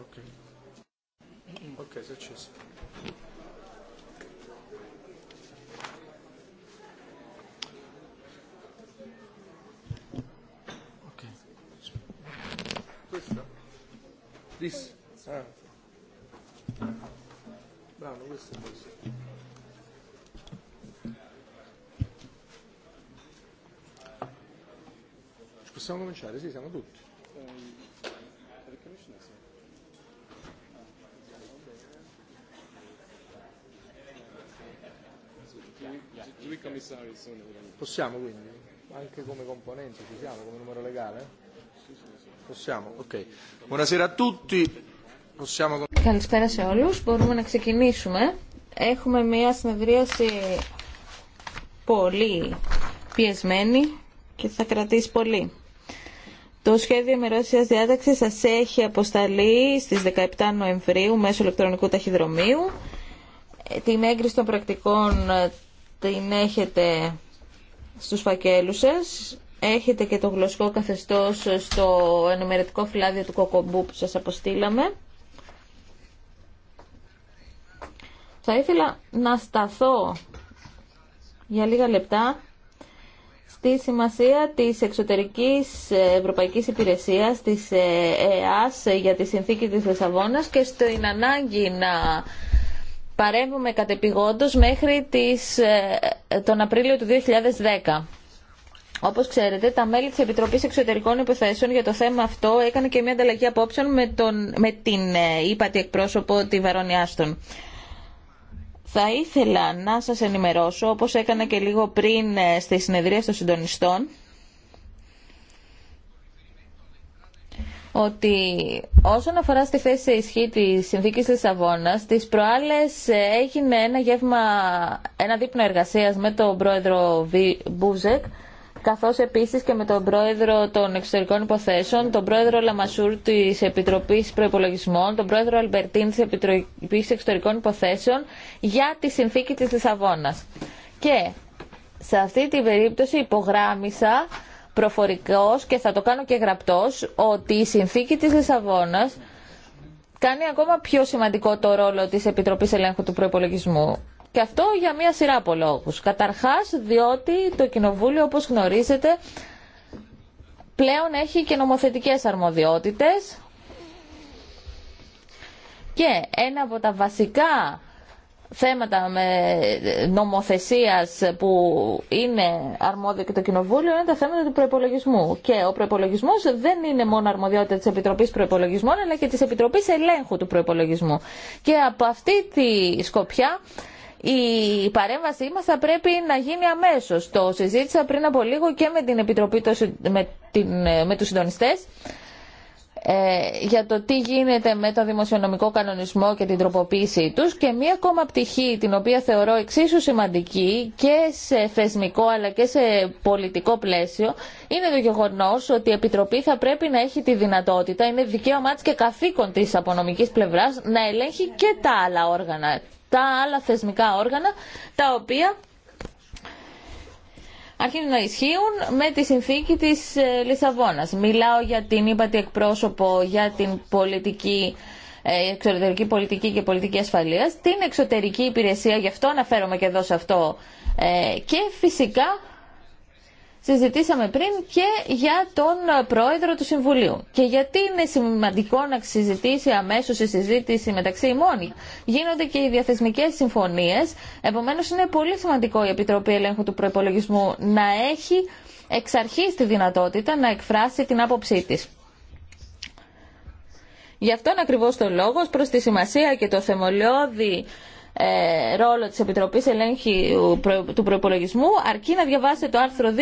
Ok. Ok, začes. Ok. Questo? This? Ah. Bravo, questo è questo. Possiamo cominciare? Sì, siamo tutti. Possiamo quindi? Anche come componente ci siamo, come numero legale? Possiamo, ok. Buonasera a tutti. Possiamo... Καλησπέρα σε όλους. Μπορούμε να ξεκινήσουμε. Έχουμε μια συνεδρίαση πολύ πιεσμένη και θα κρατήσει πολύ. Το σχέδιο ημερώσια διάταξη σα έχει αποσταλεί στι 17 Νοεμβρίου μέσω ηλεκτρονικού ταχυδρομείου. Την έγκριση των πρακτικών την έχετε στους φακέλους σας. Έχετε και το γλωσσικό καθεστώς στο ενημερωτικό φυλάδιο του Κοκομπού που σας αποστήλαμε. Θα ήθελα να σταθώ για λίγα λεπτά στη σημασία της εξωτερικής ευρωπαϊκής υπηρεσίας της ΕΑΣ ε για τη συνθήκη της Λισαβόνας και στην ανάγκη να παρέμβουμε κατεπηγόντως μέχρι τις, ε, τον Απρίλιο του 2010. Όπω ξέρετε, τα μέλη τη Επιτροπή Εξωτερικών Υποθέσεων για το θέμα αυτό έκανε και μια ανταλλαγή απόψεων με, τον, με την ε, ύπατη εκπρόσωπο, τη Βαρόνι Άστον. Θα ήθελα να σας ενημερώσω, όπως έκανα και λίγο πριν ε, στη συνεδρία των συντονιστών, ότι όσον αφορά στη θέση ισχύ τη συνθήκη Λισαβόνα, τι προάλλε ε, έγινε ένα γεύμα, ένα δείπνο εργασία με τον πρόεδρο Μπούζεκ, καθώ επίση και με τον πρόεδρο των εξωτερικών υποθέσεων, τον πρόεδρο Λαμασούρ τη Επιτροπή Προπολογισμών, τον πρόεδρο Αλμπερτίν τη Επιτροπή Εξωτερικών Υποθέσεων για τη συνθήκη τη Λισαβόνα. Και σε αυτή την περίπτωση υπογράμμισα προφορικός και θα το κάνω και γραπτός ότι η συνθήκη της Λισαβόνα κάνει ακόμα πιο σημαντικό το ρόλο της Επιτροπής Ελέγχου του Προϋπολογισμού. Και αυτό για μία σειρά από λόγους. Καταρχάς διότι το Κοινοβούλιο όπως γνωρίζετε πλέον έχει και νομοθετικές αρμοδιότητες και ένα από τα βασικά θέματα με ε, νομοθεσίας που είναι αρμόδιο και το Κοινοβούλιο είναι τα θέματα του προπολογισμού. Και ο προπολογισμό δεν είναι μόνο αρμοδιότητα της Επιτροπής Προπολογισμών αλλά και της Επιτροπής Ελέγχου του Προπολογισμού. Και από αυτή τη σκοπιά η παρέμβασή μας θα πρέπει να γίνει αμέσως. Το συζήτησα πριν από λίγο και με την Επιτροπή με, ε, με τους συντονιστές ε, για το τι γίνεται με το δημοσιονομικό κανονισμό και την τροποποίησή τους και μία ακόμα πτυχή την οποία θεωρώ εξίσου σημαντική και σε θεσμικό αλλά και σε πολιτικό πλαίσιο είναι το γεγονό ότι η Επιτροπή θα πρέπει να έχει τη δυνατότητα, είναι δικαίωμά τη και καθήκον τη απονομικής πλευράς να ελέγχει και τα άλλα όργανα, τα άλλα θεσμικά όργανα τα οποία αρχίζουν να ισχύουν με τη συνθήκη της ε, Λισαβόνας. Μιλάω για την ύπατη εκπρόσωπο, για την ε, εξωτερική πολιτική και πολιτική ασφαλείας, την εξωτερική υπηρεσία, γι' αυτό αναφέρομαι και εδώ σε αυτό, ε, και φυσικά συζητήσαμε πριν και για τον πρόεδρο του Συμβουλίου. Και γιατί είναι σημαντικό να συζητήσει αμέσω η συζήτηση μεταξύ ημών. Γίνονται και οι διαθεσμικέ συμφωνίε. Επομένω, είναι πολύ σημαντικό η Επιτροπή Ελέγχου του Προπολογισμού να έχει εξ αρχή τη δυνατότητα να εκφράσει την άποψή τη. Γι' αυτόν ακριβώς το λόγο προ τη σημασία και το θεμολιώδη ε, ρόλο της Επιτροπής ελέγχου του Προπολογισμού αρκεί να διαβάσετε το άρθρο 269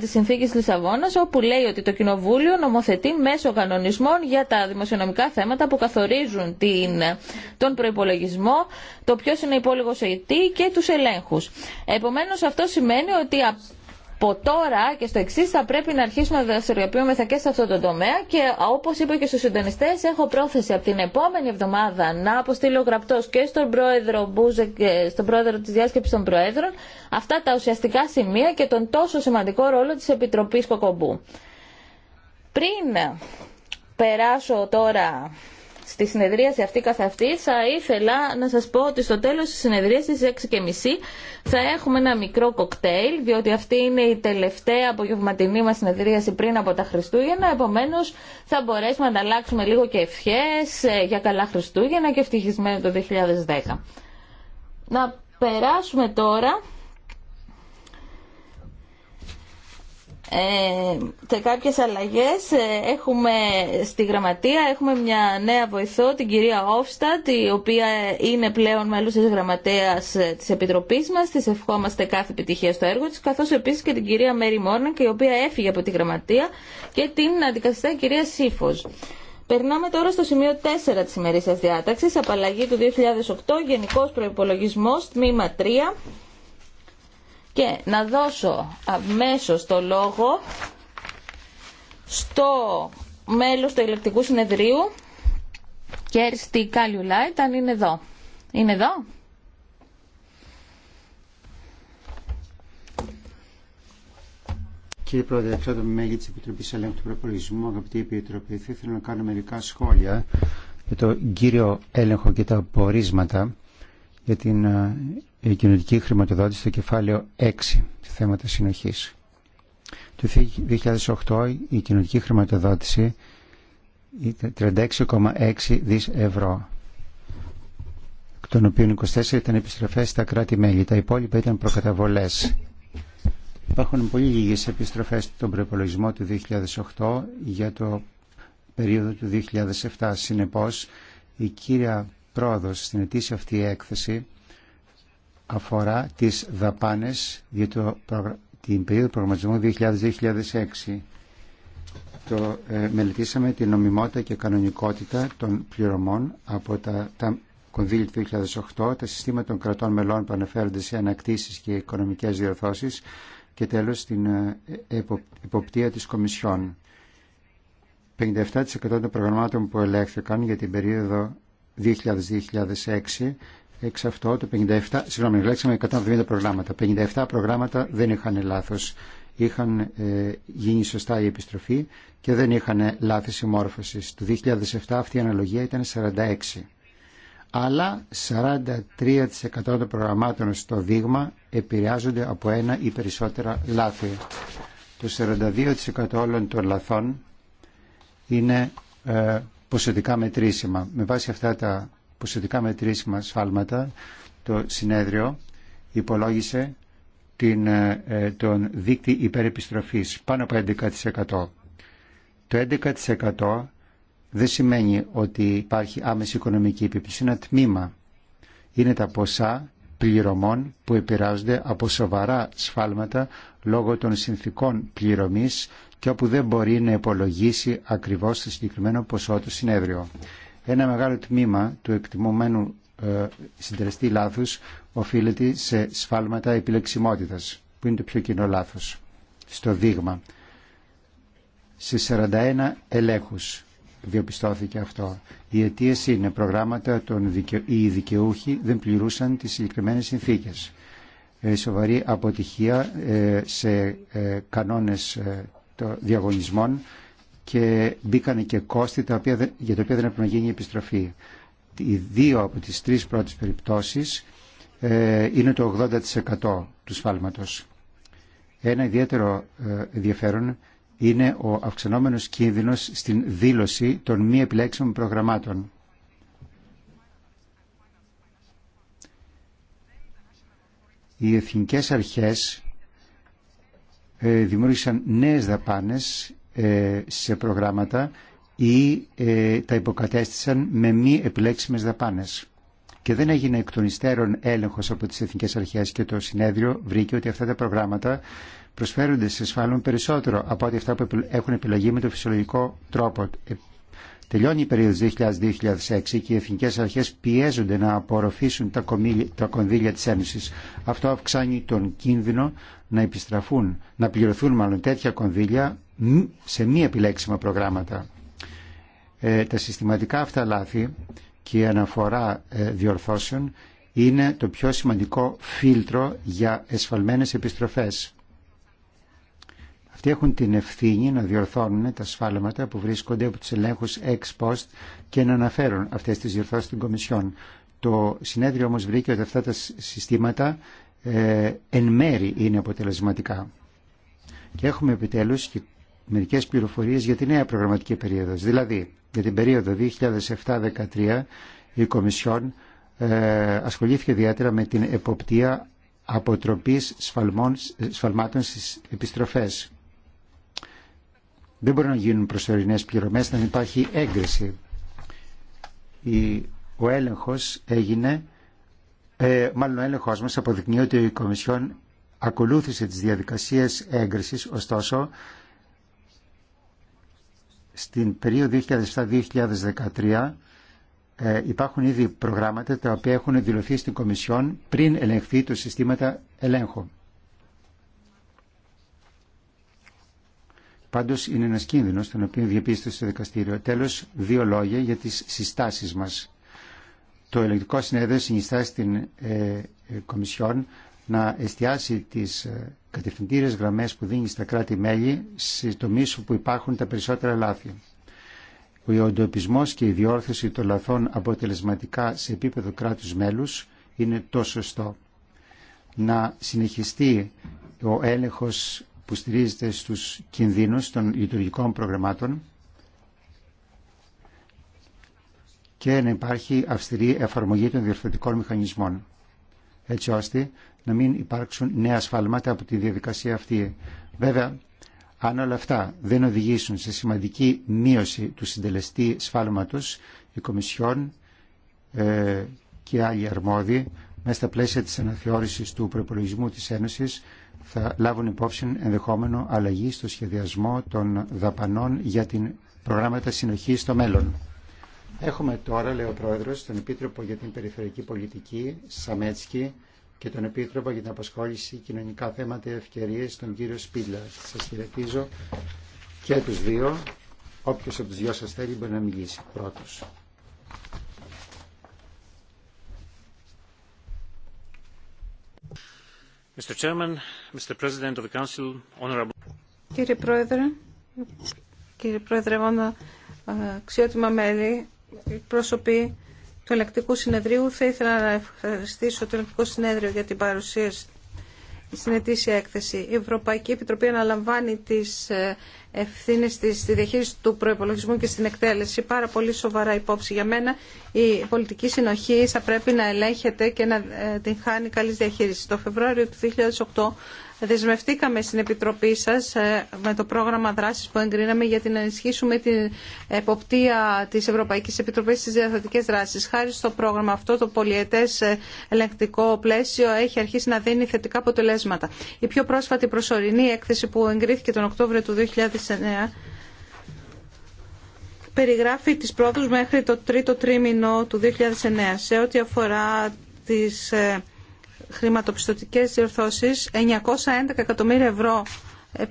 της Συνθήκης Λισαβόνας όπου λέει ότι το Κοινοβούλιο νομοθετεί μέσω κανονισμών για τα δημοσιονομικά θέματα που καθορίζουν την, τον προπολογισμό, το ποιο είναι υπόλογο τι και τους ελέγχους. Επομένως αυτό σημαίνει ότι από τώρα και στο εξή θα πρέπει να αρχίσουμε να δραστηριοποιούμεθα και σε αυτό το τομέα και όπω είπα και στου συντονιστέ, έχω πρόθεση από την επόμενη εβδομάδα να αποστείλω γραπτό και στον πρόεδρο και στον πρόεδρο τη διάσκεψη των Προέδρων αυτά τα ουσιαστικά σημεία και τον τόσο σημαντικό ρόλο τη Επιτροπή Κοκομπού. Πριν περάσω τώρα στη συνεδρίαση αυτή καθ' αυτή θα ήθελα να σας πω ότι στο τέλος της συνεδρίας στις μισή θα έχουμε ένα μικρό κοκτέιλ διότι αυτή είναι η τελευταία απογευματινή μας συνεδρίαση πριν από τα Χριστούγεννα επομένως θα μπορέσουμε να αλλάξουμε λίγο και ευχές ε, για καλά Χριστούγεννα και ευτυχισμένο το 2010. Να περάσουμε τώρα ε, και κάποιες αλλαγές ε, έχουμε στη γραμματεία έχουμε μια νέα βοηθό την κυρία Όφστατ η οποία είναι πλέον μέλος της γραμματέας ε, της Επιτροπής μας της ευχόμαστε κάθε επιτυχία στο έργο της καθώς επίσης και την κυρία Μέρι Μόρναν η οποία έφυγε από τη γραμματεία και την αντικαθιστά κυρία Σύφος Περνάμε τώρα στο σημείο 4 της ημερήσιας διάταξης, απαλλαγή του 2008, Γενικός Προϋπολογισμός, τμήμα 3 και να δώσω αμέσως το λόγο στο μέλος του ελεκτικού συνεδρίου Κέρστη Λάιτ, αν είναι εδώ. Είναι εδώ. Κύριε Πρόεδρε, εξόδο με μέλη τη Επιτροπή Ελέγχου του Προπολογισμού, αγαπητή Επιτροπή, θα ήθελα να κάνω μερικά σχόλια για το κύριο έλεγχο και τα απορίσματα για την ε, η κοινωνική χρηματοδότηση στο κεφάλαιο 6, θέματα συνοχής. Το 2008 η κοινωνική χρηματοδότηση ήταν 36,6 δις ευρώ, των οποίων 24 ήταν επιστροφές στα κράτη-μέλη, τα υπόλοιπα ήταν προκαταβολές. Υπάρχουν πολύ λίγες επιστροφές στον προπολογισμό του 2008 για το περίοδο του 2007. Συνεπώς, η κύρια πρόοδος στην ετήσια αυτή έκθεση αφορά τις δαπάνες για το, την περίοδο προγραμματισμού 2000-2006. Το, ε, μελετήσαμε την νομιμότητα και κανονικότητα των πληρωμών από τα, τα κονδύλια του 2008, τα συστήματα των κρατών μελών που αναφέρονται σε ανακτήσεις και οικονομικές διορθώσεις και τέλος την ε, τη εποπτεία της Κομισιόν. 57% των προγραμμάτων που ελέγχθηκαν για την περίοδο 2000-2006 Εξ αυτό το 57, συγγνώμη, λέξαμε 170 προγράμματα. 57 προγράμματα δεν είχαν λάθος. Είχαν ε, γίνει σωστά η επιστροφή και δεν είχαν λάθη συμμόρφωσης. Το 2007 αυτή η αναλογία ήταν 46. Αλλά 43% των προγραμμάτων στο δείγμα επηρεάζονται από ένα ή περισσότερα λάθη. Το 42% όλων των λαθών είναι ε, ποσοτικά μετρήσιμα. Με βάση αυτά τα ποσοτικά μετρήσιμα σφάλματα, το συνέδριο υπολόγισε την, ε, ε, τον δίκτυ υπερεπιστροφής πάνω από 11%. Το 11% δεν σημαίνει ότι υπάρχει άμεση οικονομική επίπτωση, είναι ένα τμήμα. Είναι τα ποσά πληρωμών που επηρεάζονται από σοβαρά σφάλματα λόγω των συνθήκων πληρωμής και όπου δεν μπορεί να υπολογίσει ακριβώς το συγκεκριμένο ποσό του συνέδριο. Ένα μεγάλο τμήμα του εκτιμωμένου ε, συντελεστή λάθους οφείλεται σε σφάλματα επιλεξιμότητας, που είναι το πιο κοινό λάθος, στο δείγμα. Σε 41 ελέγχους διαπιστώθηκε αυτό. Οι αιτίε είναι προγράμματα των δικαι... οι δικαιούχοι δεν πληρούσαν τις συγκεκριμένε συνθήκες. Ε, σοβαρή αποτυχία ε, σε κανόνες διαγωνισμών και μπήκαν και κόστη τα οποία, για τα οποία δεν έπρεπε να γίνει η επιστροφή. Οι δύο από τις τρεις πρώτες περιπτώσεις ε, είναι το 80% του σφάλματος. Ένα ιδιαίτερο ε, ενδιαφέρον είναι ο αυξανόμενος κίνδυνος στην δήλωση των μη επιλέξιμων προγραμμάτων. Οι εθνικές αρχές ε, δημιούργησαν νέες δαπάνες ε, σε προγράμματα ή ε, τα υποκατέστησαν με μη επιλέξιμες δαπάνες. Και δεν έγινε εκ των υστέρων έλεγχος από τις Εθνικές Αρχές και το συνέδριο βρήκε ότι αυτά τα προγράμματα προσφέρονται σε ασφάλουν περισσότερο από ό,τι αυτά που έχουν επιλογή με το φυσιολογικό τρόπο. Τελειώνει η περίοδος 2000-2006 και οι εθνικές αρχές πιέζονται να απορροφήσουν τα, κονδύλια της Ένωσης. Αυτό αυξάνει τον κίνδυνο να επιστραφούν, να πληρωθούν μάλλον τέτοια κονδύλια σε μη επιλέξιμα προγράμματα. Ε, τα συστηματικά αυτά λάθη και η αναφορά ε, διορθώσεων είναι το πιο σημαντικό φίλτρο για εσφαλμένες επιστροφές. Αυτοί έχουν την ευθύνη να διορθώνουν τα σφάλματα που βρίσκονται από τους ελέγχους ex post και να αναφέρουν αυτές τις διορθώσεις στην Κομισιόν. Το συνέδριο όμως βρήκε ότι αυτά τα συστήματα ε, εν μέρη είναι αποτελεσματικά. Και έχουμε επιτέλους και μερικές πληροφορίες για τη νέα προγραμματική περίοδο. Δηλαδή, για την περίοδο 2007-2013 η Κομισιόν ε, ασχολήθηκε ιδιαίτερα με την εποπτεία αποτροπής σφαλμών, σφαλμάτων στις επιστροφές. Δεν μπορούν να γίνουν προσωρινές πληρωμές, δεν υπάρχει έγκριση. Ο έλεγχος έγινε, ε, μάλλον ο έλεγχος μας αποδεικνύει ότι η Κομισιόν ακολούθησε τις διαδικασίες έγκρισης, ωστόσο στην περίοδο 2007-2013 ε, υπάρχουν ήδη προγράμματα τα οποία έχουν δηλωθεί στην Κομισιόν πριν ελεγχθεί το συστήματα ελέγχου. Πάντω είναι ένα κίνδυνο τον οποίο διαπίστωσε το δικαστήριο. τέλο δύο λόγια για τι συστάσει μα. Το ελεγκτικό συνέδριο συνιστά στην ε, ε Κομισιόν να εστιάσει τι ε, κατευθυντήριες γραμμές που δίνει στα κράτη-μέλη σε τομεί όπου υπάρχουν τα περισσότερα λάθη. Ο εντοπισμό και η διόρθωση των λαθών αποτελεσματικά σε επίπεδο κράτους μέλους είναι το σωστό. Να συνεχιστεί ο έλεγχος που στηρίζεται στους κινδύνους των λειτουργικών προγραμμάτων και να υπάρχει αυστηρή εφαρμογή των διορθωτικών μηχανισμών, έτσι ώστε να μην υπάρξουν νέα ασφάλματα από τη διαδικασία αυτή. Βέβαια, αν όλα αυτά δεν οδηγήσουν σε σημαντική μείωση του συντελεστή σφάλματος, η Κομισιόν ε, και άλλοι αρμόδιοι, μέσα στα πλαίσια της αναθεώρησης του προπολογισμού της Ένωσης, θα λάβουν υπόψη ενδεχόμενο αλλαγή στο σχεδιασμό των δαπανών για την προγράμματα συνοχή στο μέλλον. Έχουμε τώρα, λέει ο Πρόεδρο, τον Επίτροπο για την Περιφερειακή Πολιτική, Σαμέτσκι, και τον Επίτροπο για την Απασχόληση Κοινωνικά Θέματα Ευκαιρίε, τον κύριο Σπίλα. Σα χαιρετίζω και του δύο. Όποιο από του δυο σα θέλει μπορεί να μιλήσει πρώτο. Κύριε Πρόεδρε, κύριε Πρόεδρε, αξιότιμα μέλη, πρόσωποι του Ελεκτικού Συνεδρίου, θα ήθελα να ευχαριστήσω το Ελεκτικό Συνέδριο για την παρουσίαση στην ετήσια έκθεση. Η Ευρωπαϊκή Επιτροπή αναλαμβάνει τις ε, ευθύνε τη στη διαχείριση του προπολογισμού και στην εκτέλεση. Πάρα πολύ σοβαρά υπόψη για μένα. Η πολιτική συνοχή θα πρέπει να ελέγχεται και να ε, την χάνει καλή διαχείριση. Το Φεβρουάριο του 2008 Δεσμευτήκαμε στην Επιτροπή σας ε, με το πρόγραμμα δράσης που εγκρίναμε για την ενισχύσουμε την εποπτεία της Ευρωπαϊκής Επιτροπής στις διαθετικές δράσεις. Χάρη στο πρόγραμμα αυτό το πολιετές ε, ελεγκτικό πλαίσιο έχει αρχίσει να δίνει θετικά αποτελέσματα. Η πιο πρόσφατη προσωρινή έκθεση που εγκρίθηκε τον Οκτώβριο του 2009 περιγράφει τις πρόοδους μέχρι το τρίτο τρίμηνο του 2009 σε ό,τι αφορά τις ε, χρηματοπιστωτικές διορθώσεις 911 εκατομμύρια ευρώ ε,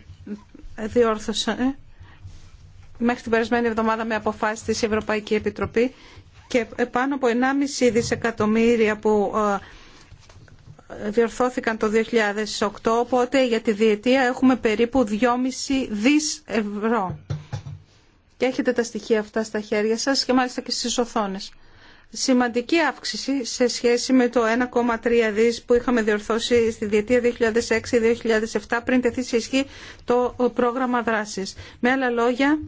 διόρθωσε μέχρι την περασμένη εβδομάδα με αποφάση της Ευρωπαϊκή Επιτροπή και πάνω από 1,5 δισεκατομμύρια που ε, διορθώθηκαν το 2008, οπότε για τη διετία έχουμε περίπου 2,5 δις ευρώ. Και έχετε τα στοιχεία αυτά στα χέρια σας και μάλιστα και στις οθόνες σημαντική αύξηση σε σχέση με το 1,3 δις που είχαμε διορθώσει στη διετία 2006-2007 πριν τεθεί σε ισχύ το πρόγραμμα δράσης. Με άλλα λόγια,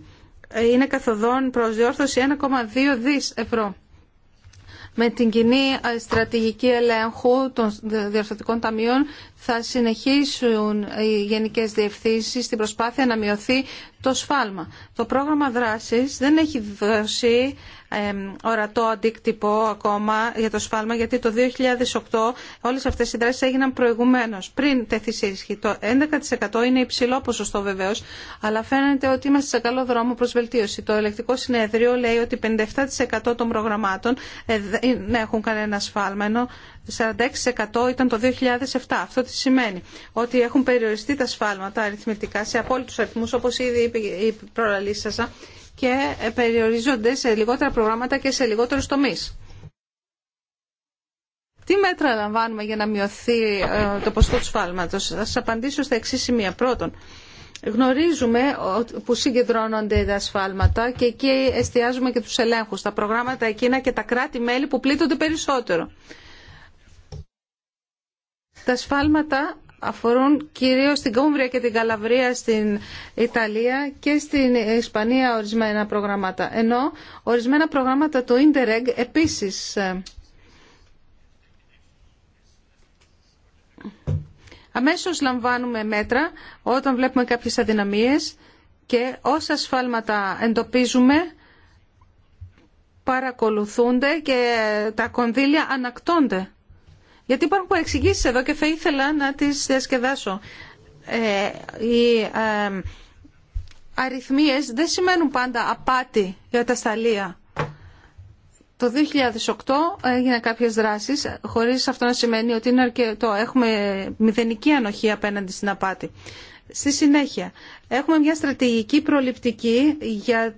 είναι καθοδόν προς διόρθωση 1,2 δις ευρώ. Με την κοινή ε, στρατηγική ελέγχου των ε, διορθωτικών ταμείων θα συνεχίσουν οι γενικές διευθύνσεις στην προσπάθεια να μειωθεί το σφάλμα. Το πρόγραμμα δράσης δεν έχει δώσει ορατό αντίκτυπο ακόμα για το σφάλμα γιατί το 2008 όλες αυτές οι δράσεις έγιναν προηγουμένως πριν τεθεί σε Το 11% είναι υψηλό ποσοστό βεβαίως αλλά φαίνεται ότι είμαστε σε καλό δρόμο προς βελτίωση. Το ελεκτικό συνέδριο λέει ότι 57% των προγραμμάτων ε, ε, δεν έχουν κανένα σφάλμα ενώ 46% ήταν το 2007 σημαίνει. Ότι έχουν περιοριστεί τα σφάλματα αριθμητικά σε απόλυτους αριθμούς, όπως ήδη είπε η προλαλήσασα, και περιορίζονται σε λιγότερα προγράμματα και σε λιγότερους τομείς. Τι μέτρα λαμβάνουμε για να μειωθεί ε, το ποσοστό του σφάλματος. Θα σας απαντήσω στα εξή σημεία. Πρώτον, γνωρίζουμε που συγκεντρώνονται τα σφάλματα και εκεί εστιάζουμε και τους ελέγχους, τα προγράμματα εκείνα και τα κράτη-μέλη που πλήττονται περισσότερο. Τα σφάλματα αφορούν κυρίως την Κούμβρια και την Καλαβρία στην Ιταλία και στην Ισπανία ορισμένα προγράμματα. Ενώ ορισμένα προγράμματα του Ιντερεγ επίσης ε, αμέσως λαμβάνουμε μέτρα όταν βλέπουμε κάποιες αδυναμίες και όσα σφάλματα εντοπίζουμε παρακολουθούνται και τα κονδύλια ανακτώνται. Γιατί υπάρχουν παρεξηγήσει εδώ και θα ήθελα να τι διασκεδάσω. Ε, οι ε, αριθμίες δεν σημαίνουν πάντα απάτη για τα σταλεία. Το 2008 έγιναν κάποιες δράσεις, χωρίς αυτό να σημαίνει ότι είναι αρκετό. Έχουμε μηδενική ανοχή απέναντι στην απάτη. Στη συνέχεια, έχουμε μια στρατηγική προληπτική για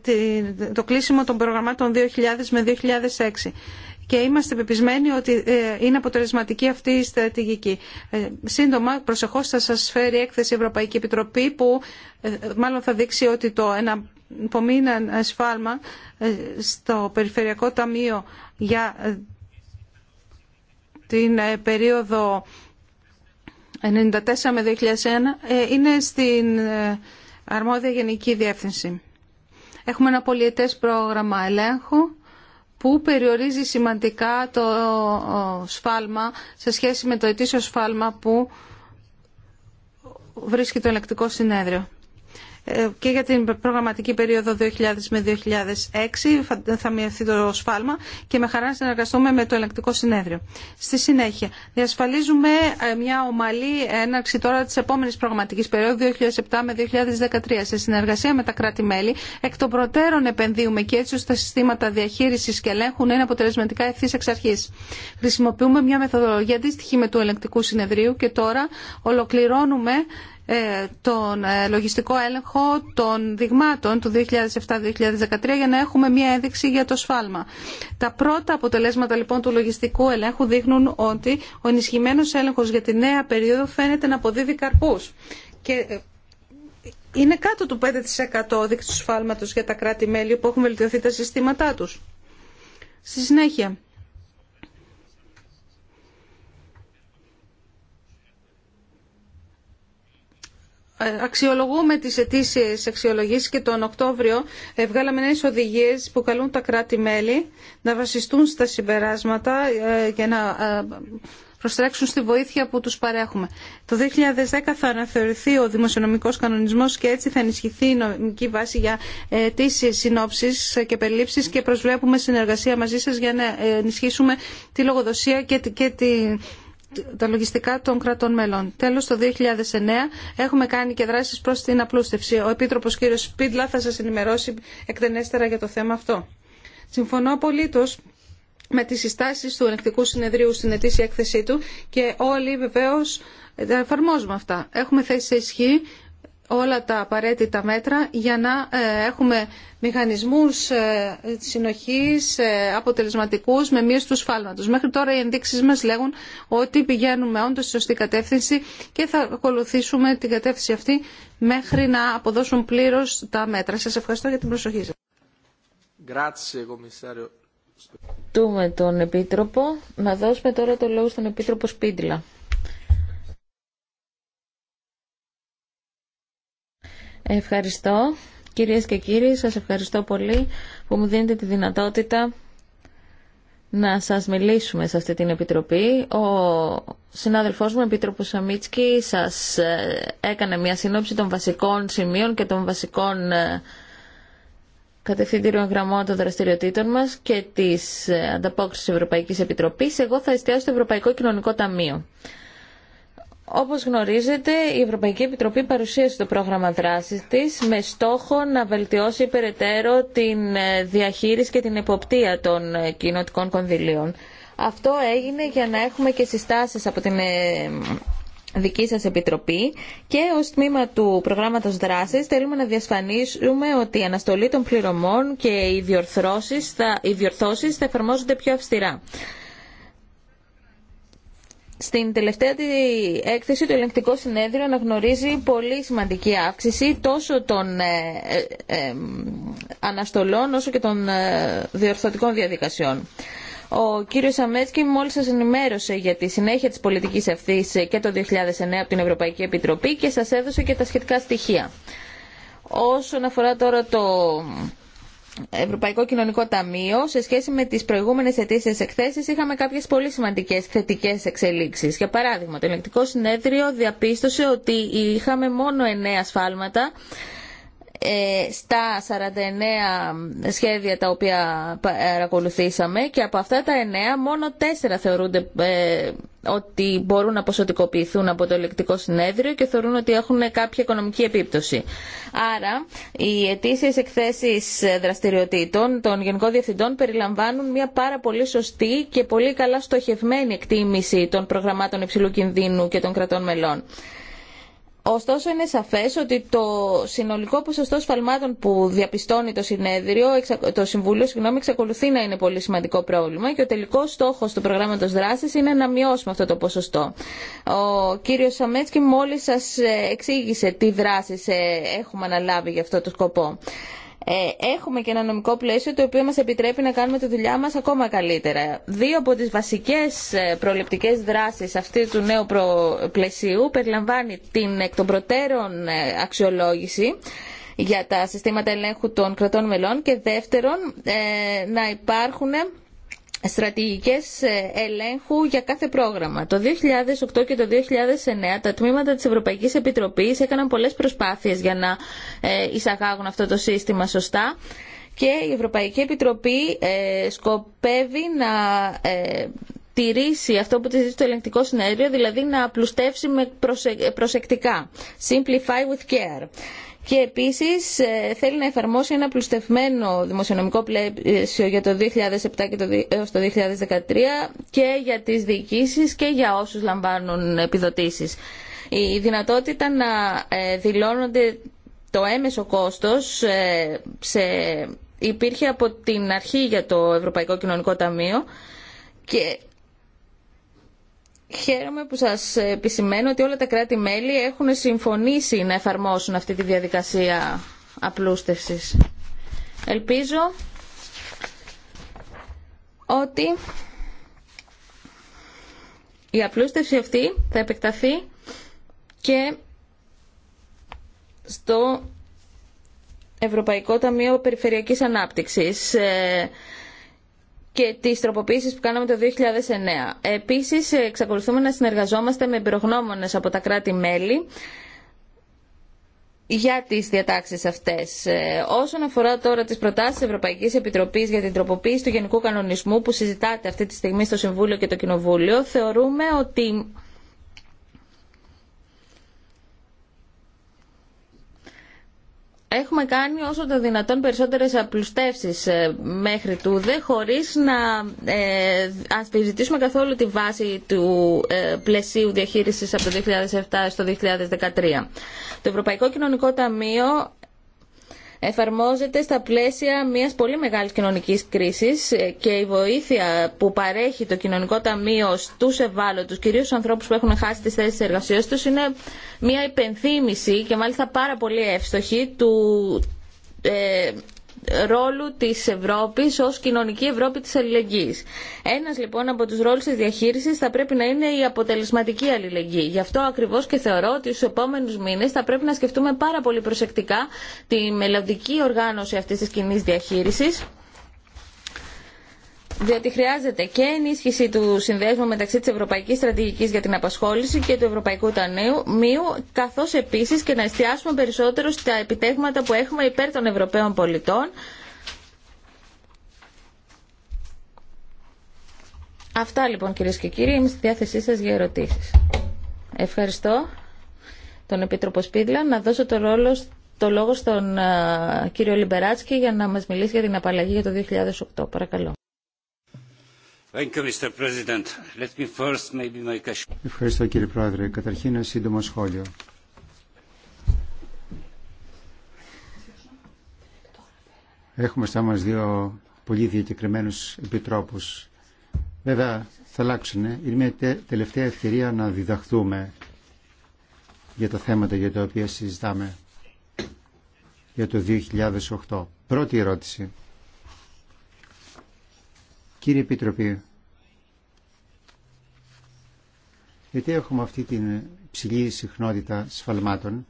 το κλείσιμο των προγραμμάτων 2000 με 2006 και είμαστε πεπισμένοι ότι ε, είναι αποτελεσματική αυτή η στρατηγική. Ε, σύντομα, προσεχώς θα σας φέρει έκθεση Ευρωπαϊκή Επιτροπή που ε, μάλλον θα δείξει ότι το ένα ασφάλμα σφάλμα στο Περιφερειακό Ταμείο για την περίοδο 94 με 2001 είναι στην αρμόδια γενική διεύθυνση. Έχουμε ένα πολιετές πρόγραμμα ελέγχου που περιορίζει σημαντικά το σφάλμα σε σχέση με το ετήσιο σφάλμα που βρίσκει το ελεκτικό συνέδριο. Ε, και για την προγραμματική περίοδο 2000 με 2006 θα μειωθεί το σφάλμα και με χαρά να συνεργαστούμε με το ελεγκτικό συνέδριο. Στη συνέχεια, διασφαλίζουμε ε, μια ομαλή έναρξη τώρα της επόμενης προγραμματικής περίοδου 2007 με 2013 σε συνεργασία με τα κράτη-μέλη. Εκ των προτέρων επενδύουμε και έτσι ώστε τα συστήματα διαχείρισης και ελέγχου να είναι αποτελεσματικά ευθύ εξ αρχής. Χρησιμοποιούμε μια μεθοδολογία αντίστοιχη με του ελεκτικού συνεδρίου και τώρα ολοκληρώνουμε ε, τον ε, λογιστικό έλεγχο των δειγμάτων του 2007-2013 για να έχουμε μία ένδειξη για το σφάλμα. Τα πρώτα αποτελέσματα λοιπόν του λογιστικού ελέγχου δείχνουν ότι ο ενισχυμένος έλεγχος για τη νέα περίοδο φαίνεται να αποδίδει καρπούς. Και ε, είναι κάτω του 5% δείξη του σφάλματος για τα κράτη-μέλη που έχουν βελτιωθεί τα συστήματά τους. Στη συνέχεια, αξιολογούμε τις αιτήσει αξιολογήσεις και τον Οκτώβριο βγάλαμε νέες οδηγίες που καλούν τα κράτη-μέλη να βασιστούν στα συμπεράσματα ε, και να ε, προστρέξουν στη βοήθεια που τους παρέχουμε. Το 2010 θα αναθεωρηθεί ο δημοσιονομικός κανονισμός και έτσι θα ενισχυθεί η νομική βάση για αιτήσει συνόψεις και περιλήψεις και προσβλέπουμε συνεργασία μαζί σας για να ε, ενισχύσουμε τη λογοδοσία και τη τα λογιστικά των κρατών μελών. Τέλος, το 2009 έχουμε κάνει και δράσεις προς την απλούστευση. Ο Επίτροπος κ. Σπίτλα θα σας ενημερώσει εκτενέστερα για το θέμα αυτό. Συμφωνώ απολύτως με τις συστάσεις του Ενεκτικού Συνεδρίου στην ετήσια έκθεσή του και όλοι βεβαίως εφαρμόζουμε αυτά. Έχουμε θέσει σε ισχύ όλα τα απαραίτητα μέτρα για να ε, έχουμε μηχανισμούς ε, συνοχής ε, αποτελεσματικούς με μείωση του σφάλματος. Μέχρι τώρα οι ενδείξεις μας λέγουν ότι πηγαίνουμε όντως στη σωστή κατεύθυνση και θα ακολουθήσουμε την κατεύθυνση αυτή μέχρι να αποδώσουν πλήρως τα μέτρα. Σας ευχαριστώ για την προσοχή σας. τον Επίτροπο. Να δώσουμε τώρα το λόγο στον Επίτροπο Ευχαριστώ. Κυρίες και κύριοι, σας ευχαριστώ πολύ που μου δίνετε τη δυνατότητα να σας μιλήσουμε σε αυτή την Επιτροπή. Ο συνάδελφός μου, Επίτροπος Σαμίτσκι, σας ε, έκανε μια σύνοψη των βασικών σημείων και των βασικών ε, κατευθυντήριων γραμμών των δραστηριοτήτων μας και της ε, ανταπόκρισης Ευρωπαϊκής Επιτροπής. Εγώ θα εστιάσω στο Ευρωπαϊκό Κοινωνικό Ταμείο. Όπως γνωρίζετε, η Ευρωπαϊκή Επιτροπή παρουσίασε το πρόγραμμα δράσης της με στόχο να βελτιώσει περαιτέρω την ε, διαχείριση και την εποπτεία των ε, κοινοτικών κονδυλίων. Αυτό έγινε για να έχουμε και συστάσεις από την ε, δική σας επιτροπή και ως τμήμα του προγράμματος δράσης θέλουμε να διασφανίσουμε ότι η αναστολή των πληρωμών και οι διορθώσεις οι διορθώσεις θα εφαρμόζονται πιο αυστηρά. Στην τελευταία έκθεση το ελεγκτικό συνέδριο αναγνωρίζει πολύ σημαντική αύξηση τόσο των ε, ε, ε, αναστολών όσο και των διορθωτικών διαδικασιών. Ο κύριος Αμέτσκι μόλις σας ενημέρωσε για τη συνέχεια της πολιτικής ευθύς και το 2009 από την Ευρωπαϊκή Επιτροπή και σας έδωσε και τα σχετικά στοιχεία. Όσον αφορά τώρα το Ευρωπαϊκό Κοινωνικό Ταμείο, σε σχέση με τις προηγούμενες αιτήσεις εκθέσεις, είχαμε κάποιες πολύ σημαντικές θετικές εξελίξεις. Για παράδειγμα, το Ελεκτικό συνέδριο διαπίστωσε ότι είχαμε μόνο εννέα σφάλματα ε, στα 49 σχέδια τα οποία παρακολουθήσαμε και από αυτά τα 9 μόνο 4 θεωρούνται ε, ότι μπορούν να ποσοτικοποιηθούν από το ελεκτικό συνέδριο και θεωρούν ότι έχουν κάποια οικονομική επίπτωση. Άρα, οι αιτήσει εκθέσεις δραστηριοτήτων των Γενικών Διευθυντών περιλαμβάνουν μια πάρα πολύ σωστή και πολύ καλά στοχευμένη εκτίμηση των προγραμμάτων υψηλού κινδύνου και των κρατών μελών. Ωστόσο είναι σαφές ότι το συνολικό ποσοστό σφαλμάτων που διαπιστώνει το, συνέδριο, το Συμβούλιο συγγνώμη, εξακολουθεί να είναι πολύ σημαντικό πρόβλημα και ο τελικός στόχος του προγράμματος δράσης είναι να μειώσουμε αυτό το ποσοστό. Ο κύριος Σαμέτσκι μόλις σας ε, εξήγησε τι δράσεις ε, έχουμε αναλάβει για αυτό το σκοπό. Ε, έχουμε και ένα νομικό πλαίσιο το οποίο μας επιτρέπει να κάνουμε τη δουλειά μας ακόμα καλύτερα. Δύο από τις βασικές ε, προληπτικές δράσεις αυτή του νέου πλαισίου περιλαμβάνει την εκ των προτέρων ε, αξιολόγηση για τα συστήματα ελέγχου των κρατών μελών και δεύτερον να υπάρχουν στρατηγικές ε, ελέγχου για κάθε πρόγραμμα. Το 2008 και το 2009 τα τμήματα της Ευρωπαϊκής Επιτροπής έκαναν πολλές προσπάθειες για να ε, εισαγάγουν αυτό το σύστημα σωστά και η Ευρωπαϊκή Επιτροπή ε, σκοπεύει να τηρήσει αυτό που της ζητεί το ελεγκτικό συνέδριο, δηλαδή να απλουστεύσει με προσεκτικά. Simplify with care και επίσης ε, θέλει να εφαρμόσει ένα πλουστευμένο δημοσιονομικό πλαίσιο για το 2007 και το, έως το 2013 και για τις διοικήσεις και για όσους λαμβάνουν επιδοτήσεις. Η δυνατότητα να ε, δηλώνονται το έμεσο κόστος ε, σε, υπήρχε από την αρχή για το Ευρωπαϊκό Κοινωνικό Ταμείο και Χαίρομαι που σας επισημαίνω ότι όλα τα κράτη-μέλη έχουν συμφωνήσει να εφαρμόσουν αυτή τη διαδικασία απλούστευσης. Ελπίζω ότι η απλούστευση αυτή θα επεκταθεί και στο Ευρωπαϊκό Ταμείο Περιφερειακής Ανάπτυξης. Ε, και τι τροποποιήσει που κάναμε το 2009. Επίση, εξακολουθούμε να συνεργαζόμαστε με εμπειρογνώμονε από τα κράτη-μέλη για τι διατάξεις αυτές. Ε, όσον αφορά τώρα τις προτάσεις της Ευρωπαϊκής Επιτροπής για την τροποποίηση του Γενικού Κανονισμού που συζητάτε αυτή τη στιγμή στο Συμβούλιο και το Κοινοβούλιο, θεωρούμε ότι Έχουμε κάνει όσο το δυνατόν περισσότερες απλουστεύσεις ε, μέχρι τούδε χωρίς να ε, ασφυζητήσουμε καθόλου τη βάση του ε, πλαισίου διαχείρισης από το 2007 στο 2013. Το Ευρωπαϊκό Κοινωνικό Ταμείο εφαρμόζεται στα πλαίσια μιας πολύ μεγάλης κοινωνικής κρίσης ε, και η βοήθεια που παρέχει το Κοινωνικό Ταμείο στους ευάλωτους, κυρίως στους ανθρώπους που έχουν χάσει τις θέσεις εργασίας τους, είναι μια υπενθύμηση και μάλιστα πάρα πολύ εύστοχη του ε, ρόλου της Ευρώπης ως κοινωνική Ευρώπη της αλληλεγγύης. Ένας λοιπόν από τους ρόλους της διαχείρισης θα πρέπει να είναι η αποτελεσματική αλληλεγγύη. Γι' αυτό ακριβώς και θεωρώ ότι στους επόμενους μήνες θα πρέπει να σκεφτούμε πάρα πολύ προσεκτικά τη μελλοντική οργάνωση αυτής της κοινή διαχείρισης διότι χρειάζεται και ενίσχυση του συνδέσμου μεταξύ τη Ευρωπαϊκή Στρατηγική για την Απασχόληση και του Ευρωπαϊκού Ταμείου, καθώ επίση και να εστιάσουμε περισσότερο στα επιτέχματα που έχουμε υπέρ των Ευρωπαίων πολιτών, Αυτά λοιπόν κύριε και κύριοι, είμαι στη διάθεσή σα για ερωτήσει. Ευχαριστώ τον Επίτροπο Σπίτλα. Να δώσω το, ρόλο, το λόγο στον uh, κύριο Λιμπεράτσκι για να μας μιλήσει για την απαλλαγή για το 2008. Παρακαλώ. Ευχαριστώ κύριε Πρόεδρε. Καταρχήν ένα σύντομο σχόλιο. Έχουμε στα μας δύο πολύ διακεκριμένους επιτρόπους. Βέβαια θα αλλάξουν. Ε. Είναι μια τελευταία ευκαιρία να διδαχθούμε για τα θέματα για τα οποία συζητάμε για το 2008. Πρώτη ερώτηση. Κύριε Επιτροπή, γιατί έχουμε αυτή την ψηλή συχνότητα σφαλμάτων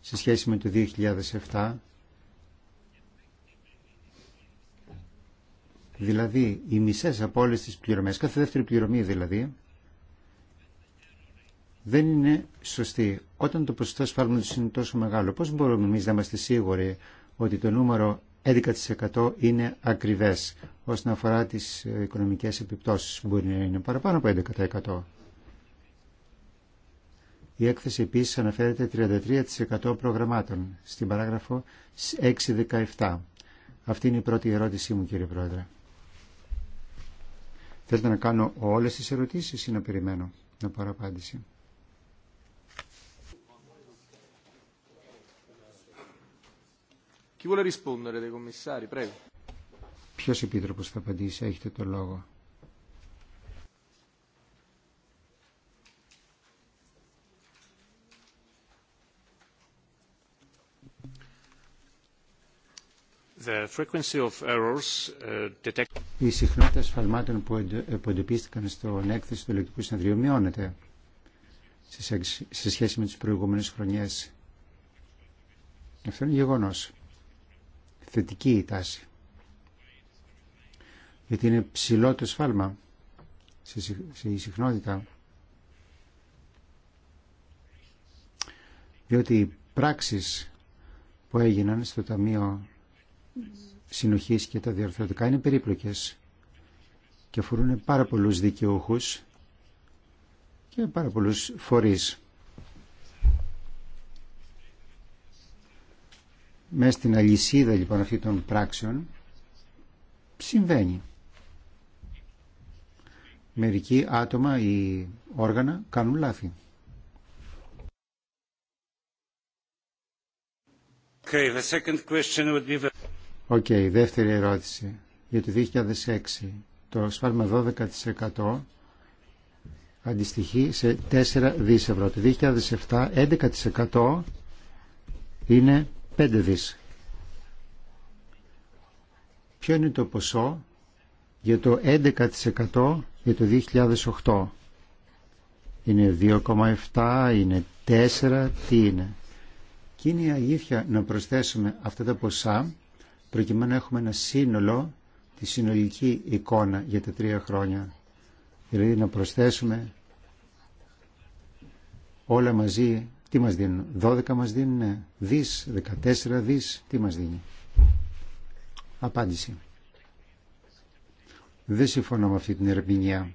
σε σχέση με το 2007, δηλαδή οι μισές από όλες τις πληρωμές, κάθε δεύτερη πληρωμή δηλαδή, δεν είναι σωστή. Όταν το ποσοστό σφάλματος είναι τόσο μεγάλο, πώς μπορούμε εμείς να είμαστε σίγουροι ότι το νούμερο 11% είναι ακριβές όσον αφορά τις ε, οικονομικές επιπτώσεις μπορεί να είναι παραπάνω από 11%. Η έκθεση επίσης αναφέρεται 33% προγραμμάτων στην παράγραφο 6.17. Αυτή είναι η πρώτη ερώτησή μου κύριε Πρόεδρε. Θέλετε να κάνω όλες τις ερωτήσεις ή να περιμένω να πάρω απάντηση. Chi vuole rispondere dei commissari? Prego. Ποιος επίτροπος θα απαντήσει, έχετε το λόγο. The frequency of errors, uh, detect... Η συχνότητα σφαλμάτων που εντοπίστηκαν στον έκθεση του ηλεκτρικού συνεδρίου μειώνεται σε σχέση με τις προηγούμενες χρονιές. Αυτό είναι γεγονός θετική η τάση. Γιατί είναι ψηλό το σφάλμα σε συχνότητα. Διότι οι πράξεις που έγιναν στο Ταμείο Συνοχής και τα διαρθρωτικά είναι περίπλοκες και αφορούν πάρα πολλούς δικαιούχους και πάρα πολλούς φορείς. μέσα στην αλυσίδα λοιπόν αυτή των πράξεων συμβαίνει. Μερικοί άτομα ή όργανα κάνουν λάθη. Okay, the second question would be... okay, δεύτερη ερώτηση για το 2006. Το σφάλμα 12% αντιστοιχεί σε 4 δις ευρώ. Το 2007 11% είναι Πέντε δις. Ποιο είναι το ποσό για το 11% για το 2008. Είναι 2,7, είναι 4, τι είναι. Και είναι η αλήθεια να προσθέσουμε αυτά τα ποσά προκειμένου να έχουμε ένα σύνολο, τη συνολική εικόνα για τα τρία χρόνια. Δηλαδή να προσθέσουμε όλα μαζί τι μας δίνουν, 12 μας δίνουν, ναι. δις, 14 δις, τι μας δίνει. Απάντηση. Δεν συμφωνώ με αυτή την ερμηνεία.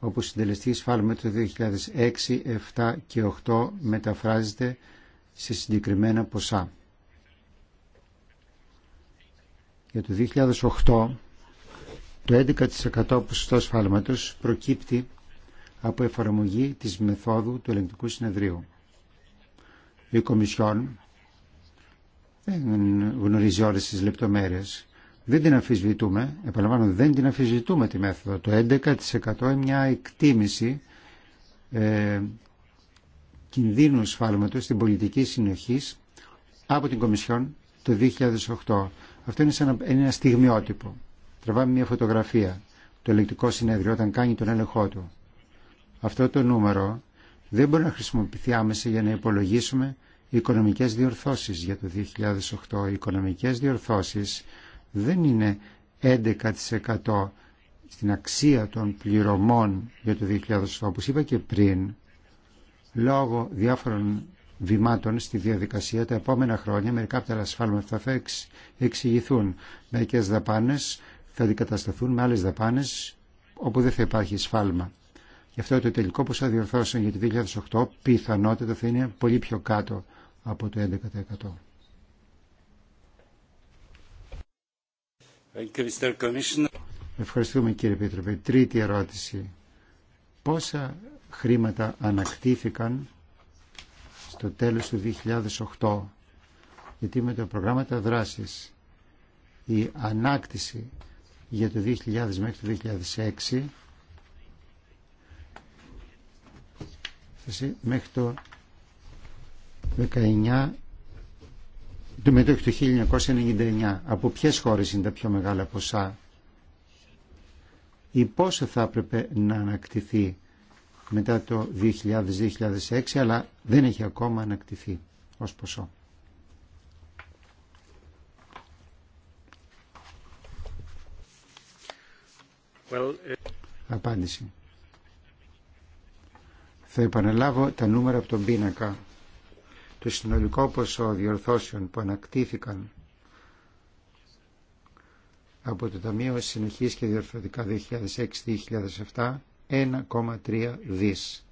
Όπως συντελεστή σφάλμα το 2006, 7 και 8 μεταφράζεται σε συγκεκριμένα ποσά. Για το 2008, το 11% ποσοστό σφάλματος προκύπτει από εφαρμογή της μεθόδου του ελεγκτικού συνεδρίου η Κομισιόν δεν γνωρίζει όλες τις λεπτομέρειες. Δεν την αφισβητούμε. επαναλαμβάνω δεν την αφισβητούμε τη μέθοδο. Το 11% είναι μια εκτίμηση ε, κινδύνου σφάλματος στην πολιτική συνοχή από την Κομισιόν το 2008. Αυτό είναι, σαν, είναι ένα στιγμιότυπο. Τραβάμε μια φωτογραφία. Το ελεκτικό συνέδριο όταν κάνει τον έλεγχό του. Αυτό το νούμερο δεν μπορεί να χρησιμοποιηθεί άμεσα για να υπολογίσουμε οικονομικές διορθώσεις για το 2008. Οι οικονομικές διορθώσεις δεν είναι 11% στην αξία των πληρωμών για το 2008, όπως είπα και πριν, λόγω διάφορων βημάτων στη διαδικασία τα επόμενα χρόνια μερικά από τα ασφάλματα θα εξηγηθούν. Μερικές δαπάνες θα αντικατασταθούν με άλλες δαπάνες όπου δεν θα υπάρχει ασφάλμα. Γι' αυτό το τελικό που θα για το 2008 πιθανότητα θα είναι πολύ πιο κάτω από το 11%. Ευχαριστούμε κύριε Πίτροπε. Τρίτη ερώτηση. Πόσα χρήματα ανακτήθηκαν στο τέλος του 2008 γιατί με τα προγράμματα δράσης η ανάκτηση για το 2000 μέχρι το 2006 μέχρι το 19 το του 1999. Από ποιες χώρες είναι τα πιο μεγάλα ποσά ή πόσο θα έπρεπε να ανακτηθεί μετά το 2000-2006 αλλά δεν έχει ακόμα ανακτηθεί ως ποσό. Well, ε- Απάντηση. Θα επαναλάβω τα νούμερα από τον πίνακα. Το συνολικό ποσό διορθώσεων που ανακτήθηκαν από το Ταμείο Συνεχής και Διορθωτικά 2006-2007 1,3 δις.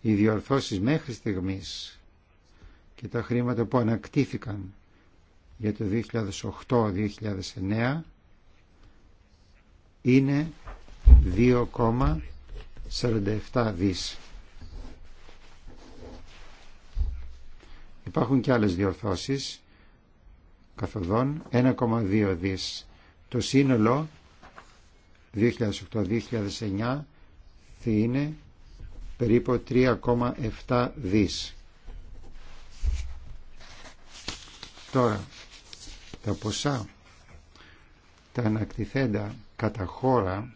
Οι διορθώσεις μέχρι στιγμής και τα χρήματα που ανακτήθηκαν για το 2008-2009 είναι 2,3 47 δις. Υπάρχουν και άλλες διορθώσεις καθοδόν 1,2 δις. Το σύνολο 2008-2009 θα είναι περίπου 3,7 δις. Τώρα, τα ποσά, τα ανακτηθέντα κατά χώρα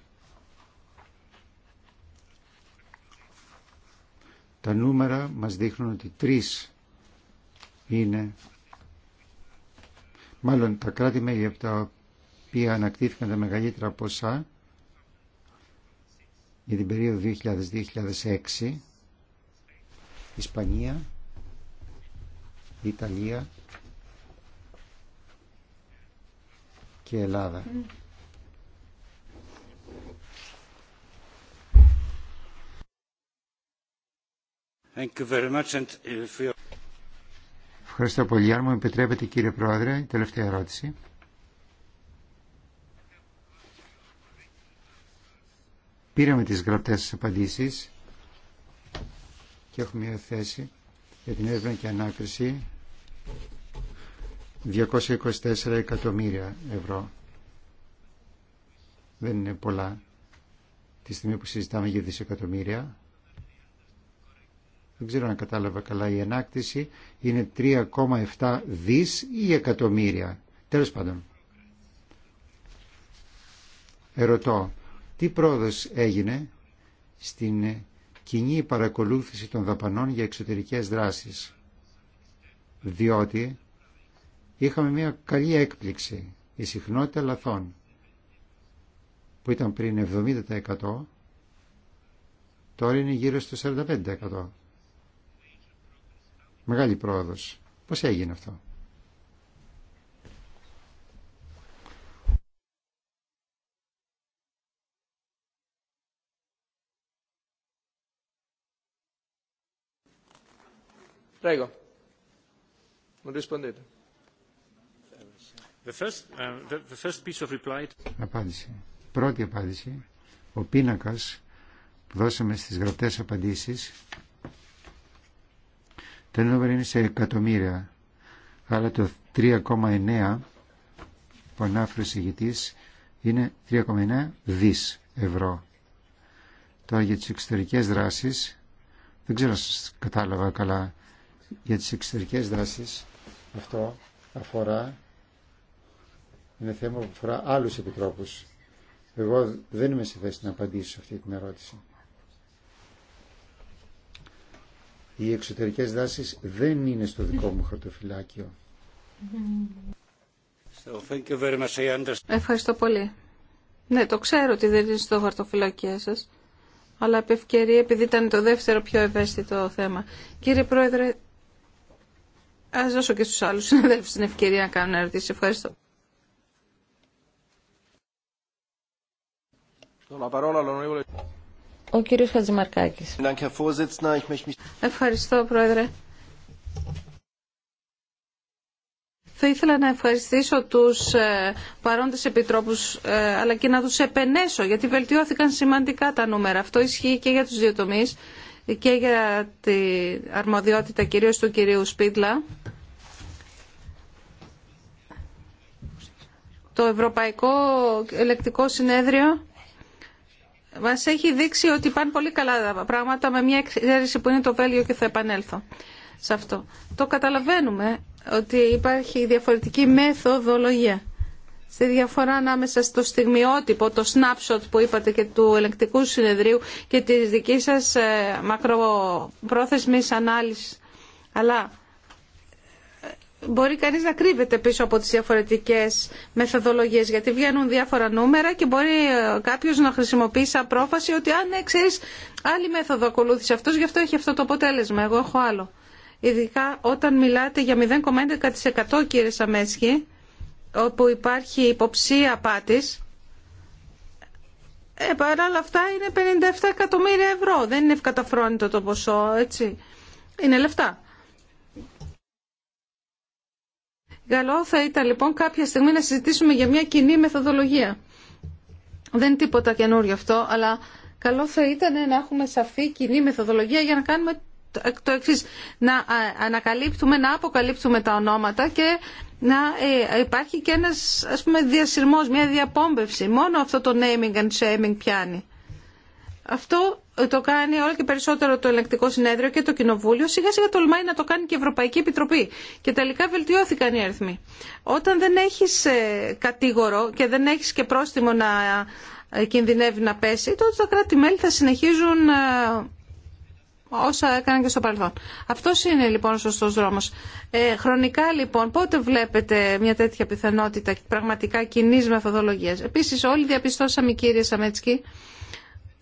Τα νούμερα μας δείχνουν ότι τρεις είναι, μάλλον τα κράτη μέλη από τα οποία ανακτήθηκαν τα μεγαλύτερα ποσά για την περίοδο 2000-2006, Ισπανία, Ιταλία και Ελλάδα. Uh, Ευχαριστώ πολύ. Αν μου επιτρέπετε κύριε Πρόεδρε, η τελευταία ερώτηση. Πήραμε τις γραπτές σας απαντήσεις και έχουμε μια θέση για την έρευνα και ανάκριση 224 εκατομμύρια ευρώ. Δεν είναι πολλά τη στιγμή που συζητάμε για δισεκατομμύρια δεν ξέρω αν κατάλαβα καλά, η ενάκτηση, είναι 3,7 δις ή εκατομμύρια. Τέλος πάντων. Ερωτώ, τι πρόοδος έγινε στην κοινή παρακολούθηση των δαπανών για εξωτερικές δράσεις. Διότι είχαμε μια καλή έκπληξη, η συχνότητα λαθών, που ήταν πριν 70%, τώρα είναι γύρω στο 45%. Μεγάλη πρόοδος. Πώς έγινε αυτό. Prego. μου rispondete. The first, uh, the, the first piece of reply... Απάντηση. Πρώτη απάντηση. Ο πίνακας που δώσαμε στις γραπτές απαντήσεις το νούμερο είναι σε εκατομμύρια, αλλά το 3,9 που ανάφερε είναι 3,9 δι ευρώ. Τώρα για τις εξωτερικές δράσεις, δεν ξέρω αν σας κατάλαβα καλά, για τις εξωτερικές δράσεις αυτό αφορά, είναι θέμα που αφορά άλλους επιτρόπους. Εγώ δεν είμαι σε θέση να απαντήσω σε αυτή την ερώτηση. Οι εξωτερικές δάσεις δεν είναι στο δικό μου χαρτοφυλάκιο. Ευχαριστώ πολύ. Ναι, το ξέρω ότι δεν είναι στο χαρτοφυλάκιο σας, αλλά επ' ευκαιρία, επειδή ήταν το δεύτερο πιο ευαίσθητο θέμα. Κύριε Πρόεδρε, ας δώσω και στους άλλους συναδέλφους την ευκαιρία να κάνουν ερωτήσει. Ευχαριστώ. Ο κύριος Χατζημαρκάκης. Ευχαριστώ, Πρόεδρε. Θα ήθελα να ευχαριστήσω τους ε, παρόντες επιτρόπους ε, αλλά και να τους επενέσω γιατί βελτιώθηκαν σημαντικά τα νούμερα. Αυτό ισχύει και για τους δύο τομείς και για την αρμοδιότητα κυρίως του κυρίου Σπίτλα. Το Ευρωπαϊκό Ελεκτικό Συνέδριο μας έχει δείξει ότι πάνε πολύ καλά τα πράγματα με μια εξαίρεση που είναι το Βέλγιο και θα επανέλθω σε αυτό. Το καταλαβαίνουμε ότι υπάρχει διαφορετική μεθοδολογία. Στη διαφορά ανάμεσα στο στιγμιότυπο, το snapshot που είπατε και του ελεκτικού συνεδρίου και της δικής σας ε, μακροπρόθεσμης ανάλυσης. Αλλά μπορεί κανεί να κρύβεται πίσω από τι διαφορετικέ μεθοδολογίε γιατί βγαίνουν διάφορα νούμερα και μπορεί ε, κάποιο να χρησιμοποιεί σαν πρόφαση ότι αν ναι, ξέρει άλλη μέθοδο ακολούθησε αυτό γι' αυτό έχει αυτό το αποτέλεσμα, εγώ έχω άλλο. Ειδικά όταν μιλάτε για 0,11% κύριε Σαμέσχη όπου υπάρχει υποψία απάτης, ε, παρά όλα αυτά είναι 57 εκατομμύρια ευρώ. Δεν είναι ευκαταφρόνητο το ποσό, έτσι. Είναι λεφτά. Καλό θα ήταν λοιπόν κάποια στιγμή να συζητήσουμε για μια κοινή μεθοδολογία. Δεν είναι τίποτα καινούριο αυτό, αλλά καλό θα ήταν να έχουμε σαφή κοινή μεθοδολογία για να κάνουμε το εξή. Να ε, ανακαλύπτουμε, να αποκαλύπτουμε τα ονόματα και να ε, υπάρχει και ένας ας πούμε διασυρμός, μια διαπόμπευση. Μόνο αυτό το naming and shaming πιάνει. Αυτό το κάνει όλο και περισσότερο το Ελεκτικό συνέδριο και το κοινοβούλιο, σιγά σιγά τολμάει να το κάνει και η Ευρωπαϊκή Επιτροπή. Και τελικά βελτιώθηκαν οι αριθμοί. Όταν δεν έχεις ε, κατήγορο και δεν έχει και πρόστιμο να ε, κινδυνεύει να πέσει, τότε τα κράτη-μέλη θα συνεχίζουν ε, όσα έκαναν και στο παρελθόν. Αυτό είναι λοιπόν ο σωστό δρόμο. Ε, χρονικά λοιπόν, πότε βλέπετε μια τέτοια πιθανότητα πραγματικά κοινή μεθοδολογία. Επίση, όλοι διαπιστώσαμε, κύριε Σαμέτσκι,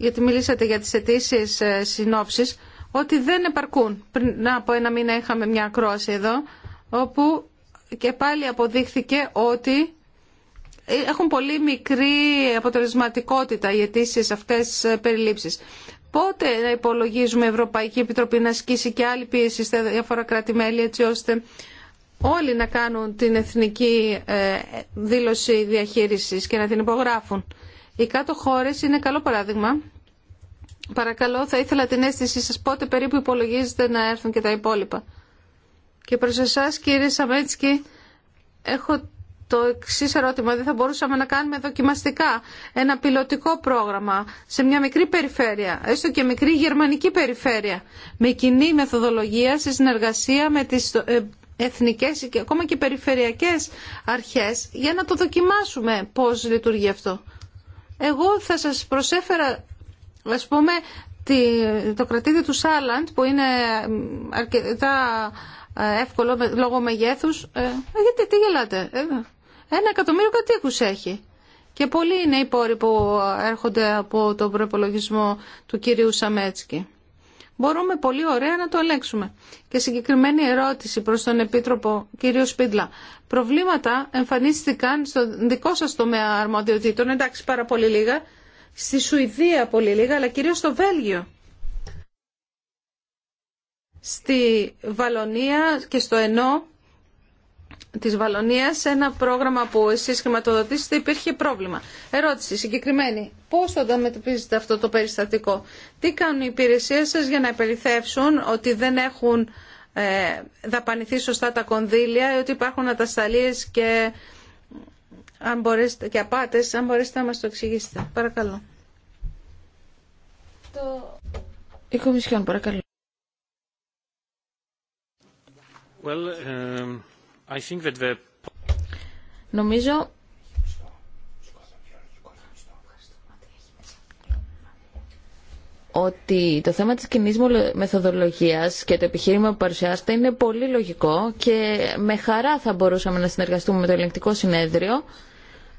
γιατί μιλήσατε για τις αιτήσει ε, συνόψεις, ότι δεν επαρκούν. Πριν από ένα μήνα είχαμε μια ακρόαση εδώ, όπου και πάλι αποδείχθηκε ότι έχουν πολύ μικρή αποτελεσματικότητα οι αιτήσει αυτές ε, περιλήψεις. Πότε να υπολογίζουμε η Ευρωπαϊκή Επιτροπή να ασκήσει και άλλη πίεση στα διάφορα κράτη-μέλη έτσι ώστε όλοι να κάνουν την εθνική ε, δήλωση διαχείρισης και να την υπογράφουν. Οι κάτω χώρες είναι καλό παράδειγμα. Παρακαλώ, θα ήθελα την αίσθησή σας πότε περίπου υπολογίζετε να έρθουν και τα υπόλοιπα. Και προς εσάς κύριε Σαμέτσκι, έχω το εξή ερώτημα. Δεν θα μπορούσαμε να κάνουμε δοκιμαστικά ένα πιλωτικό πρόγραμμα σε μια μικρή περιφέρεια, έστω και μικρή γερμανική περιφέρεια, με κοινή μεθοδολογία σε συνεργασία με τις ε, εθνικές και ακόμα και περιφερειακές αρχές για να το δοκιμάσουμε πώς λειτουργεί αυτό. Εγώ θα σας προσέφερα, ας πούμε, το κρατήδιο του Σάλαντ που είναι αρκετά ε, εύκολο λόγω μεγέθους. Ε, ε, γιατί, τι γελάτε. Ε, ένα εκατομμύριο κατοίκους έχει. Και πολλοί είναι οι πόροι που έρχονται από τον προπολογισμό του κυρίου Σαμέτσκι μπορούμε πολύ ωραία να το ελέγξουμε. Και συγκεκριμένη ερώτηση προς τον Επίτροπο κύριο Σπίτλα. Προβλήματα εμφανίστηκαν στο δικό σας τομέα αρμοδιοτήτων, εντάξει πάρα πολύ λίγα, στη Σουηδία πολύ λίγα, αλλά κυρίως στο Βέλγιο. Στη Βαλονία και στο ΕΝΟ της Βαλωνίας ένα πρόγραμμα που εσείς χρηματοδοτήσετε υπήρχε πρόβλημα. Ερώτηση συγκεκριμένη. Πώς θα αντιμετωπίζετε αυτό το περιστατικό. Τι κάνουν οι υπηρεσίες σας για να επεληθεύσουν ότι δεν έχουν ε, δαπανηθεί σωστά τα κονδύλια ή ότι υπάρχουν ατασταλίες και, αν και απάτες. Αν μπορέσετε να μας το εξηγήσετε. Παρακαλώ. Το... Η παρακαλώ. Well, um, Νομίζω ότι το θέμα της κοινή μεθοδολογίας και το επιχείρημα που παρουσιάζεται είναι πολύ λογικό και με χαρά θα μπορούσαμε να συνεργαστούμε με το ελεγκτικό συνέδριο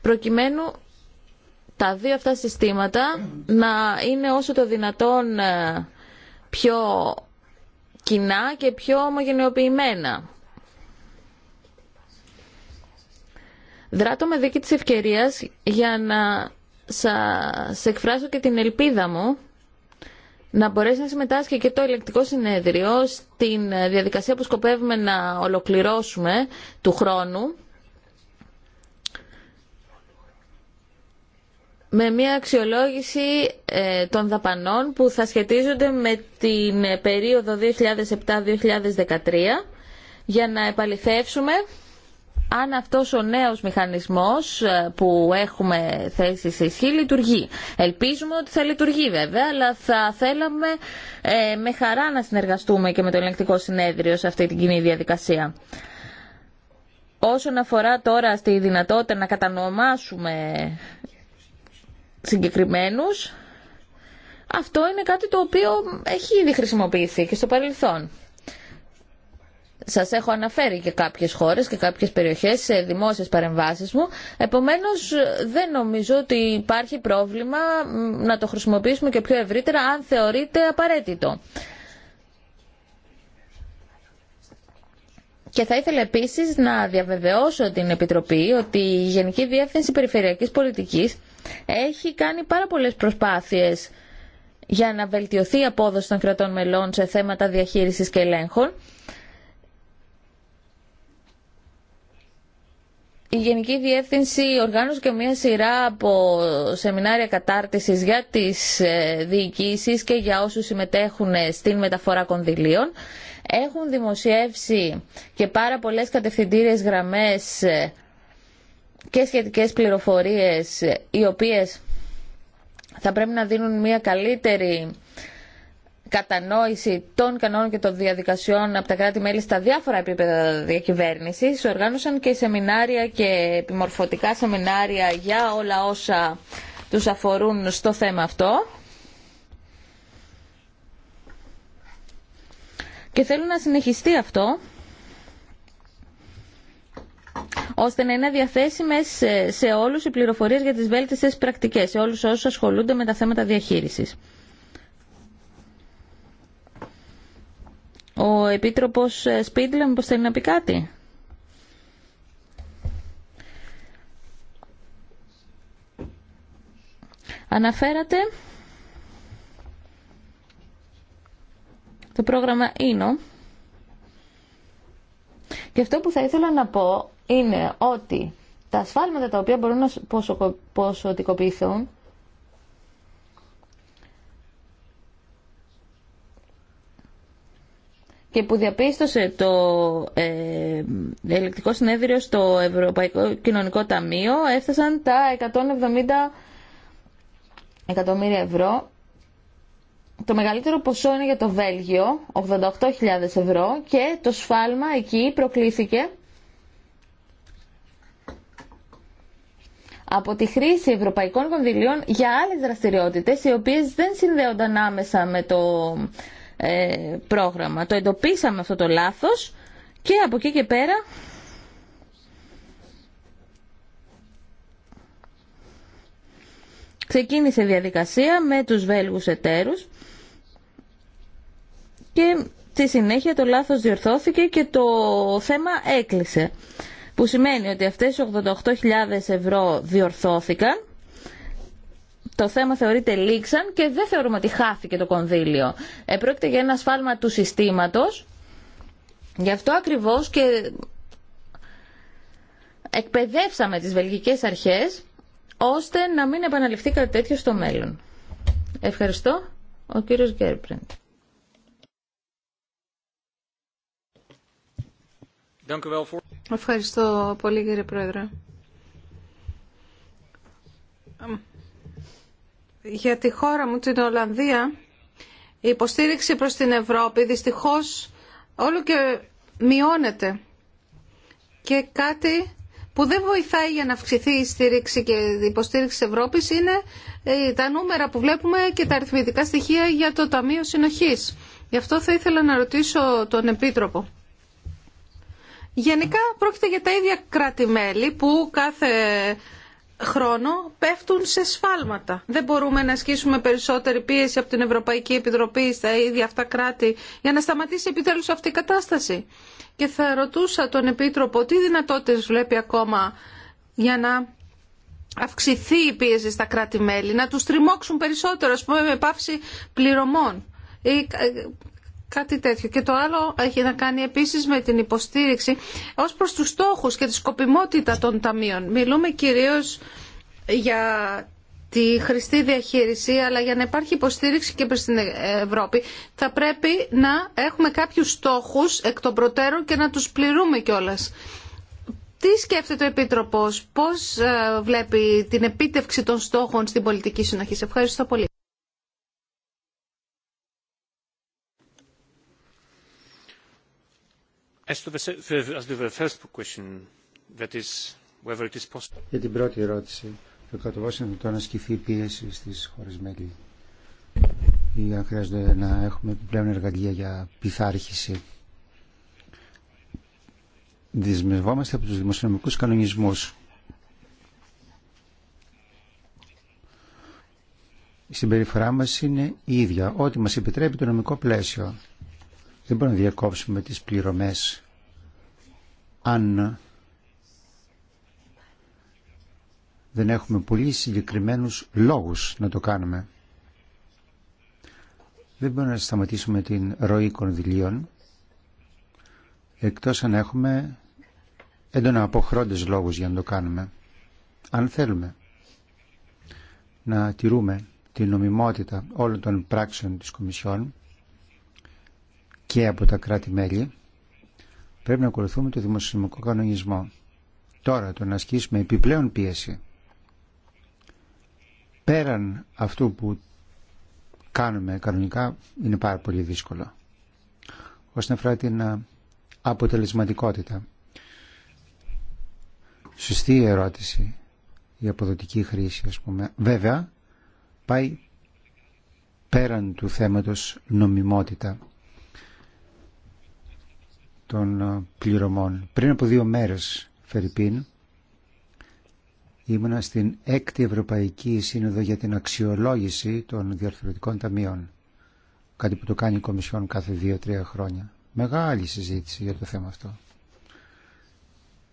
προκειμένου τα δύο αυτά συστήματα να είναι όσο το δυνατόν ε, πιο κοινά και πιο ομογενειοποιημένα. Δράτω με δίκη της ευκαιρίας για να σας εκφράσω και την ελπίδα μου να μπορέσει να συμμετάσχει και το ελεκτικό συνέδριο στην διαδικασία που σκοπεύουμε να ολοκληρώσουμε του χρόνου με μια αξιολόγηση ε, των δαπανών που θα σχετίζονται με την περίοδο 2007-2013 για να επαληθεύσουμε αν αυτός ο νέος μηχανισμός ε, που έχουμε θέσει σε ισχύ λειτουργεί. Ελπίζουμε ότι θα λειτουργεί βέβαια, αλλά θα θέλαμε ε, με χαρά να συνεργαστούμε και με το ελεγκτικό συνέδριο σε αυτή την κοινή διαδικασία. Όσον αφορά τώρα στη δυνατότητα να κατανομάσουμε συγκεκριμένους, αυτό είναι κάτι το οποίο έχει ήδη χρησιμοποιηθεί και στο παρελθόν. Σα έχω αναφέρει και κάποιες χώρες και κάποιες περιοχές σε δημόσιε παρεμβάσεις μου. Επομένως, δεν νομίζω ότι υπάρχει πρόβλημα να το χρησιμοποιήσουμε και πιο ευρύτερα, αν θεωρείται απαραίτητο. Και θα ήθελα επίσης να διαβεβαιώσω την Επιτροπή ότι η Γενική Διεύθυνση Περιφερειακής Πολιτικής έχει κάνει πάρα πολλέ προσπάθειε για να βελτιωθεί η απόδοση των κρατών μελών σε θέματα διαχείρισης και ελέγχων η Γενική Διεύθυνση οργάνωσε και μία σειρά από σεμινάρια κατάρτισης για τις ε, διοικήσεις και για όσους συμμετέχουν ε, στην μεταφορά κονδυλίων. Έχουν δημοσιεύσει και πάρα πολλές κατευθυντήριες γραμμές ε, και σχετικές πληροφορίες οι οποίες θα πρέπει να δίνουν μια καλύτερη κατανόηση των κανόνων και των διαδικασιών από τα κράτη-μέλη στα διάφορα επίπεδα διακυβέρνησης. Οργάνωσαν και σεμινάρια και επιμορφωτικά σεμινάρια για όλα όσα τους αφορούν στο θέμα αυτό. Και θέλουν να συνεχιστεί αυτό ώστε να είναι διαθέσιμες σε όλους οι πληροφορίε για τις βέλτιστες πρακτικέ σε όλου όσου ασχολούνται με τα θέματα διαχείριση. Ο Επίτροπος Σπίτλε, μήπως θέλει να πει κάτι. Αναφέρατε το πρόγραμμα ΕΙΝΟ. και αυτό που θα ήθελα να πω είναι ότι τα ασφάλματα τα οποία μπορούν να ποσοτικοποιηθούν και που διαπίστωσε το ε, ελεκτικό συνέδριο στο Ευρωπαϊκό Κοινωνικό Ταμείο έφτασαν τα 170 εκατομμύρια ευρώ. Το μεγαλύτερο ποσό είναι για το Βέλγιο, 88.000 ευρώ και το σφάλμα εκεί προκλήθηκε από τη χρήση ευρωπαϊκών κονδυλίων για άλλες δραστηριότητες οι οποίες δεν συνδέονταν άμεσα με το ε, πρόγραμμα. Το εντοπίσαμε αυτό το λάθος και από εκεί και πέρα ξεκίνησε διαδικασία με τους Βέλγους εταίρους και στη συνέχεια το λάθος διορθώθηκε και το θέμα έκλεισε. Που σημαίνει ότι αυτές οι 88.000 ευρώ διορθώθηκαν το θέμα θεωρείται λήξαν και δεν θεωρούμε ότι χάθηκε το κονδύλιο. Επρόκειται για ένα σφάλμα του συστήματος. Γι' αυτό ακριβώς και εκπαιδεύσαμε τις βελγικές αρχές ώστε να μην επαναληφθεί κάτι τέτοιο στο μέλλον. Ευχαριστώ. Ο κύριος Γκέρπριντ. Ευχαριστώ πολύ κύριε Πρόεδρε για τη χώρα μου, την Ολλανδία, η υποστήριξη προς την Ευρώπη δυστυχώς όλο και μειώνεται και κάτι που δεν βοηθάει για να αυξηθεί η στήριξη και η υποστήριξη Ευρώπης είναι ε, τα νούμερα που βλέπουμε και τα αριθμητικά στοιχεία για το Ταμείο Συνοχής. Γι' αυτό θα ήθελα να ρωτήσω τον Επίτροπο. Γενικά πρόκειται για τα ίδια κράτη-μέλη που κάθε χρόνο πέφτουν σε σφάλματα. Δεν μπορούμε να ασκήσουμε περισσότερη πίεση από την Ευρωπαϊκή Επιτροπή στα ίδια αυτά κράτη για να σταματήσει επιτέλους αυτή η κατάσταση. Και θα ρωτούσα τον Επίτροπο τι δυνατότητες βλέπει ακόμα για να αυξηθεί η πίεση στα κράτη-μέλη, να τους τριμώξουν περισσότερο, ας πούμε, με πάυση πληρωμών Κάτι τέτοιο. Και το άλλο έχει να κάνει επίσης με την υποστήριξη ω προς τους στόχους και τη σκοπιμότητα των ταμείων. Μιλούμε κυρίω για τη χρηστή διαχείριση, αλλά για να υπάρχει υποστήριξη και προς την Ευρώπη, θα πρέπει να έχουμε κάποιους στόχους εκ των προτέρων και να τους πληρούμε κιόλας. Τι σκέφτεται ο Επίτροπος, πώς ε, βλέπει την επίτευξη των στόχων στην πολιτική συνοχή. ευχαριστώ πολύ. Για την πρώτη ερώτηση, το κατά πόσο είναι το να σκηθεί πίεση στι χώρε μέλη ή αν χρειάζεται να έχουμε επιπλέον εργαλεία για πειθάρχηση. Δεσμευόμαστε από τους δημοσιονομικούς κανονισμούς. Η συμπεριφορά μας είναι η ίδια, ό,τι μας επιτρέπει το νομικό πλαίσιο δεν μπορούμε να διακόψουμε τις πληρωμές αν δεν έχουμε πολύ συγκεκριμένους λόγους να το κάνουμε. Δεν μπορούμε να σταματήσουμε την ροή κονδυλίων εκτός αν έχουμε έντονα αποχρόντες λόγους για να το κάνουμε. Αν θέλουμε να τηρούμε την νομιμότητα όλων των πράξεων της Κομισιόν και από τα κράτη-μέλη, πρέπει να ακολουθούμε το δημοσιονομικό κανονισμό. Τώρα το να ασκήσουμε επιπλέον πίεση πέραν αυτού που κάνουμε κανονικά είναι πάρα πολύ δύσκολο. Όσον αφορά την αποτελεσματικότητα. Σωστή ερώτηση η αποδοτική χρήση ας πούμε. Βέβαια πάει πέραν του θέματος νομιμότητα των ε, πληρωμών. Πριν από δύο μέρες, Φερρυπίν, ήμουνα στην έκτη Ευρωπαϊκή Σύνοδο για την αξιολόγηση των διαρθρωτικών ταμείων. Κάτι που το κάνει η Κομισιόν κάθε δύο-τρία χρόνια. Μεγάλη συζήτηση για το θέμα αυτό.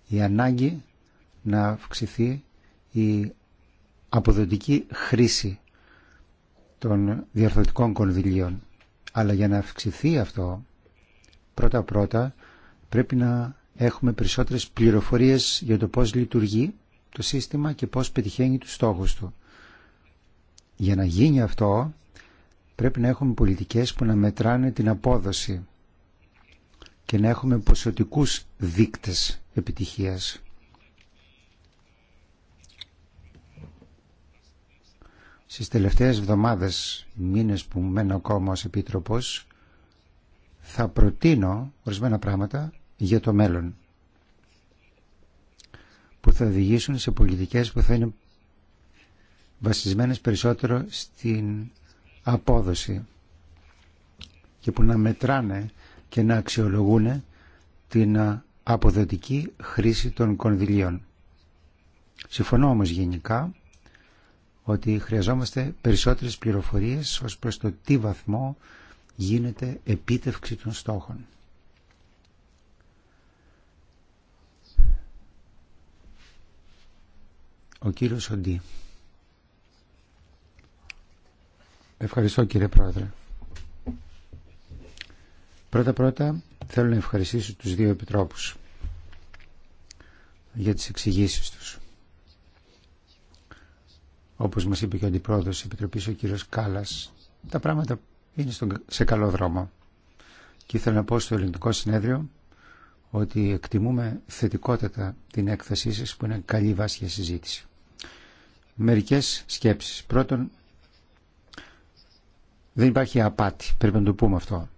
Η ανάγκη να αυξηθεί η αποδοτική χρήση των διαρθρωτικών κονδυλίων. Αλλά για να αυξηθεί αυτό, πρώτα-πρώτα Πρέπει να έχουμε περισσότερες πληροφορίες για το πώς λειτουργεί το σύστημα και πώς πετυχαίνει τους στόχους του. Για να γίνει αυτό πρέπει να έχουμε πολιτικές που να μετράνε την απόδοση και να έχουμε ποσοτικούς δείκτες επιτυχίας. Στις τελευταίες εβδομάδες, μήνες που μένω ακόμα ως Επίτροπος, θα προτείνω ορισμένα πράγματα για το μέλλον που θα οδηγήσουν σε πολιτικές που θα είναι βασισμένες περισσότερο στην απόδοση και που να μετράνε και να αξιολογούν την αποδοτική χρήση των κονδυλίων. Συμφωνώ όμως γενικά ότι χρειαζόμαστε περισσότερες πληροφορίες ως προς το τι βαθμό γίνεται επίτευξη των στόχων. Ο κύριος Οντή. Ευχαριστώ κύριε Πρόεδρε. Πρώτα-πρώτα θέλω να ευχαριστήσω τους δύο επιτρόπους για τις εξηγήσει τους. Όπως μας είπε και ο Αντιπρόεδρος της Επιτροπής, ο κύριος Κάλλας, τα πράγματα είναι σε καλό δρόμο. Και ήθελα να πω στο ελληνικό συνέδριο ότι εκτιμούμε θετικότατα την έκθεσή σας που είναι καλή βάση για συζήτηση μερικές σκέψεις. Πρώτον, δεν υπάρχει απάτη, πρέπει να το πούμε αυτό.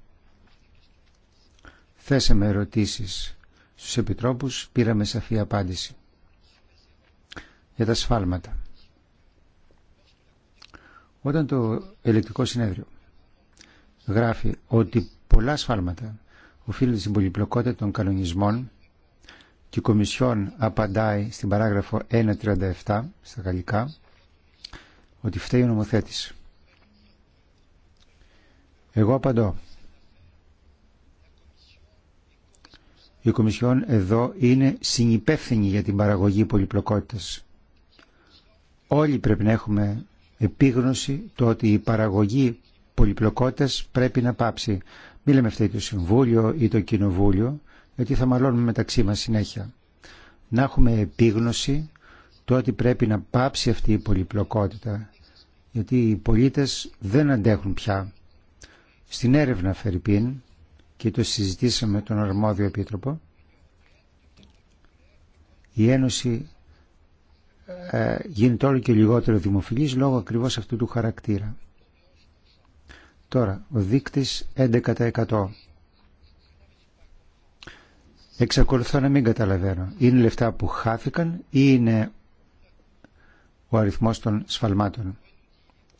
Θέσαμε ερωτήσεις στους επιτρόπους, πήραμε σαφή απάντηση για τα σφάλματα. Όταν το ελεκτικό συνέδριο γράφει ότι πολλά σφάλματα οφείλονται στην πολυπλοκότητα των κανονισμών και η Κομισιόν απαντάει στην παράγραφο 1.37 στα γαλλικά ότι φταίει ο νομοθέτης. Εγώ απαντώ. Η Κομισιόν εδώ είναι συνυπεύθυνη για την παραγωγή πολυπλοκότητας. Όλοι πρέπει να έχουμε επίγνωση το ότι η παραγωγή πολυπλοκότητας πρέπει να πάψει. Μιλάμε λέμε φταίει το Συμβούλιο ή το Κοινοβούλιο γιατί θα μαλώνουμε μεταξύ μας συνέχεια. Να έχουμε επίγνωση το ότι πρέπει να πάψει αυτή η πολυπλοκότητα, γιατί οι πολίτες δεν αντέχουν πια. Στην έρευνα Φερρυπίν, και το συζητήσαμε με τον αρμόδιο επίτροπο, η Ένωση ε, γίνεται όλο και λιγότερο δημοφιλής λόγω ακριβώς αυτού του χαρακτήρα. Τώρα, ο δείκτης 11%. Εξακολουθώ να μην καταλαβαίνω. Είναι λεφτά που χάθηκαν ή είναι ο αριθμός των σφαλμάτων.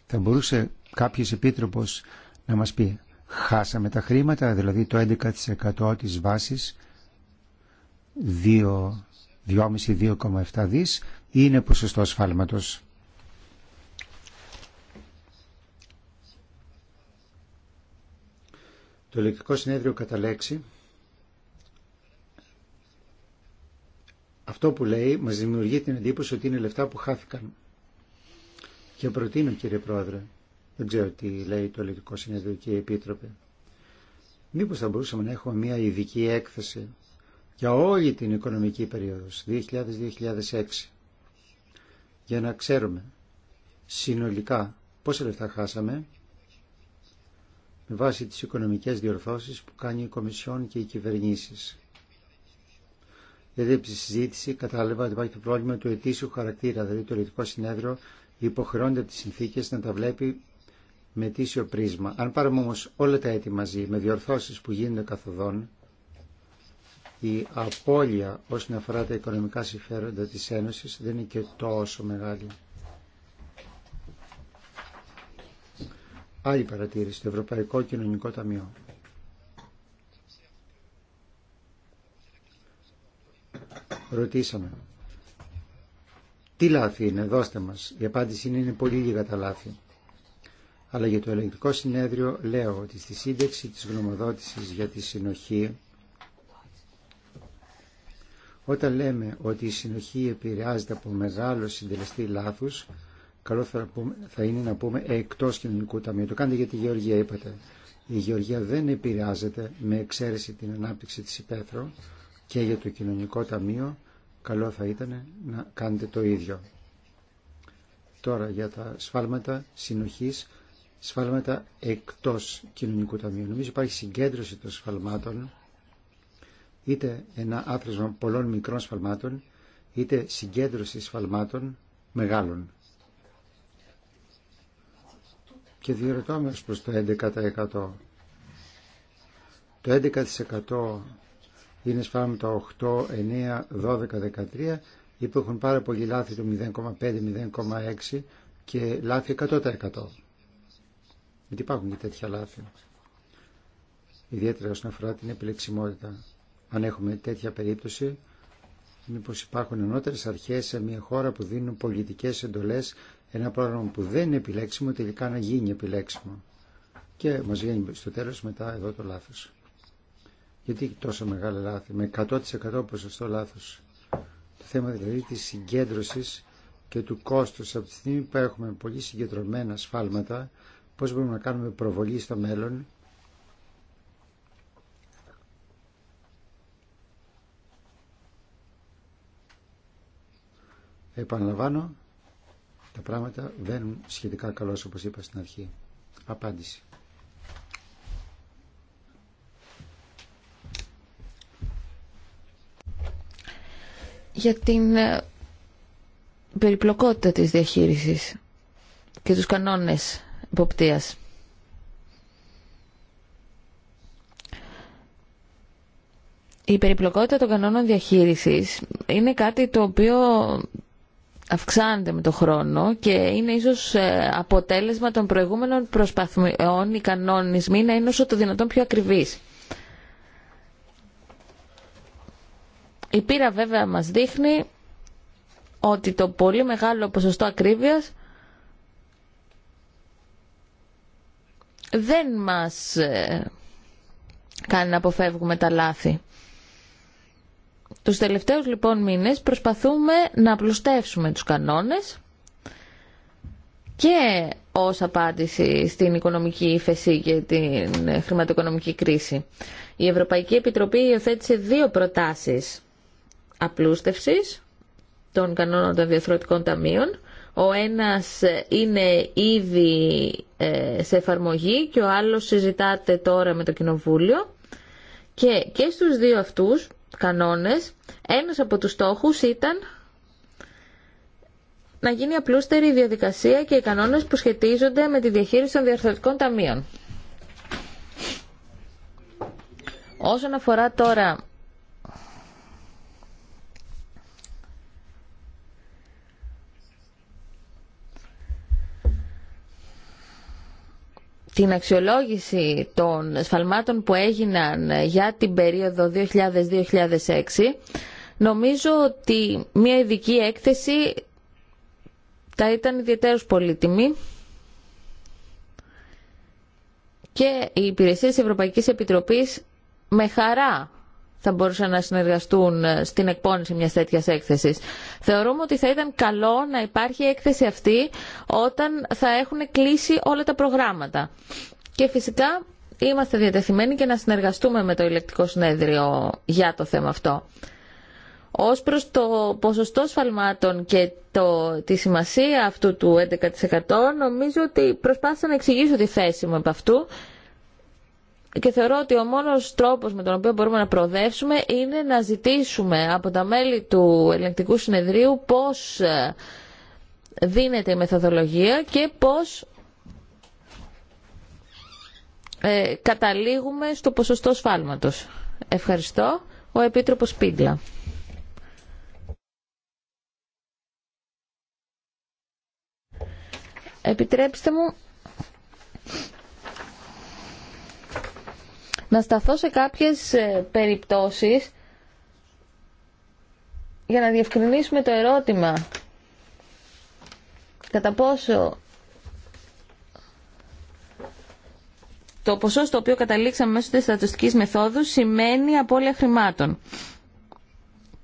Θα μπορούσε κάποιος επίτροπος να μας πει χάσαμε τα χρήματα, δηλαδή το 11% της βάσης 2,5-2,7 δις ή είναι ποσοστό σφάλματος. Το ηλεκτρικό συνέδριο καταλέξει. Αυτό που λέει μας δημιουργεί την εντύπωση ότι είναι λεφτά που χάθηκαν. Και προτείνω κύριε Πρόεδρε, δεν ξέρω τι λέει το Ελληνικό Συνέδριο και η Επίτροπε, μήπως θα μπορούσαμε να έχουμε μια ειδική έκθεση για όλη την οικονομική περίοδο 2000-2006 για να ξέρουμε συνολικά πόσα λεφτά χάσαμε με βάση τις οικονομικές διορθώσεις που κάνει η Κομισιόν και οι κυβερνήσεις Δηλαδή, από τη συζήτηση κατάλαβα ότι υπάρχει το πρόβλημα του ετήσιου χαρακτήρα. Δηλαδή, το ελληνικό συνέδριο υποχρεώνεται από τι συνθήκε να τα βλέπει με ετήσιο πρίσμα. Αν πάρουμε όμω όλα τα έτη μαζί, με διορθώσει που γίνονται καθοδόν, η απώλεια όσον αφορά τα οικονομικά συμφέροντα της Ένωσης δεν είναι και τόσο μεγάλη. Άλλη παρατήρηση, το Ευρωπαϊκό Κοινωνικό Ταμείο. Ρωτήσαμε. Τι λάθη είναι, δώστε μας. Η απάντηση είναι, είναι πολύ λίγα τα λάθη. Αλλά για το ελεγκτικό συνέδριο λέω ότι στη σύνδεξη της γνωμοδότησης για τη συνοχή όταν λέμε ότι η συνοχή επηρεάζεται από μεγάλο συντελεστή λάθους, καλό θα, είναι να πούμε εκτός κοινωνικού ταμείου. Το κάνετε για τη Γεωργία, είπατε. Η Γεωργία δεν επηρεάζεται με εξαίρεση την ανάπτυξη της υπαίθρου, και για το κοινωνικό ταμείο, καλό θα ήταν να κάνετε το ίδιο. Τώρα για τα σφάλματα συνοχής, σφάλματα εκτός κοινωνικού ταμείου. Νομίζω υπάρχει συγκέντρωση των σφαλμάτων, είτε ένα άθροισμα πολλών μικρών σφαλμάτων, είτε συγκέντρωση σφαλμάτων μεγάλων. Και διερωτώ μας προς το 11%. Το 11% είναι σφάλματα 8, 9, 12, 13 έχουν πάρα πολλοί λάθη του 0,5, 0,6 και λάθη 100%. Γιατί υπάρχουν και τέτοια λάθη. Ιδιαίτερα όσον αφορά την επιλεξιμότητα. Αν έχουμε τέτοια περίπτωση, μήπως υπάρχουν ενώτερες αρχές σε μια χώρα που δίνουν πολιτικές εντολές ένα πρόγραμμα που δεν είναι επιλέξιμο τελικά να γίνει επιλέξιμο. Και μας βγαίνει στο τέλος μετά εδώ το λάθος. Γιατί τόσο μεγάλα λάθη, με 100% ποσοστό λάθος. Το θέμα δηλαδή της συγκέντρωσης και του κόστους. Από τη στιγμή που έχουμε πολύ συγκεντρωμένα σφάλματα, πώς μπορούμε να κάνουμε προβολή στο μέλλον Επαναλαμβάνω, τα πράγματα βαίνουν σχετικά καλώς όπως είπα στην αρχή. Απάντηση. για την ε, περιπλοκότητα της διαχείρισης και τους κανόνες υποπτίας. Η περιπλοκότητα των κανόνων διαχείρισης είναι κάτι το οποίο αυξάνεται με το χρόνο και είναι ίσως ε, αποτέλεσμα των προηγούμενων προσπαθμιών οι κανονισμοί να είναι όσο το δυνατόν πιο ακριβείς. Η πείρα βέβαια μας δείχνει ότι το πολύ μεγάλο ποσοστό ακρίβειας δεν μας ε, κάνει να αποφεύγουμε τα λάθη. Τους τελευταίους λοιπόν μήνες προσπαθούμε να απλουστεύσουμε τους κανόνες και ως απάντηση στην οικονομική ύφεση και την χρηματοοικονομική κρίση. Η Ευρωπαϊκή Επιτροπή υιοθέτησε δύο προτάσεις απλούστευσης των κανόνων των διαθροτικών ταμείων. Ο ένας είναι ήδη ε, σε εφαρμογή και ο άλλος συζητάται τώρα με το Κοινοβούλιο. Και, και στους δύο αυτούς κανόνες, ένας από τους στόχους ήταν να γίνει απλούστερη η διαδικασία και οι κανόνες που σχετίζονται με τη διαχείριση των διαρθρωτικών ταμείων. Όσον αφορά τώρα στην αξιολόγηση των σφαλμάτων που έγιναν για την περίοδο 2000-2006, νομίζω ότι μια ειδική έκθεση θα ήταν ιδιαίτερως πολύτιμη και οι υπηρεσίες της Ευρωπαϊκής Επιτροπής με χαρά θα μπορούσαν να συνεργαστούν ε, στην εκπόνηση μιας τέτοιας έκθεσης. Θεωρούμε ότι θα ήταν καλό να υπάρχει η έκθεση αυτή όταν θα έχουν κλείσει όλα τα προγράμματα. Και φυσικά είμαστε διατεθειμένοι και να συνεργαστούμε με το ηλεκτρικό συνέδριο για το θέμα αυτό. Ως προς το ποσοστό σφαλμάτων και το, τη σημασία αυτού του 11% νομίζω ότι προσπάθησα να εξηγήσω τη θέση μου από αυτού και θεωρώ ότι ο μόνος τρόπος με τον οποίο μπορούμε να προοδεύσουμε είναι να ζητήσουμε από τα μέλη του ελεγκτικού συνεδρίου πώς ε, δίνεται η μεθοδολογία και πώς ε, καταλήγουμε στο ποσοστό σφάλματος. Ευχαριστώ. Ο Επίτροπος Πίγκλα. Επιτρέψτε μου να σταθώ σε κάποιες ε, περιπτώσεις για να διευκρινίσουμε το ερώτημα κατά πόσο το ποσό στο οποίο καταλήξαμε μέσω της στατιστικής μεθόδου σημαίνει απώλεια χρημάτων.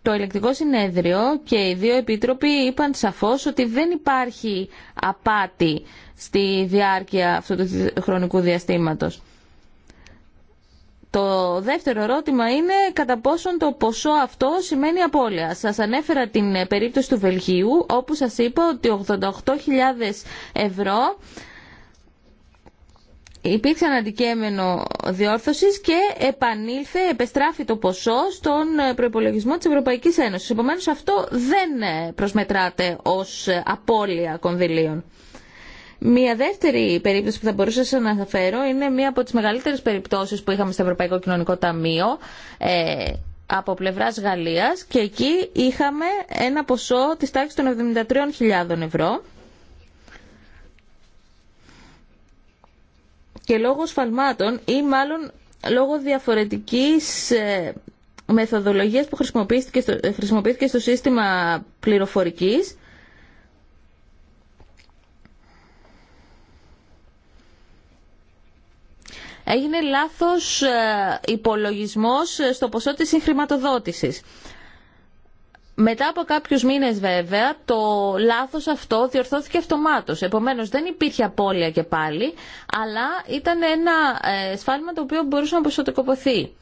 Το ελεκτικό συνέδριο και οι δύο επίτροποι είπαν σαφώς ότι δεν υπάρχει απάτη στη διάρκεια αυτού του χρονικού διαστήματος. Το δεύτερο ερώτημα είναι κατά πόσον το ποσό αυτό σημαίνει απώλεια. Σας ανέφερα την ε, περίπτωση του Βελγίου όπου σας είπα ότι 88.000 ευρώ υπήρξαν αντικέμενο διόρθωσης και επανήλθε, επεστράφει το ποσό στον ε, προπολογισμό της Ευρωπαϊκής Ένωσης. Επομένως αυτό δεν ε, προσμετράται ως απώλεια κονδυλίων. Μία δεύτερη περίπτωση που θα μπορούσα να αναφέρω είναι μία από τις μεγαλύτερες περιπτώσεις που είχαμε στο Ευρωπαϊκό Κοινωνικό Ταμείο ε, από πλευράς Γαλλίας και εκεί είχαμε ένα ποσό της τάξης των 73.000 ευρώ και λόγω σφαλμάτων ή μάλλον λόγω διαφορετικής ε, μεθοδολογίας που χρησιμοποιήθηκε στο, ε, χρησιμοποιήθηκε στο σύστημα πληροφορικής έγινε λάθος ε, υπολογισμός ε, στο ποσό της συγχρηματοδότησης. Μετά από κάποιους μήνες βέβαια το λάθος αυτό διορθώθηκε αυτομάτως. Επομένως δεν υπήρχε απώλεια και πάλι, αλλά ήταν ένα ε, σφάλμα το οποίο μπορούσε να ποσοτικοποθεί.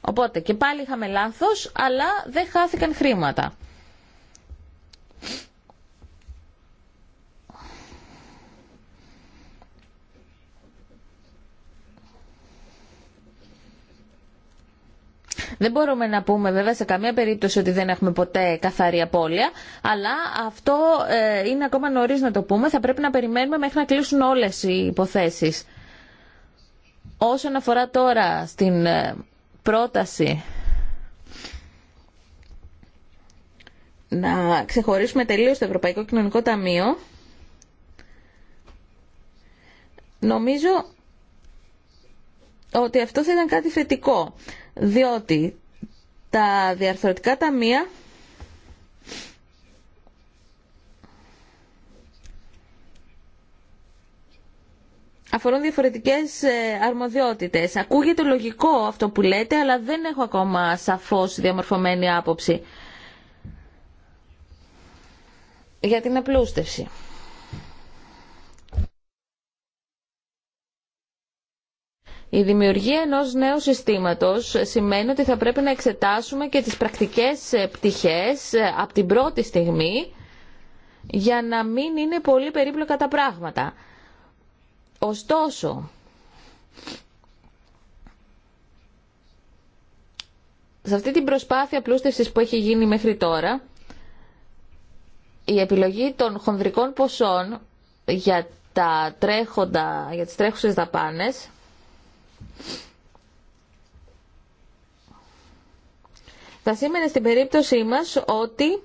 Οπότε και πάλι είχαμε λάθος, αλλά δεν χάθηκαν χρήματα. Δεν μπορούμε να πούμε βέβαια σε καμία περίπτωση ότι δεν έχουμε ποτέ καθαρή απώλεια, αλλά αυτό ε, είναι ακόμα νωρί να το πούμε. Θα πρέπει να περιμένουμε μέχρι να κλείσουν όλε οι υποθέσει. Όσον αφορά τώρα στην ε, πρόταση να ξεχωρίσουμε τελείως το Ευρωπαϊκό Κοινωνικό Ταμείο, νομίζω ότι αυτό θα ήταν κάτι θετικό διότι τα διαρθρωτικά ταμεία αφορούν διαφορετικές ε, αρμοδιότητες. Ακούγεται λογικό αυτό που λέτε, αλλά δεν έχω ακόμα σαφώς διαμορφωμένη άποψη για την απλούστευση. Η δημιουργία ενός νέου συστήματος σημαίνει ότι θα πρέπει να εξετάσουμε και τις πρακτικές ε, πτυχές ε, από την πρώτη στιγμή για να μην είναι πολύ περίπλοκα τα πράγματα. Ωστόσο, σε αυτή την προσπάθεια πλούστευσης που έχει γίνει μέχρι τώρα, η επιλογή των χονδρικών ποσών για, τα τρέχοντα, για τις τρέχουσες δαπάνες θα σήμαινε στην περίπτωσή μας ότι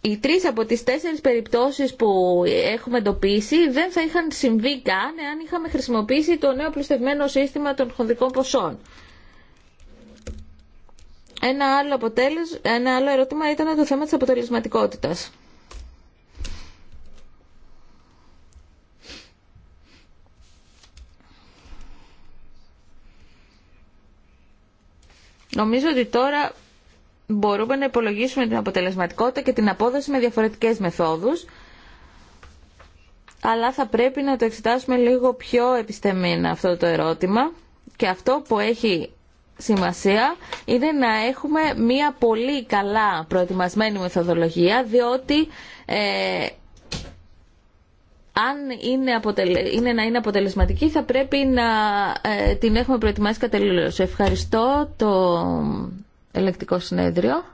οι τρεις από τις τέσσερις περιπτώσεις που έχουμε εντοπίσει δεν θα είχαν συμβεί καν εάν είχαμε χρησιμοποιήσει το νέο πλουστευμένο σύστημα των χονδικών ποσών. Ένα άλλο, αποτέλεσμα, ένα άλλο ερώτημα ήταν το θέμα της αποτελεσματικότητας. Νομίζω ότι τώρα μπορούμε να υπολογίσουμε την αποτελεσματικότητα και την απόδοση με διαφορετικές μεθόδους, αλλά θα πρέπει να το εξετάσουμε λίγο πιο επιστεμένα αυτό το ερώτημα και αυτό που έχει σημασία είναι να έχουμε μία πολύ καλά προετοιμασμένη μεθοδολογία διότι ε, αν είναι, αποτελε... είναι να είναι αποτελεσματική θα πρέπει να ε, την έχουμε προετοιμάσει κατελήλως. Ευχαριστώ το ελεκτικό συνέδριο.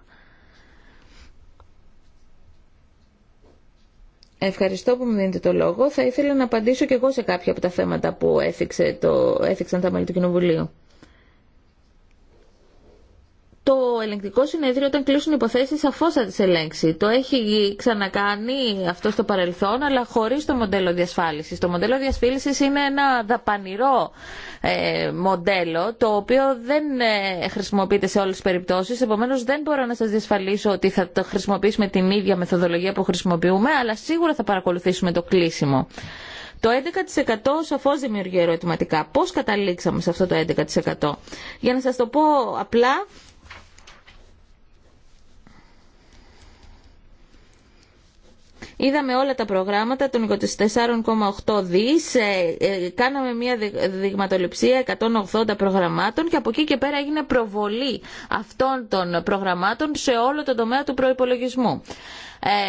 Ευχαριστώ που μου δίνετε το λόγο. Θα ήθελα να απαντήσω και εγώ σε κάποια από τα θέματα που έθιξε το... έθιξαν τα μέλη του Κοινοβουλίου το ελεγκτικό συνέδριο όταν κλείσουν υποθέσεις σαφώς θα τις ελέγξει. Το έχει ξανακάνει αυτό στο παρελθόν αλλά χωρίς το μοντέλο διασφάλισης. Το μοντέλο διασφάλισης είναι ένα δαπανηρό ε, μοντέλο το οποίο δεν ε, χρησιμοποιείται σε όλες τις περιπτώσεις. Επομένως δεν μπορώ να σας διασφαλίσω ότι θα το χρησιμοποιήσουμε την ίδια μεθοδολογία που χρησιμοποιούμε αλλά σίγουρα θα παρακολουθήσουμε το κλείσιμο. Το 11% σαφώς δημιουργεί ερωτηματικά. Πώς καταλήξαμε σε αυτό το 11%. Για να σας το πω απλά, Είδαμε όλα τα προγράμματα των 24,8 δις, ε, ε, κάναμε μια δειγματοληψία 180 προγραμμάτων και από εκεί και πέρα έγινε προβολή αυτών των προγραμμάτων σε όλο το τομέα του προπολογισμού.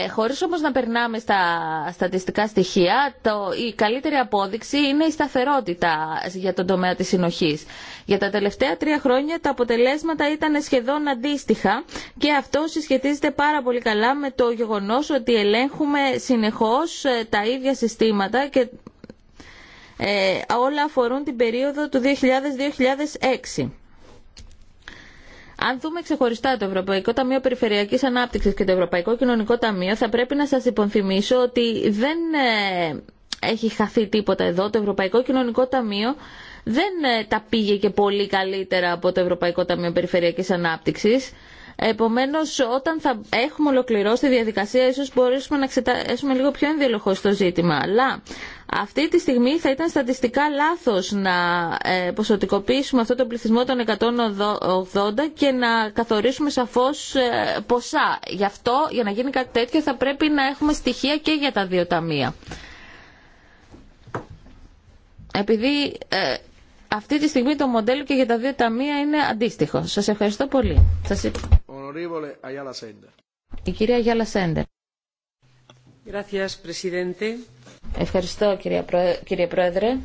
Ε, χωρίς όμως να περνάμε στα στατιστικά στοιχεία, το, η καλύτερη απόδειξη είναι η σταθερότητα για τον τομέα της συνοχής. Για τα τελευταία τρία χρόνια τα αποτελέσματα ήταν σχεδόν αντίστοιχα και αυτό συσχετίζεται πάρα πολύ καλά με το γεγονός ότι ελέγχουμε συνεχώς ε, τα ίδια συστήματα και ε, όλα αφορούν την περίοδο του 2000-2006. Αν δούμε ξεχωριστά το Ευρωπαϊκό Ταμείο Περιφερειακής Ανάπτυξης και το Ευρωπαϊκό Κοινωνικό Ταμείο, θα πρέπει να σας υποθυμίσω ότι δεν ε, έχει χαθεί τίποτα εδώ. Το Ευρωπαϊκό Κοινωνικό Ταμείο δεν τα πήγε και πολύ καλύτερα από το Ευρωπαϊκό Ταμείο Περιφερειακής Ανάπτυξης. Επομένως, όταν θα έχουμε ολοκληρώσει τη διαδικασία, ίσως μπορέσουμε να εξετάσουμε λίγο πιο ενδιαλοχώς το ζήτημα. Αλλά αυτή τη στιγμή θα ήταν στατιστικά λάθος να ε, ποσοτικοποιήσουμε αυτό τον πληθυσμό των 180 και να καθορίσουμε σαφώς ε, ποσά. Γι' αυτό, για να γίνει κάτι τέτοιο, θα πρέπει να έχουμε στοιχεία και για τα δύο ταμεία. Επειδή ε, αυτή τη στιγμή το μοντέλο και για τα δύο ταμεία είναι αντίστοιχο. Σα ευχαριστώ πολύ. Σας... Η κυρία Ευχαριστώ κύριε Πρόεδρε.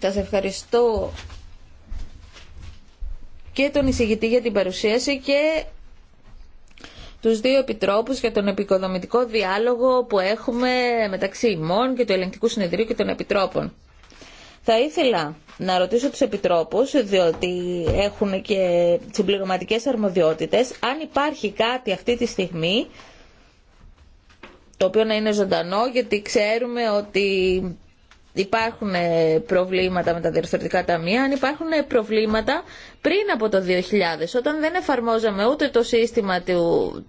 Σας ευχαριστώ και τον εισηγητή για την παρουσίαση και τους δύο επιτρόπους για τον επικοδομητικό διάλογο που έχουμε μεταξύ ημών και του ελεγκτικού συνεδρίου και των επιτρόπων. Θα ήθελα να ρωτήσω τους επιτρόπους, διότι έχουν και συμπληρωματικέ αρμοδιότητες, αν υπάρχει κάτι αυτή τη στιγμή το οποίο να είναι ζωντανό, γιατί ξέρουμε ότι υπάρχουν ε, προβλήματα με τα διορθωτικά ταμεία, αν υπάρχουν ε, προβλήματα πριν από το 2000, όταν δεν εφαρμόζαμε ούτε το σύστημα του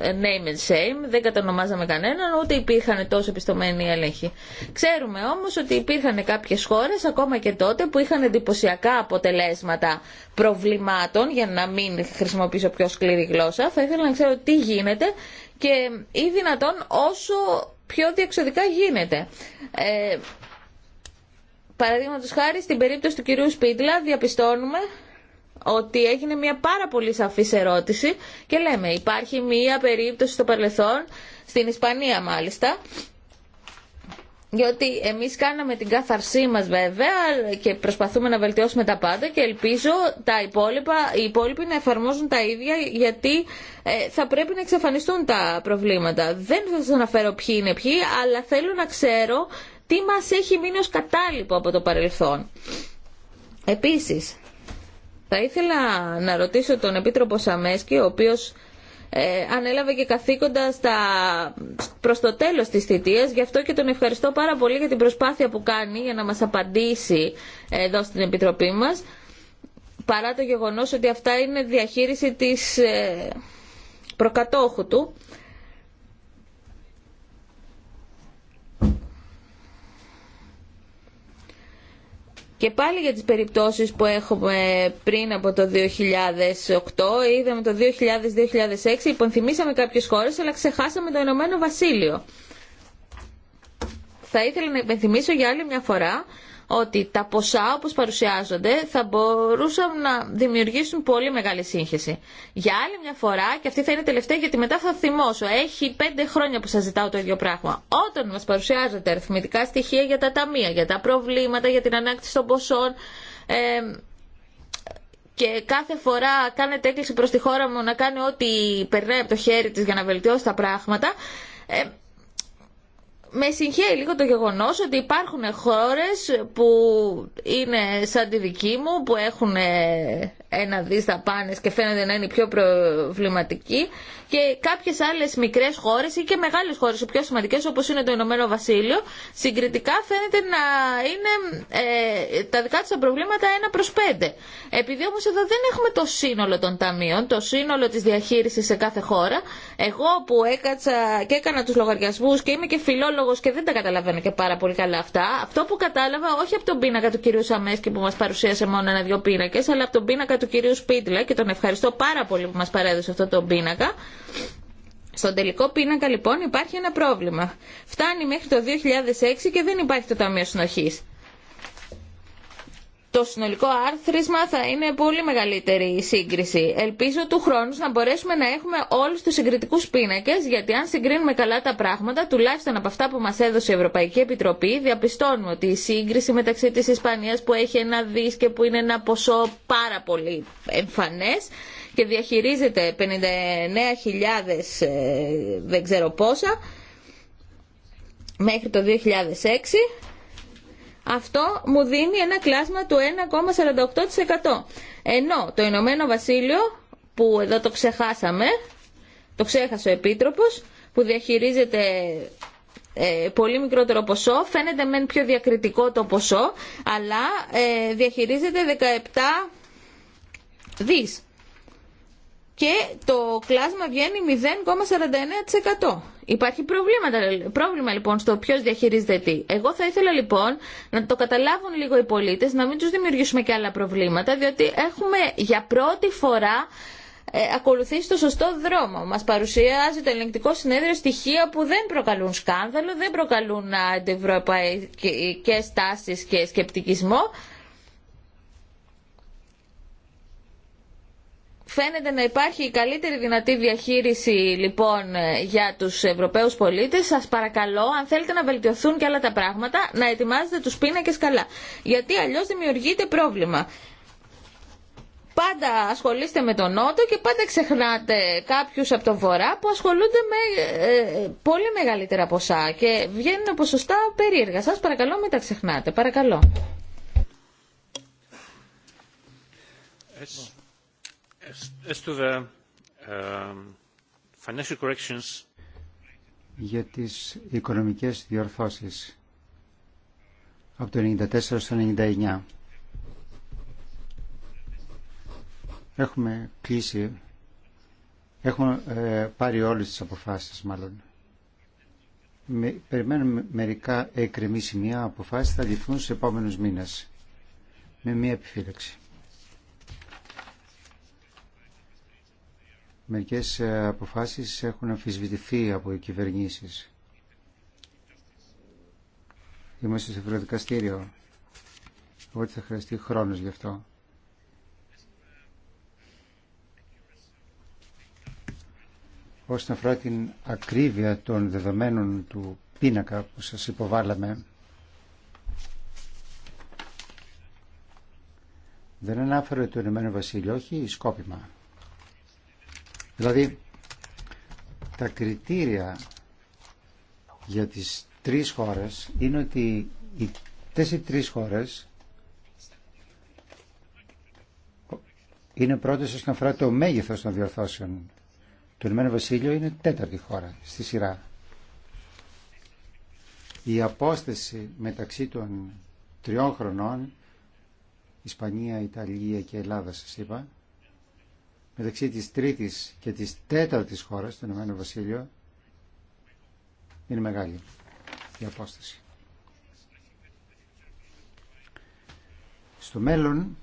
ε, name and shame, δεν κατανομάζαμε κανέναν, ούτε υπήρχαν τόσο επιστομένοι έλεγχοι. Ξέρουμε όμως ότι υπήρχαν κάποιες χώρες, ακόμα και τότε, που είχαν εντυπωσιακά αποτελέσματα προβλημάτων, για να μην χρησιμοποιήσω πιο σκληρή γλώσσα. Θα ήθελα να ξέρω τι γίνεται και ή δυνατόν όσο πιο διεξοδικά γίνεται. Ε, Παραδείγματο χάρη στην περίπτωση του κυρίου Σπίτλα διαπιστώνουμε ότι έγινε μια πάρα πολύ σαφή ερώτηση και λέμε υπάρχει μια περίπτωση στο παρελθόν, στην Ισπανία μάλιστα, γιατί εμείς κάναμε την κάθαρσή μας βέβαια και προσπαθούμε να βελτιώσουμε τα πάντα και ελπίζω τα υπόλοιπα, οι υπόλοιποι να εφαρμόζουν τα ίδια γιατί ε, θα πρέπει να εξαφανιστούν τα προβλήματα. Δεν θα σας αναφέρω ποιοι είναι ποιοι, αλλά θέλω να ξέρω τι μας έχει μείνει ως κατάλοιπο από το παρελθόν. Επίσης, θα ήθελα να ρωτήσω τον Επίτροπο Σαμέσκη, ο οποίος ε, ανέλαβε και καθήκοντα στα... προς το τέλος της θητείας. Γι' αυτό και τον ευχαριστώ πάρα πολύ για την προσπάθεια που κάνει για να μας απαντήσει εδώ στην Επιτροπή μας. Παρά το γεγονός ότι αυτά είναι διαχείριση της ε, προκατόχου του. Και πάλι για τις περιπτώσεις που έχουμε πριν από το 2008, είδαμε το 2000-2006, υπονθυμίσαμε κάποιες χώρες, αλλά ξεχάσαμε το Ηνωμένο Βασίλειο. Θα ήθελα να υπενθυμίσω για άλλη μια φορά ότι τα ποσά όπως παρουσιάζονται θα μπορούσαν να δημιουργήσουν πολύ μεγάλη σύγχυση. Για άλλη μια φορά, και αυτή θα είναι τελευταία γιατί μετά θα θυμώσω, έχει πέντε χρόνια που σας ζητάω το ίδιο πράγμα. Όταν μας παρουσιάζονται αριθμητικά στοιχεία για τα ταμεία, για τα προβλήματα, για την ανάκτηση των ποσών, ε, και κάθε φορά κάνετε έκκληση προς τη χώρα μου να κάνει ό,τι περνάει από το χέρι της για να βελτιώσει τα πράγματα, ε, με συγχαίει λίγο το γεγονό ότι υπάρχουν χώρε που είναι σαν τη δική μου, που έχουν ε, ένα δίστα πάνε και φαίνονται να είναι πιο προβληματικοί και κάποιε άλλε μικρέ χώρε ή και μεγάλες χώρες, οι πιο σημαντικέ όπως είναι το Ηνωμένο Βασίλειο, συγκριτικά φαίνεται να είναι ε, τα δικά του τα προβλήματα ένα προ πέντε. Επειδή όμω εδώ δεν έχουμε το σύνολο των ταμείων, το σύνολο τη διαχείριση σε κάθε χώρα, εγώ που έκατσα και έκανα του λογαριασμού και είμαι και φιλόλογο και δεν τα καταλαβαίνω και πάρα πολύ καλά αυτά. Αυτό που κατάλαβα όχι από τον πίνακα του κυρίου Σαμέσκη που μας παρουσίασε μόνο ένα-δυο πίνακες, αλλά από τον πίνακα του κυρίου Σπίτλα και τον ευχαριστώ πάρα πολύ που μας παρέδωσε αυτό τον πίνακα. Στον τελικό πίνακα λοιπόν υπάρχει ένα πρόβλημα. Φτάνει μέχρι το 2006 και δεν υπάρχει το Ταμείο Συνοχής το συνολικό άρθρισμα θα είναι πολύ μεγαλύτερη η σύγκριση. Ελπίζω του χρόνου να μπορέσουμε να έχουμε όλου του συγκριτικού πίνακε, γιατί αν συγκρίνουμε καλά τα πράγματα, τουλάχιστον από αυτά που μα έδωσε η Ευρωπαϊκή Επιτροπή, διαπιστώνουμε ότι η σύγκριση μεταξύ τη Ισπανία που έχει ένα δι και που είναι ένα ποσό πάρα πολύ εμφανέ και διαχειρίζεται 59.000 ε, δεν ξέρω πόσα μέχρι το 2006 αυτό μου δίνει ένα κλάσμα του 1,48%. Ενώ το Ηνωμένο Βασίλειο, που εδώ το ξεχάσαμε, το ξέχασε ο Επίτροπος, που διαχειρίζεται ε, πολύ μικρότερο ποσό, φαίνεται μεν πιο διακριτικό το ποσό, αλλά ε, διαχειρίζεται 17 δις και το κλάσμα βγαίνει 0,49%. Υπάρχει προβλήματα, πρόβλημα λοιπόν στο ποιο διαχειρίζεται τι. Εγώ θα ήθελα λοιπόν να το καταλάβουν λίγο οι πολίτες, να μην τους δημιουργήσουμε και άλλα προβλήματα, διότι έχουμε για πρώτη φορά ε, ακολουθήσει το σωστό δρόμο. Μας παρουσιάζει το ελεγκτικό συνέδριο στοιχεία που δεν προκαλούν σκάνδαλο, δεν προκαλούν αντιευρωπαϊκές τάσεις και σκεπτικισμό Φαίνεται να υπάρχει η καλύτερη δυνατή διαχείριση λοιπόν ε, για τους Ευρωπαίους πολίτες. Σας παρακαλώ, αν θέλετε να βελτιωθούν και άλλα τα πράγματα, να ετοιμάζετε τους πίνακες καλά. Γιατί αλλιώς δημιουργείται πρόβλημα. Πάντα ασχολείστε με τον Νότο και πάντα ξεχνάτε κάποιους από τον Βορρά που ασχολούνται με ε, πολύ μεγαλύτερα ποσά και βγαίνουν ποσοστά περίεργα. Σας παρακαλώ μην τα ξεχνάτε. Παρακαλώ. Um, Για τις οικονομικές διορθώσεις από το 1994 στο 1999. Έχουμε κλείσει, έχουμε ε, πάρει όλες τις αποφάσεις μάλλον. Με, περιμένουμε μερικά εκκρεμή σημεία αποφάσεις θα ληφθούν στους επόμενους μήνες με μία επιφύλαξη. Μερικές ε, αποφάσεις έχουν αμφισβητηθεί από οι κυβερνήσεις. Είμαστε σε ευρωδικαστήριο. Οπότε θα χρειαστεί χρόνος γι' αυτό. Όσον αφορά την ακρίβεια των δεδομένων του πίνακα που σας υποβάλαμε, δεν ανάφερε το Ηνωμένο Βασίλειο, όχι σκόπιμα. Δηλαδή, τα κριτήρια για τις τρεις χώρες είναι ότι οι τέσσερις τρεις χώρες είναι πρώτες όσον αφορά το μέγεθος των διορθώσεων. Το Ηνωμένο Βασίλειο είναι τέταρτη χώρα στη σειρά. Η απόσταση μεταξύ των τριών χρονών, Ισπανία, Ιταλία και Ελλάδα σας είπα, μεταξύ της τρίτης και της τέταρτης χώρας, το Ηνωμένου Βασίλειο, είναι μεγάλη η απόσταση. Στο μέλλον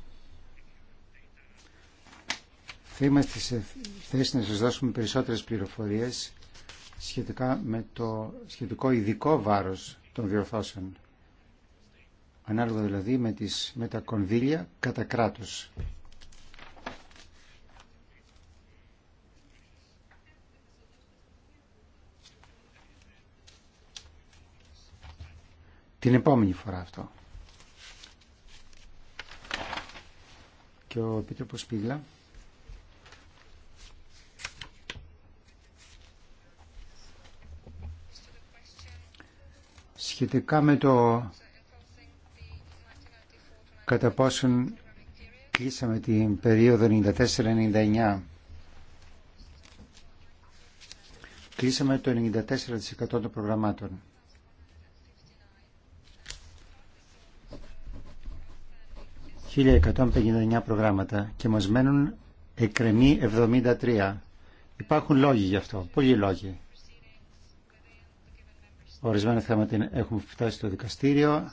θα είμαστε σε θέση να σας δώσουμε περισσότερες πληροφορίες σχετικά με το σχετικό ειδικό βάρος των διορθώσεων. Ανάλογα δηλαδή με, τις, με τα κονδύλια κατά κράτος την επόμενη φορά αυτό. Και ο Επίτροπος Πίγλα. Σχετικά με το κατά πόσον κλείσαμε την περίοδο 94-99. Κλείσαμε το 94% των προγραμμάτων. 1159 προγράμματα και μας μένουν εκκρεμεί 73. Υπάρχουν λόγοι γι' αυτό, πολλοί λόγοι. Ορισμένα θέματα έχουν φτάσει στο δικαστήριο.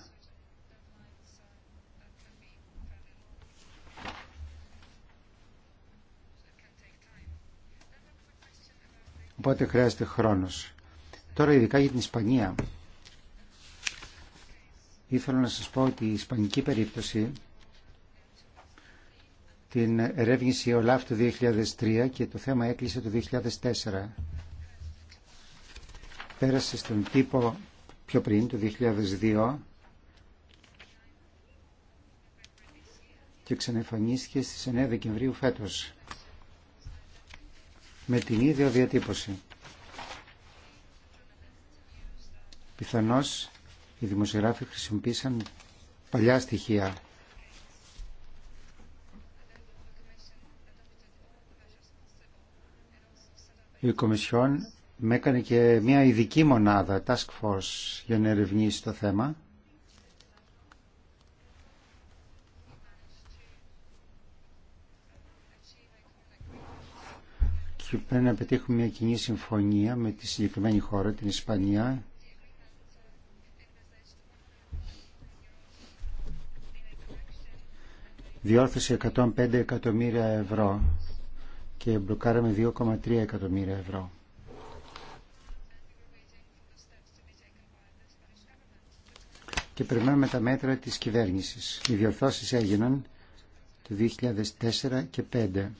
Οπότε χρειάζεται χρόνος. Τώρα ειδικά για την Ισπανία. Ήθελα να σας πω ότι η ισπανική περίπτωση την ερεύνηση ΟΛΑΦ του 2003 και το θέμα έκλεισε το 2004. Πέρασε στον τύπο πιο πριν, το 2002, και ξανεφανίστηκε στις 9 Δεκεμβρίου φέτος με την ίδια διατύπωση. Πιθανώς οι δημοσιογράφοι χρησιμοποίησαν παλιά στοιχεία η Κομισιόν με έκανε και μια ειδική μονάδα, task force, για να ερευνήσει το θέμα. Και πρέπει να πετύχουμε μια κοινή συμφωνία με τη συγκεκριμένη χώρα, την Ισπανία, διόρθωσε 105 εκατομμύρια ευρώ και μπλοκάραμε 2,3 εκατομμύρια ευρώ. Και περνάμε τα μέτρα της κυβέρνησης. Οι διορθώσεις έγιναν το 2004 και 2005.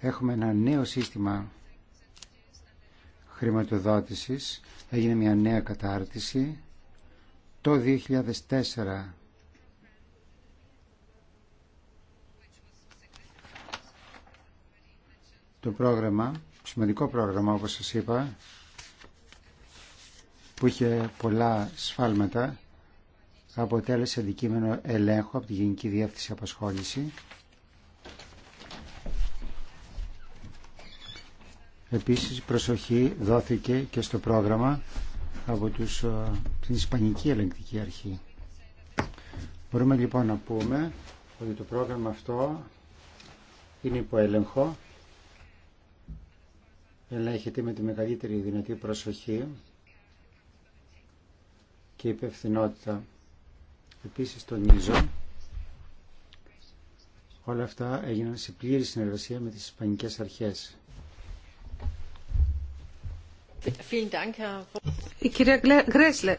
Έχουμε ένα νέο σύστημα χρηματοδότησης, έγινε μια νέα κατάρτιση το 2004 το πρόγραμμα, σημαντικό πρόγραμμα όπως σας είπα που είχε πολλά σφάλματα αποτέλεσε αντικείμενο ελέγχου από τη Γενική Διεύθυνση Απασχόληση Επίσης προσοχή δόθηκε και στο πρόγραμμα από τους, ε, την Ισπανική Ελεγκτική Αρχή. Μπορούμε λοιπόν να πούμε ότι το πρόγραμμα αυτό είναι υπό έλεγχο, ελέγχεται με τη μεγαλύτερη δυνατή προσοχή και υπευθυνότητα. Επίσης τονίζω, όλα αυτά έγιναν σε πλήρη συνεργασία με τις Ισπανικές Αρχές. Η κυρία Γκρέσλε.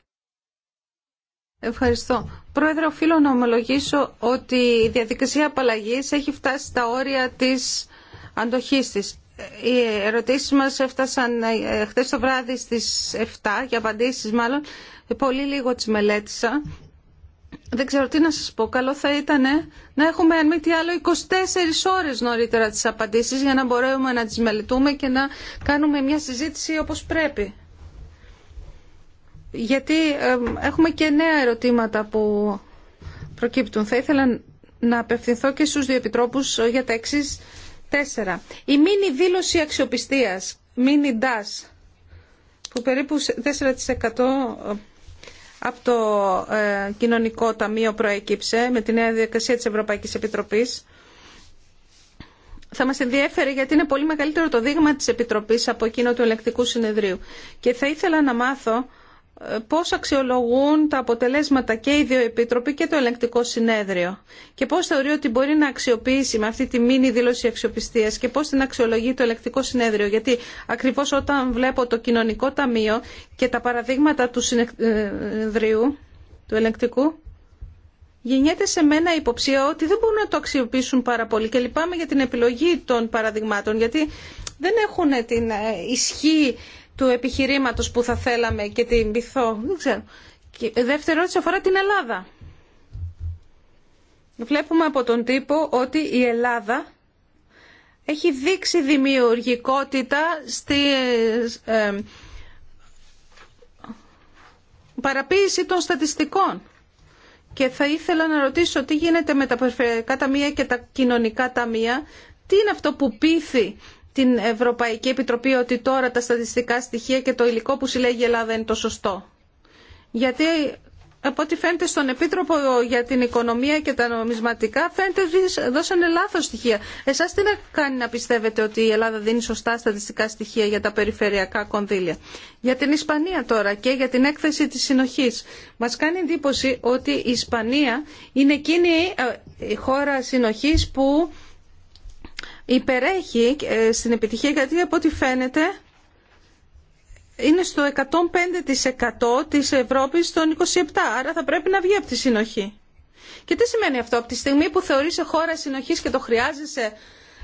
Ευχαριστώ. Πρόεδρε, οφείλω να ομολογήσω ότι η διαδικασία απαλλαγή έχει φτάσει στα όρια της αντοχής της. Ε, οι ερωτήσεις μας έφτασαν ε, χθες το βράδυ στις 7 για απαντήσεις μάλλον. Ε, πολύ λίγο τις μελέτησα δεν ξέρω τι να σας πω. Καλό θα ήταν να έχουμε αν μη τι άλλο 24 ώρες νωρίτερα τις απαντήσεις για να μπορέσουμε να τις μελετούμε και να κάνουμε μια συζήτηση όπως πρέπει. Γιατί έχουμε και νέα ερωτήματα που προκύπτουν. Θα ήθελα να απευθυνθώ και στους δύο επιτρόπους για τα εξή τέσσερα. Η μήνυ δήλωση αξιοπιστίας, μήνυ DAS, που περίπου 4% από το ε, Κοινωνικό Ταμείο προέκυψε με τη νέα διαδικασία της Ευρωπαϊκής Επιτροπής. Θα μας ενδιέφερε γιατί είναι πολύ μεγαλύτερο το δείγμα της Επιτροπής από εκείνο του ελεκτικού συνεδρίου. Και θα ήθελα να μάθω πώς αξιολογούν τα αποτελέσματα και οι δύο επίτροποι και το ελεγκτικό συνέδριο και πώς θεωρεί ότι μπορεί να αξιοποιήσει με αυτή τη μήνυ δήλωση αξιοπιστίας και πώς την αξιολογεί το ελεγκτικό συνέδριο γιατί ακριβώς όταν βλέπω το κοινωνικό ταμείο και τα παραδείγματα του συνεδριού του ελεγκτικού γεννιέται σε μένα η υποψία ότι δεν μπορούν να το αξιοποιήσουν πάρα πολύ και λυπάμαι για την επιλογή των παραδειγμάτων γιατί δεν έχουν την ε, ισχύ του επιχειρήματο που θα θέλαμε και την πυθό. Δεν Και δεύτερη ερώτηση αφορά την Ελλάδα. Βλέπουμε από τον τύπο ότι η Ελλάδα έχει δείξει δημιουργικότητα στην ε, παραποίηση των στατιστικών. Και θα ήθελα να ρωτήσω τι γίνεται με τα περιφερειακά ταμεία και τα κοινωνικά ταμεία. Τι είναι αυτό που πείθει την Ευρωπαϊκή Επιτροπή ότι τώρα τα στατιστικά στοιχεία και το υλικό που συλλέγει η Ελλάδα είναι το σωστό. Γιατί από ό,τι φαίνεται στον Επίτροπο για την Οικονομία και τα Νομισματικά φαίνεται ότι δώσανε λάθος στοιχεία. Εσάς τι να κάνει να πιστεύετε ότι η Ελλάδα δίνει σωστά στατιστικά στοιχεία για τα περιφερειακά κονδύλια. Για την Ισπανία τώρα και για την έκθεση της συνοχής. Μας κάνει εντύπωση ότι η Ισπανία είναι εκείνη ε, η χώρα συνοχής που υπερέχει ε, στην επιτυχία γιατί από ό,τι φαίνεται είναι στο 105% της Ευρώπης των 27, άρα θα πρέπει να βγει από τη συνοχή. Και τι σημαίνει αυτό, από τη στιγμή που θεωρείς χώρα συνοχής και το χρειάζεσαι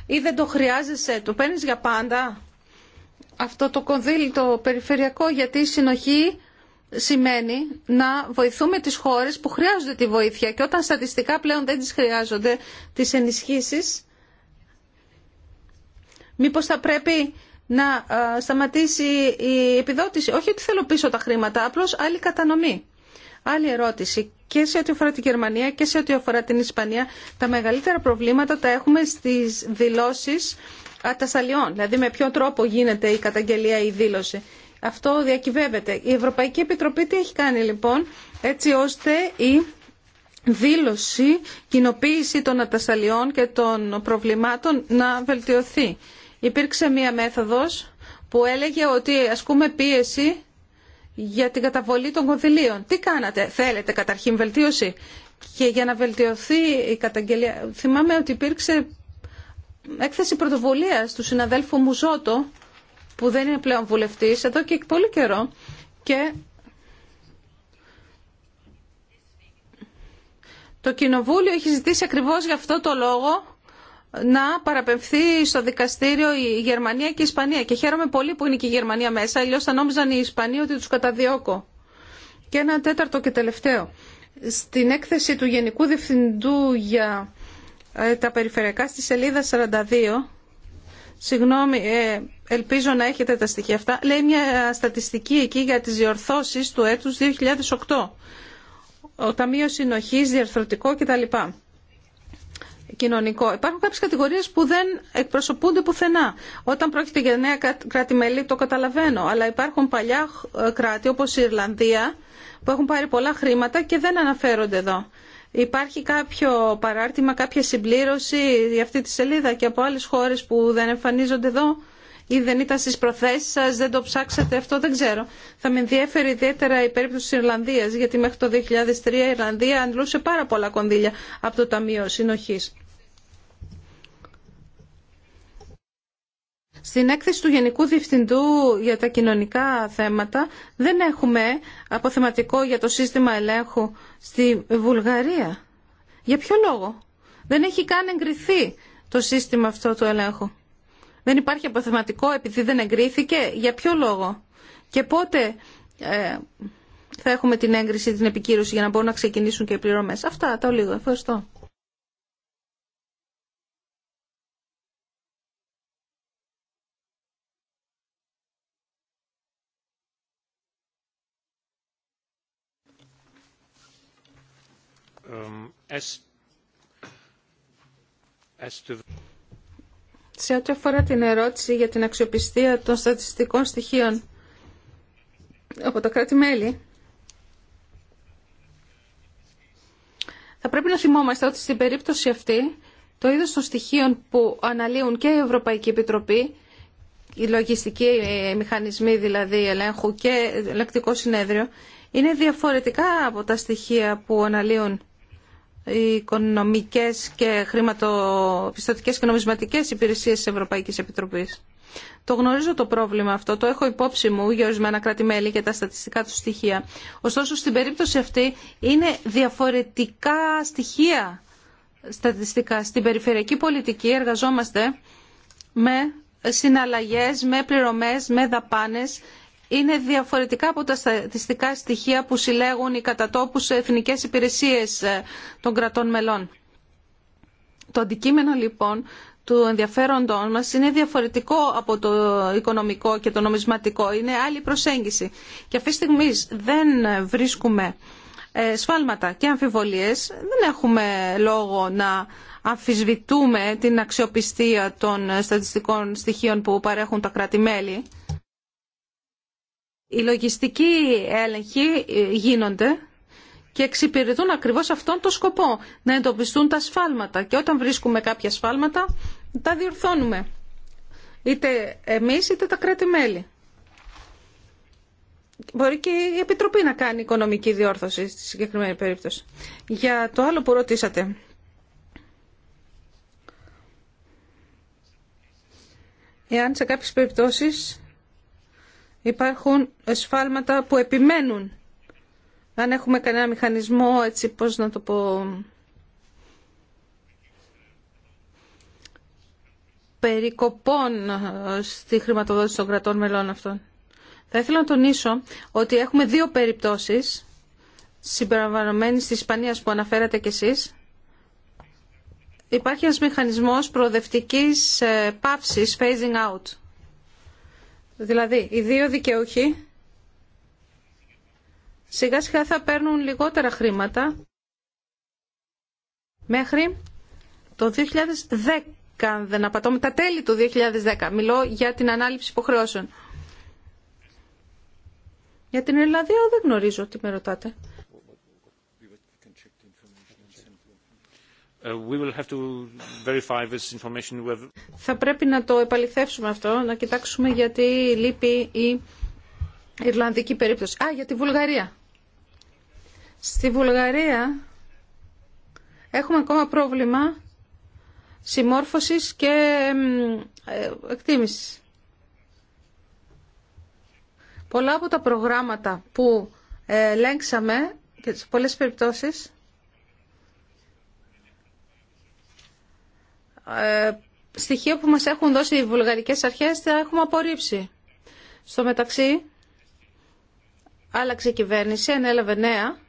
ή δεν το χρειάζεσαι, το παίρνει για πάντα αυτό το κονδύλι το περιφερειακό, γιατί η συνοχή σημαίνει να βοηθούμε τις χώρες που χρειάζονται τη βοήθεια και όταν στατιστικά πλέον δεν τις χρειάζονται τις ενισχύσεις, Μήπως θα πρέπει να ε, σταματήσει η επιδότηση. Όχι ότι θέλω πίσω τα χρήματα, απλώς άλλη κατανομή. Άλλη ερώτηση. Και σε ό,τι αφορά τη Γερμανία και σε ό,τι αφορά την Ισπανία, τα μεγαλύτερα προβλήματα τα έχουμε στις δηλώσεις ατασταλιών. Δηλαδή με ποιο τρόπο γίνεται η καταγγελία ή η δήλωση. Αυτό διακυβεύεται. Η Ευρωπαϊκή Επιτροπή τι έχει κάνει λοιπόν έτσι ώστε η δήλωση, κοινοποίηση των ατασταλιών και των προβλημάτων να βελτιωθεί υπήρξε μία μέθοδος που έλεγε ότι ασκούμε πίεση για την καταβολή των κονδυλίων. Τι κάνατε, θέλετε καταρχήν βελτίωση. Και για να βελτιωθεί η καταγγελία, θυμάμαι ότι υπήρξε έκθεση πρωτοβουλίας του συναδέλφου Μουζότο, που δεν είναι πλέον βουλευτής, εδώ και πολύ καιρό. Και το Κοινοβούλιο έχει ζητήσει ακριβώς γι' αυτό το λόγο να παραπεμφθεί στο δικαστήριο η Γερμανία και η Ισπανία. Και χαίρομαι πολύ που είναι και η Γερμανία μέσα, αλλιώ θα νόμιζαν οι Ισπανοί ότι του καταδιώκω. Και ένα τέταρτο και τελευταίο. Στην έκθεση του Γενικού Διευθυντού για ε, τα περιφερειακά στη σελίδα 42, συγγνώμη, ε, ελπίζω να έχετε τα στοιχεία αυτά, λέει μια στατιστική εκεί για τις διορθώσεις του έτους 2008. Ο Ταμείο Συνοχής, Διαρθρωτικό κτλ κοινωνικό. Υπάρχουν κάποιες κατηγορίες που δεν εκπροσωπούνται πουθενά. Όταν πρόκειται για νέα κράτη-μέλη το καταλαβαίνω, αλλά υπάρχουν παλιά ε, κράτη όπως η Ιρλανδία που έχουν πάρει πολλά χρήματα και δεν αναφέρονται εδώ. Υπάρχει κάποιο παράρτημα, κάποια συμπλήρωση για αυτή τη σελίδα και από άλλες χώρες που δεν εμφανίζονται εδώ ή δεν ήταν στις προθέσεις σας, δεν το ψάξατε αυτό, δεν ξέρω. Θα με ενδιαφέρει ιδιαίτερα η περίπτωση της Ιρλανδίας, γιατί μέχρι το 2003 η Ιρλανδία αντλούσε πάρα πολλά κονδύλια από το Ταμείο Συνοχής. Στην έκθεση του Γενικού Διευθυντού για τα κοινωνικά θέματα δεν έχουμε αποθεματικό για το σύστημα ελέγχου στη Βουλγαρία. Για ποιο λόγο. Δεν έχει καν εγκριθεί το σύστημα αυτό του ελέγχου. Δεν υπάρχει αποθεματικό επειδή δεν εγκρίθηκε. Για ποιο λόγο. Και πότε ε, θα έχουμε την έγκριση, την επικύρωση για να μπορούν να ξεκινήσουν και οι πληρωμές. Αυτά τα λίγο. Ευχαριστώ. Σε ό,τι αφορά την ερώτηση για την αξιοπιστία των στατιστικών στοιχείων από τα κράτη-μέλη, θα πρέπει να θυμόμαστε ότι στην περίπτωση αυτή το είδος των στοιχείων που αναλύουν και η Ευρωπαϊκή Επιτροπή, ε, οι λογιστικοί μηχανισμοί δηλαδή ελέγχου και ελεκτικό συνέδριο, είναι διαφορετικά από τα στοιχεία που αναλύουν οι οικονομικές και χρηματοπιστωτικές και νομισματικές υπηρεσίες της Ευρωπαϊκής Επιτροπής. Το γνωρίζω το πρόβλημα αυτό, το έχω υπόψη μου για ορισμένα κράτη-μέλη και τα στατιστικά του στοιχεία. Ωστόσο, στην περίπτωση αυτή είναι διαφορετικά στοιχεία στατιστικά. Στην περιφερειακή πολιτική εργαζόμαστε με συναλλαγές, με πληρωμές, με δαπάνες είναι διαφορετικά από τα στατιστικά στοιχεία που συλλέγουν οι κατατόπους εθνικές υπηρεσίες ε, των κρατών μελών. Το αντικείμενο λοιπόν του ενδιαφέροντος μας είναι διαφορετικό από το οικονομικό και το νομισματικό. Είναι άλλη προσέγγιση. Και αυτή τη στιγμή δεν βρίσκουμε ε, σφάλματα και αμφιβολίες. Δεν έχουμε λόγο να αμφισβητούμε την αξιοπιστία των ε, στατιστικών στοιχείων που παρέχουν τα κράτη-μέλη οι λογιστικοί έλεγχοι γίνονται και εξυπηρετούν ακριβώς αυτόν τον σκοπό, να εντοπιστούν τα σφάλματα. Και όταν βρίσκουμε κάποια σφάλματα, τα διορθώνουμε. Είτε εμείς, είτε τα κράτη-μέλη. Μπορεί και η Επιτροπή να κάνει οικονομική διόρθωση στη συγκεκριμένη περίπτωση. Για το άλλο που ρωτήσατε. Εάν σε κάποιες περιπτώσεις Υπάρχουν εσφάλματα που επιμένουν. Αν έχουμε κανένα μηχανισμό, έτσι πώς να το πω, περικοπών ε, στη χρηματοδότηση των κρατών μελών αυτών. Θα ήθελα να τονίσω ότι έχουμε δύο περιπτώσεις συμπεριλαμβανομένης της Ισπανίας που αναφέρατε κι εσείς. Υπάρχει ένας μηχανισμός προοδευτικής ε, πάυσης, phasing out. Δηλαδή, οι δύο δικαιούχοι σιγά σιγά θα παίρνουν λιγότερα χρήματα μέχρι το 2010, αν δεν απατώ, με τα τέλη του 2010. Μιλώ για την ανάληψη υποχρεώσεων. Για την Ελλάδα δεν γνωρίζω τι με ρωτάτε. Uh, Θα πρέπει να το επαληθεύσουμε αυτό, να κοιτάξουμε γιατί λείπει η Ιρλανδική περίπτωση. Α, για τη Βουλγαρία. Στη Βουλγαρία έχουμε ακόμα πρόβλημα συμμόρφωσης και ε, εκτίμησης. Πολλά από τα προγράμματα που ε, ελέγξαμε και σε πολλές περιπτώσεις Ε, στοιχεία που μας έχουν δώσει οι βουλγαρικές αρχές τα έχουμε απορρίψει. Στο μεταξύ, άλλαξε η κυβέρνηση, ανέλαβε νέα.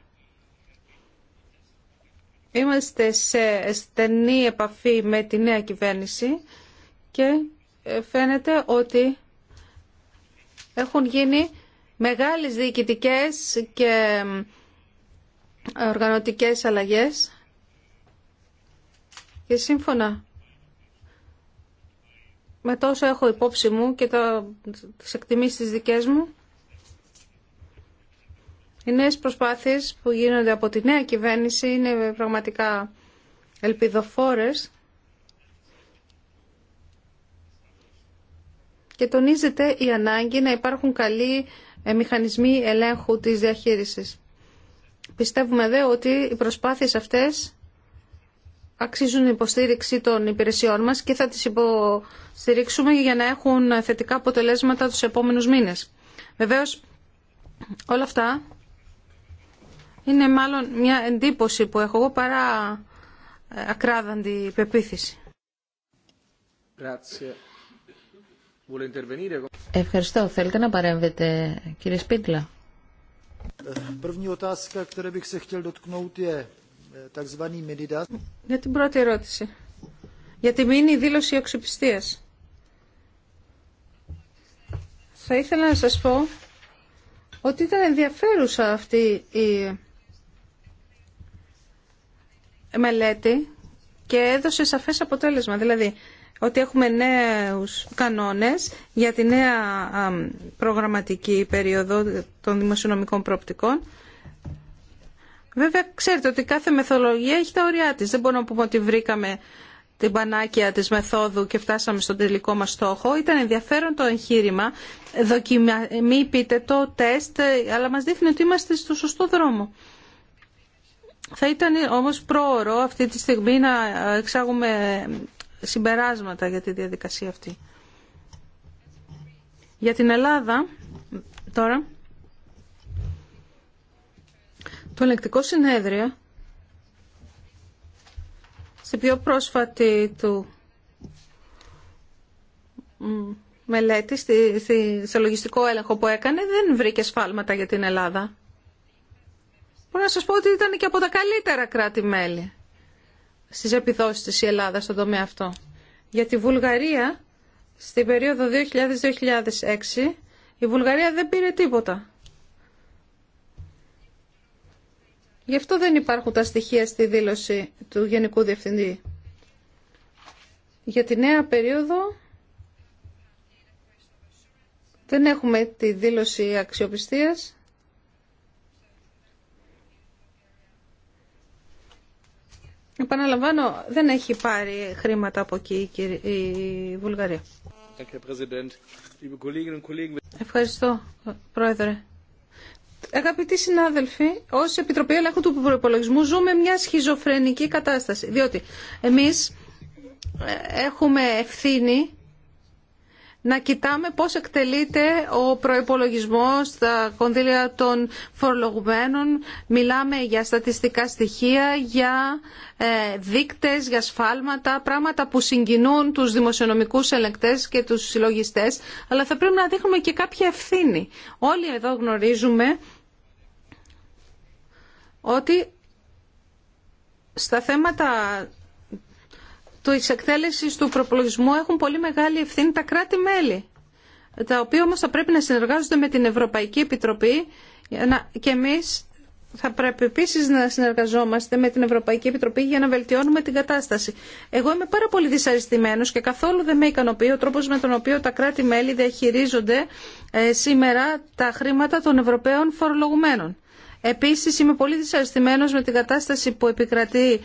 Είμαστε σε στενή επαφή με τη νέα κυβέρνηση και ε, φαίνεται ότι έχουν γίνει μεγάλες διοικητικές και ε, οργανωτικές αλλαγές και σύμφωνα με τόσο έχω υπόψη μου και τα, τις εκτιμήσεις δικές μου, οι νέες προσπάθειες που γίνονται από τη νέα κυβέρνηση είναι πραγματικά ελπιδοφόρες και τονίζεται η ανάγκη να υπάρχουν καλοί ε, μηχανισμοί ελέγχου της διαχείρισης. Πιστεύουμε δε ότι οι προσπάθειες αυτές αξίζουν υποστήριξη των υπηρεσιών μας και θα τις υποστηρίξουμε για να έχουν θετικά αποτελέσματα τους επόμενους μήνες. Βεβαίως, όλα αυτά είναι μάλλον μια εντύπωση που έχω εγώ παρά ε, ακράδαντη πεποίθηση. Ευχαριστώ. Θέλετε να παρέμβετε, κύριε Σπίτλα. Για την πρώτη ερώτηση. Για τη μήνυ δήλωση αξιοπιστίας. Θα ήθελα να σας πω ότι ήταν ενδιαφέρουσα αυτή η μελέτη και έδωσε σαφές αποτέλεσμα. Δηλαδή, ότι έχουμε νέους κανόνες για τη νέα προγραμματική περίοδο των δημοσιονομικών προοπτικών Βέβαια, ξέρετε ότι κάθε μεθολογία έχει τα ωριά της. Δεν μπορούμε να πούμε ότι βρήκαμε την πανάκια της μεθόδου και φτάσαμε στον τελικό μας στόχο. Ήταν ενδιαφέρον το εγχείρημα. Μη πείτε το τεστ, αλλά μας δείχνει ότι είμαστε στο σωστό δρόμο. Θα ήταν όμως πρόωρο αυτή τη στιγμή να εξάγουμε συμπεράσματα για τη διαδικασία αυτή. Για την Ελλάδα, τώρα, το ελεκτικό συνέδριο στην πιο πρόσφατη του μελέτη, στη, στη, στο λογιστικό έλεγχο που έκανε, δεν βρήκε σφάλματα για την Ελλάδα. Μπορώ να σας πω ότι ήταν και από τα καλύτερα κράτη-μέλη στις επιδόσεις της η Ελλάδα στον τομέα αυτό. Για τη Βουλγαρία, στην περίοδο 2000-2006, η Βουλγαρία δεν πήρε τίποτα. Γι' αυτό δεν υπάρχουν τα στοιχεία στη δήλωση του Γενικού Διευθυντή. Για τη νέα περίοδο δεν έχουμε τη δήλωση αξιοπιστίας. Επαναλαμβάνω, δεν έχει πάρει χρήματα από εκεί η Βουλγαρία. Ευχαριστώ, Πρόεδρε. Αγαπητοί συνάδελφοι, ω Επιτροπή Ελέγχου του Προπολογισμού ζούμε μια σχιζοφρενική κατάσταση. Διότι εμεί ε, έχουμε ευθύνη να κοιτάμε πώς εκτελείται ο προϋπολογισμός, στα κονδύλια των φορολογουμένων. Μιλάμε για στατιστικά στοιχεία, για ε, δείκτες, για σφάλματα, πράγματα που συγκινούν τους δημοσιονομικούς ελεγκτές και τους συλλογιστές, αλλά θα πρέπει να δείχνουμε και κάποια ευθύνη. Όλοι εδώ γνωρίζουμε ότι στα θέματα τη εκτέλεση του προπολογισμού έχουν πολύ μεγάλη ευθύνη τα κράτη-μέλη, τα οποία όμως θα πρέπει να συνεργάζονται με την Ευρωπαϊκή Επιτροπή και εμείς θα πρέπει επίση να συνεργαζόμαστε με την Ευρωπαϊκή Επιτροπή για να βελτιώνουμε την κατάσταση. Εγώ είμαι πάρα πολύ δυσαρεστημένο και καθόλου δεν με ικανοποιεί ο τρόπο με τον οποίο τα κράτη-μέλη διαχειρίζονται ε, σήμερα τα χρήματα των Ευρωπαίων φορολογουμένων. Επίσης είμαι πολύ δυσαρεστημένος με την κατάσταση που επικρατεί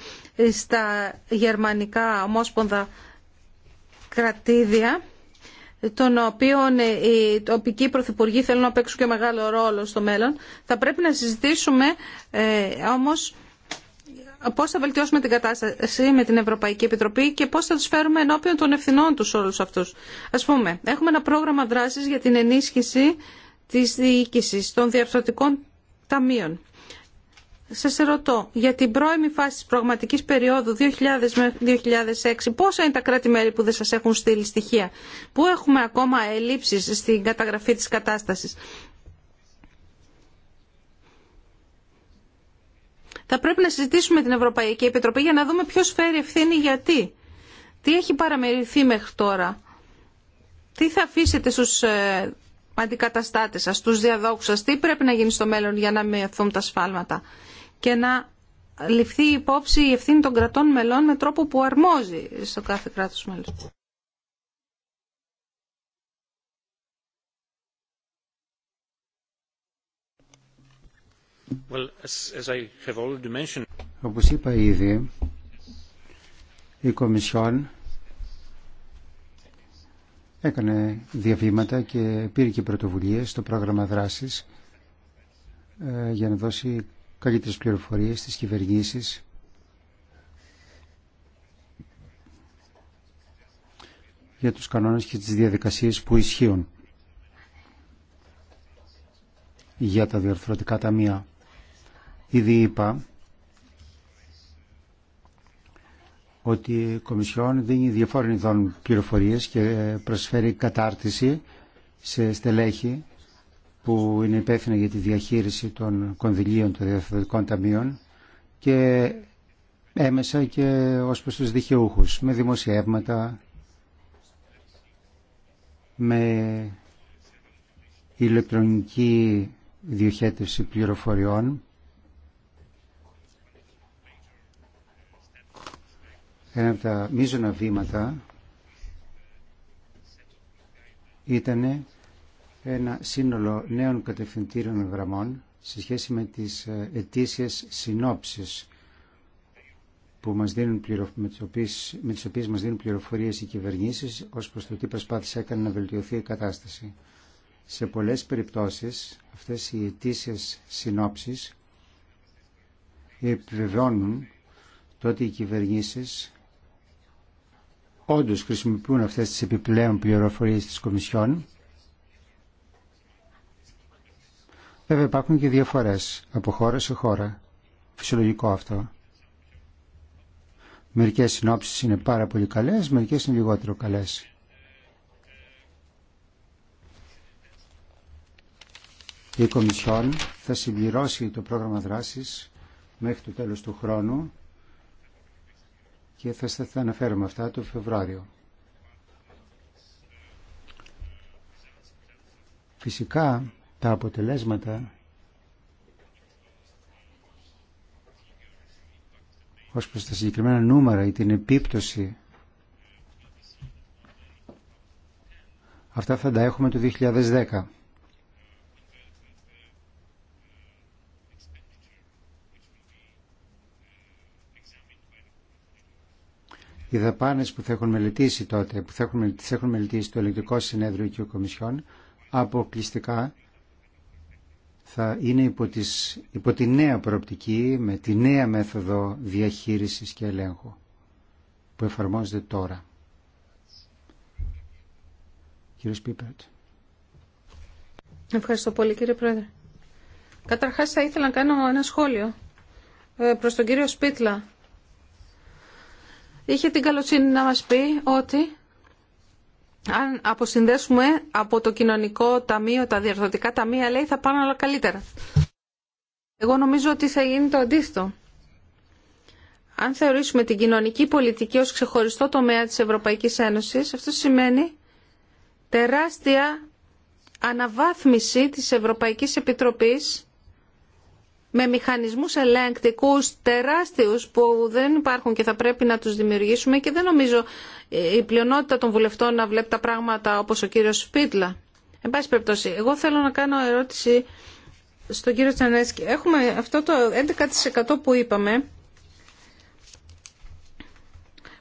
στα γερμανικά ομόσπονδα κρατήδια των οποίων οι τοπικοί πρωθυπουργοί θέλουν να παίξουν και μεγάλο ρόλο στο μέλλον. Θα πρέπει να συζητήσουμε ε, όμως πώς θα βελτιώσουμε την κατάσταση με την Ευρωπαϊκή Επιτροπή και πώς θα τους φέρουμε ενώπιον των ευθυνών τους όλους αυτούς. Ας πούμε, έχουμε ένα πρόγραμμα δράσης για την ενίσχυση της διοίκησης των διαρθρωτικών ταμείων. Σα ρωτώ, για την πρώιμη φάση τη προγραμματική περίοδου 2000 με 2006, πόσα είναι τα κράτη-μέλη που δεν σας έχουν στείλει στοιχεία, που έχουμε ακόμα ελλείψεις στην καταγραφή της κατάστασης. Θα πρέπει να συζητήσουμε την Ευρωπαϊκή Επιτροπή για να δούμε ποιο φέρει ευθύνη γιατί. Τι έχει παραμεριθεί μέχρι τώρα. Τι θα αφήσετε στους ε, Αντικαταστάτε σα του διαδόχου Σα τι πρέπει να γίνει στο μέλλον για να μειωθούν τα σφάλματα και να ληφθεί υπόψη η ευθύνη των κρατών μελών με τρόπο που αρμόζει στο κάθε κράτος μέλος. Well, as I have already mentioned... Όπως είπα ήδη, η Κομισιόν έκανε διαβήματα και πήρε και πρωτοβουλίες στο πρόγραμμα δράσης ε, για να δώσει καλύτερες πληροφορίες στις κυβερνήσεις για τους κανόνες και τις διαδικασίες που ισχύουν για τα διορθωτικά ταμεία. Ήδη είπα ότι η Κομισιόν δίνει διαφόρων ειδών πληροφορίες και προσφέρει κατάρτιση σε στελέχη που είναι υπεύθυνα για τη διαχείριση των κονδυλίων των διαφορετικών ταμείων και έμεσα και ως προς τους δικαιούχους με δημοσιεύματα, με ηλεκτρονική διοχέτευση πληροφοριών Ένα από τα μείζωνα βήματα ήταν ένα σύνολο νέων κατευθυντήριων γραμμών σε σχέση με τις ε, ετήσιες συνόψεις που μας δίνουν με, τις οποίες, με τις οποίες μας δίνουν πληροφορίες οι κυβερνήσεις ως προς το τι προσπάθησε έκανε να βελτιωθεί η κατάσταση. Σε πολλές περιπτώσεις αυτές οι ετήσιες συνόψεις επιβεβαιώνουν το ότι οι κυβερνήσεις όντως χρησιμοποιούν αυτές τις επιπλέον πληροφορίες της Κομισιόν. Βέβαια υπάρχουν και διαφορές από χώρα σε χώρα. Φυσιολογικό αυτό. Μερικές συνόψεις είναι πάρα πολύ καλές, μερικές είναι λιγότερο καλές. Η Κομισιόν θα συμπληρώσει το πρόγραμμα δράσης μέχρι το τέλος του χρόνου και θα σας τα αναφέρουμε αυτά το Φεβρουάριο. Φυσικά τα αποτελέσματα ως προς τα συγκεκριμένα νούμερα ή την επίπτωση αυτά θα τα έχουμε το 2010. οι δαπάνε που θα έχουν μελετήσει τότε, που θα έχουν, τις έχουν μελετήσει το Ελεκτικό Συνέδριο και ο Κομισιόν, αποκλειστικά θα είναι υπό, τις, υπό τη νέα προοπτική, με τη νέα μέθοδο διαχείρισης και ελέγχου που εφαρμόζεται τώρα. Κύριε Πίπερτ. Ευχαριστώ πολύ κύριε Πρόεδρε. Καταρχάς θα ήθελα να κάνω ένα σχόλιο ε, προς τον κύριο Σπίτλα είχε την καλοσύνη να μας πει ότι αν αποσυνδέσουμε από το κοινωνικό ταμείο, τα διαρθρωτικά ταμεία, λέει, θα πάνε όλα καλύτερα. Εγώ νομίζω ότι θα γίνει το αντίστο. Αν θεωρήσουμε την κοινωνική πολιτική ως ξεχωριστό τομέα της Ευρωπαϊκής Ένωσης, αυτό σημαίνει τεράστια αναβάθμιση της Ευρωπαϊκής Επιτροπής με μηχανισμούς ελεγκτικούς τεράστιους που δεν υπάρχουν και θα πρέπει να τους δημιουργήσουμε και δεν νομίζω η πλειονότητα των βουλευτών να βλέπει τα πράγματα όπως ο κύριος Σπίτλα. Εν πάση περιπτώσει, εγώ θέλω να κάνω ερώτηση στον κύριο Τσανέσκη. Έχουμε αυτό το 11% που είπαμε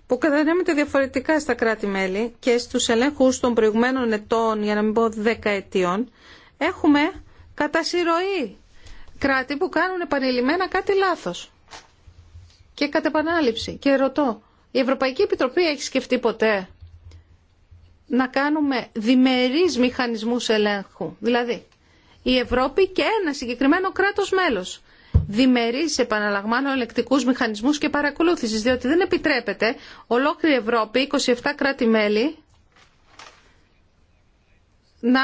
που κατανέμεται διαφορετικά στα κράτη-μέλη και στους ελέγχους των προηγουμένων ετών, για να μην πω δεκαετιών, έχουμε κατασυρωή κράτη που κάνουν επανειλημμένα κάτι λάθος και κατ' επανάληψη. Και ρωτώ, η Ευρωπαϊκή Επιτροπή έχει σκεφτεί ποτέ να κάνουμε διμερείς μηχανισμούς ελέγχου. Δηλαδή, η Ευρώπη και ένα συγκεκριμένο κράτος μέλος. Διμερείς, επαναλαμβάνω, ελεκτικούς μηχανισμούς και παρακολούθησης, διότι δεν επιτρέπεται ολόκληρη Ευρώπη, 27 κράτη-μέλη, να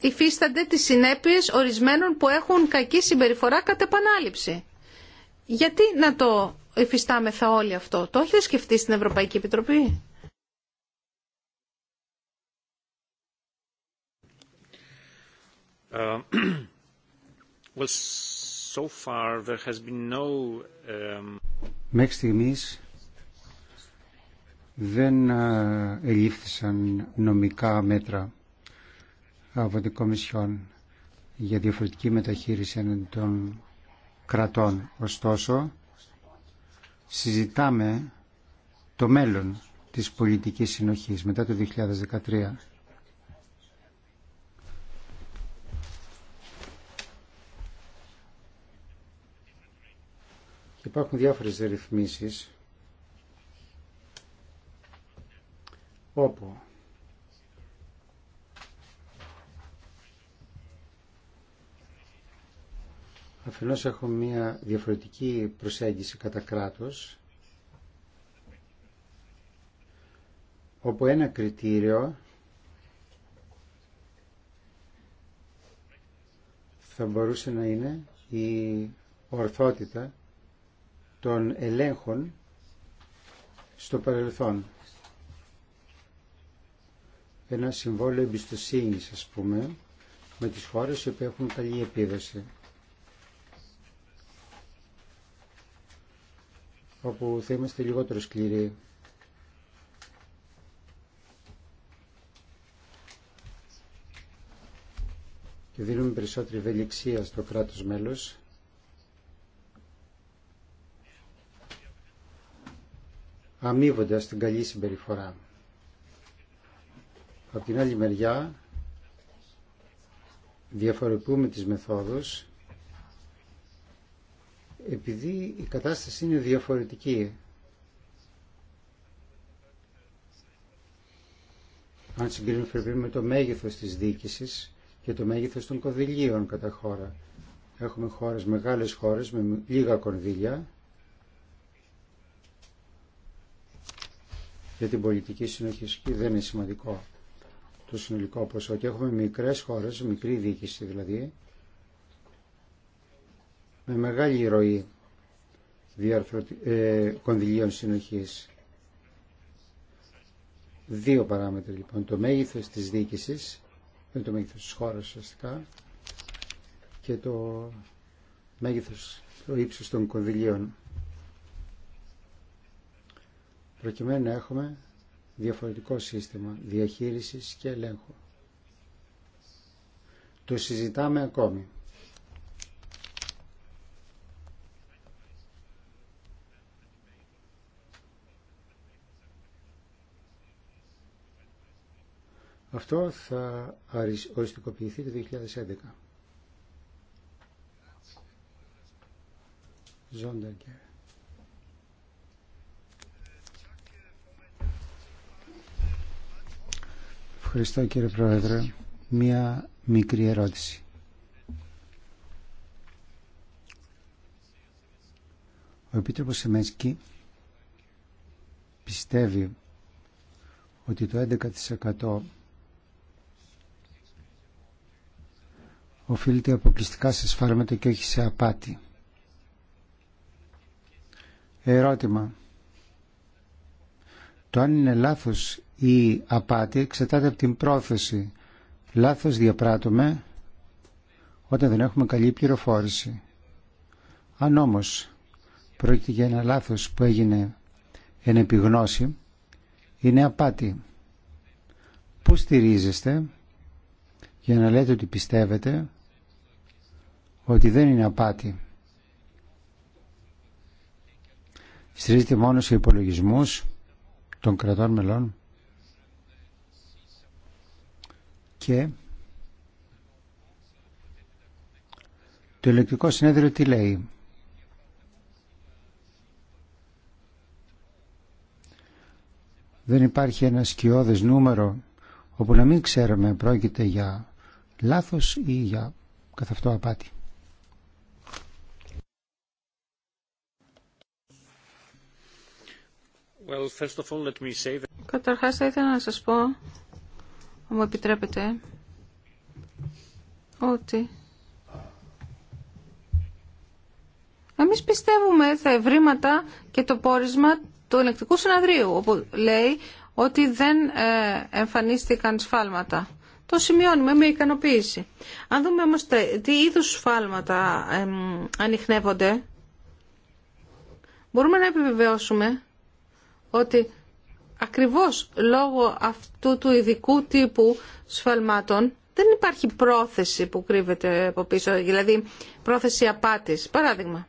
υφίστανται τις συνέπειες ορισμένων που έχουν κακή συμπεριφορά κατά επανάληψη. Γιατί να το υφιστάμεθα όλοι αυτό. Το έχετε σκεφτεί στην Ευρωπαϊκή Επιτροπή. Μέχρι στιγμής δεν ε, ελήφθησαν νομικά μέτρα από την Κομισιόν για διαφορετική μεταχείριση των κρατών. Ωστόσο, συζητάμε το μέλλον της πολιτικής συνοχής μετά το 2013. Υπάρχουν διάφορες ρυθμίσεις όπου Αφενός έχω μια διαφορετική προσέγγιση κατά κράτος, όπου ένα κριτήριο θα μπορούσε να είναι η ορθότητα των ελέγχων στο παρελθόν. Ένα συμβόλαιο εμπιστοσύνη, ας πούμε, με τις χώρες που έχουν καλή επίδοση. όπου θα είμαστε λιγότερο σκληροί. και δίνουμε περισσότερη ευελιξία στο κράτος μέλος αμείβοντας την καλή συμπεριφορά. Από την άλλη μεριά διαφοροποιούμε τις μεθόδους επειδή η κατάσταση είναι διαφορετική. Αν συγκρίνουμε με το μέγεθος της διοίκησης και το μέγεθος των κονδυλίων κατά χώρα. Έχουμε χώρες, μεγάλες χώρες με λίγα κονδύλια για την πολιτική συνοχή δεν είναι σημαντικό το συνολικό ποσό και έχουμε μικρές χώρες, μικρή διοίκηση δηλαδή με μεγάλη ροή ε, κονδυλίων συνοχής. Δύο παράμετροι λοιπόν. Το μέγεθος της διοίκησης, το μέγεθος της χώρας ουσιαστικά, και το μέγεθος, το ύψος των κονδυλίων. Προκειμένου να έχουμε διαφορετικό σύστημα διαχείρισης και ελέγχου. Το συζητάμε ακόμη. Αυτό θα οριστικοποιηθεί το 2011. και. Ευχαριστώ κύριε Πρόεδρε. Μία μικρή ερώτηση. Ο Επίτροπος Σεμέσκι πιστεύει ότι το 11% οφείλεται αποκλειστικά σε σφάλματα και όχι σε απάτη. Ερώτημα. Το αν είναι λάθος ή απάτη εξετάται από την πρόθεση. Λάθος διαπράττουμε όταν δεν έχουμε καλή πληροφόρηση. Αν όμως πρόκειται για ένα λάθος που έγινε εν επιγνώση, είναι απάτη. Πού στηρίζεστε για να λέτε ότι πιστεύετε ότι δεν είναι απάτη. Στηρίζεται μόνο σε υπολογισμούς των κρατών μελών και το ηλεκτρικό συνέδριο τι λέει. Δεν υπάρχει ένα σκιώδες νούμερο όπου να μην ξέρουμε πρόκειται για λάθος ή για καθ' αυτό απάτη. Καταρχάς θα ήθελα να σας πω, αν μου επιτρέπετε, ότι εμείς πιστεύουμε τα ευρήματα και το πόρισμα του ελεκτικού συναδρίου, όπου λέει ότι δεν ε, εμφανίστηκαν σφάλματα. Το σημειώνουμε με ικανοποίηση. Αν δούμε όμως τι είδους σφάλματα ανοιχνεύονται, μπορούμε να επιβεβαιώσουμε ότι ακριβώς λόγω αυτού του ειδικού τύπου σφαλμάτων δεν υπάρχει πρόθεση που κρύβεται από πίσω, δηλαδή πρόθεση απάτης. Παράδειγμα.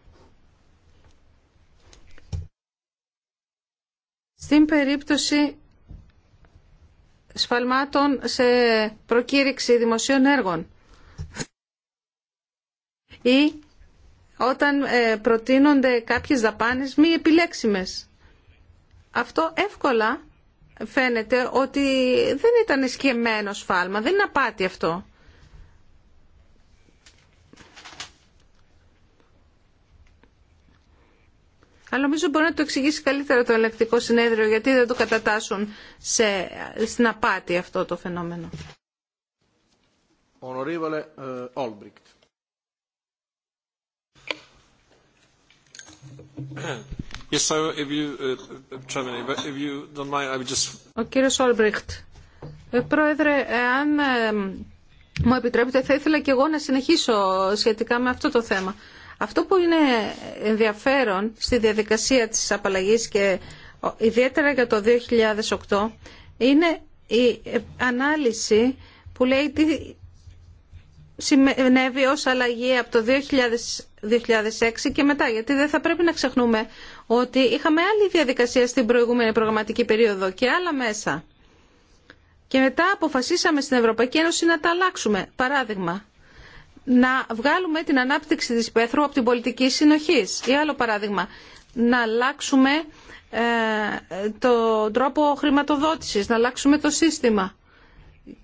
Στην περίπτωση σφαλμάτων σε προκήρυξη δημοσίων έργων ή όταν ε, προτείνονται κάποιες δαπάνες μη επιλέξιμες αυτό εύκολα φαίνεται ότι δεν ήταν ισχυμένο σφάλμα, δεν είναι απάτη αυτό. Αλλά νομίζω μπορεί να το εξηγήσει καλύτερα το ελεκτικό συνέδριο γιατί δεν το κατατάσσουν σε, στην απάτη αυτό το φαινόμενο. Ο κύριος Όλμπριχτ. Ε, πρόεδρε, εάν ε, μου επιτρέπετε, θα ήθελα και εγώ να συνεχίσω σχετικά με αυτό το θέμα. Αυτό που είναι ενδιαφέρον στη διαδικασία της απαλλαγής και ιδιαίτερα για το 2008 είναι η ε, ανάλυση που λέει τι συνέβη ως αλλαγή από το 2006 και μετά, γιατί δεν θα πρέπει να ξεχνούμε ότι είχαμε άλλη διαδικασία στην προηγούμενη προγραμματική περίοδο και άλλα μέσα. Και μετά αποφασίσαμε στην Ευρωπαϊκή Ένωση να τα αλλάξουμε. Παράδειγμα, να βγάλουμε την ανάπτυξη της πέθρου από την πολιτική συνοχής. Ή άλλο παράδειγμα, να αλλάξουμε ε, τον τρόπο χρηματοδότησης, να αλλάξουμε το σύστημα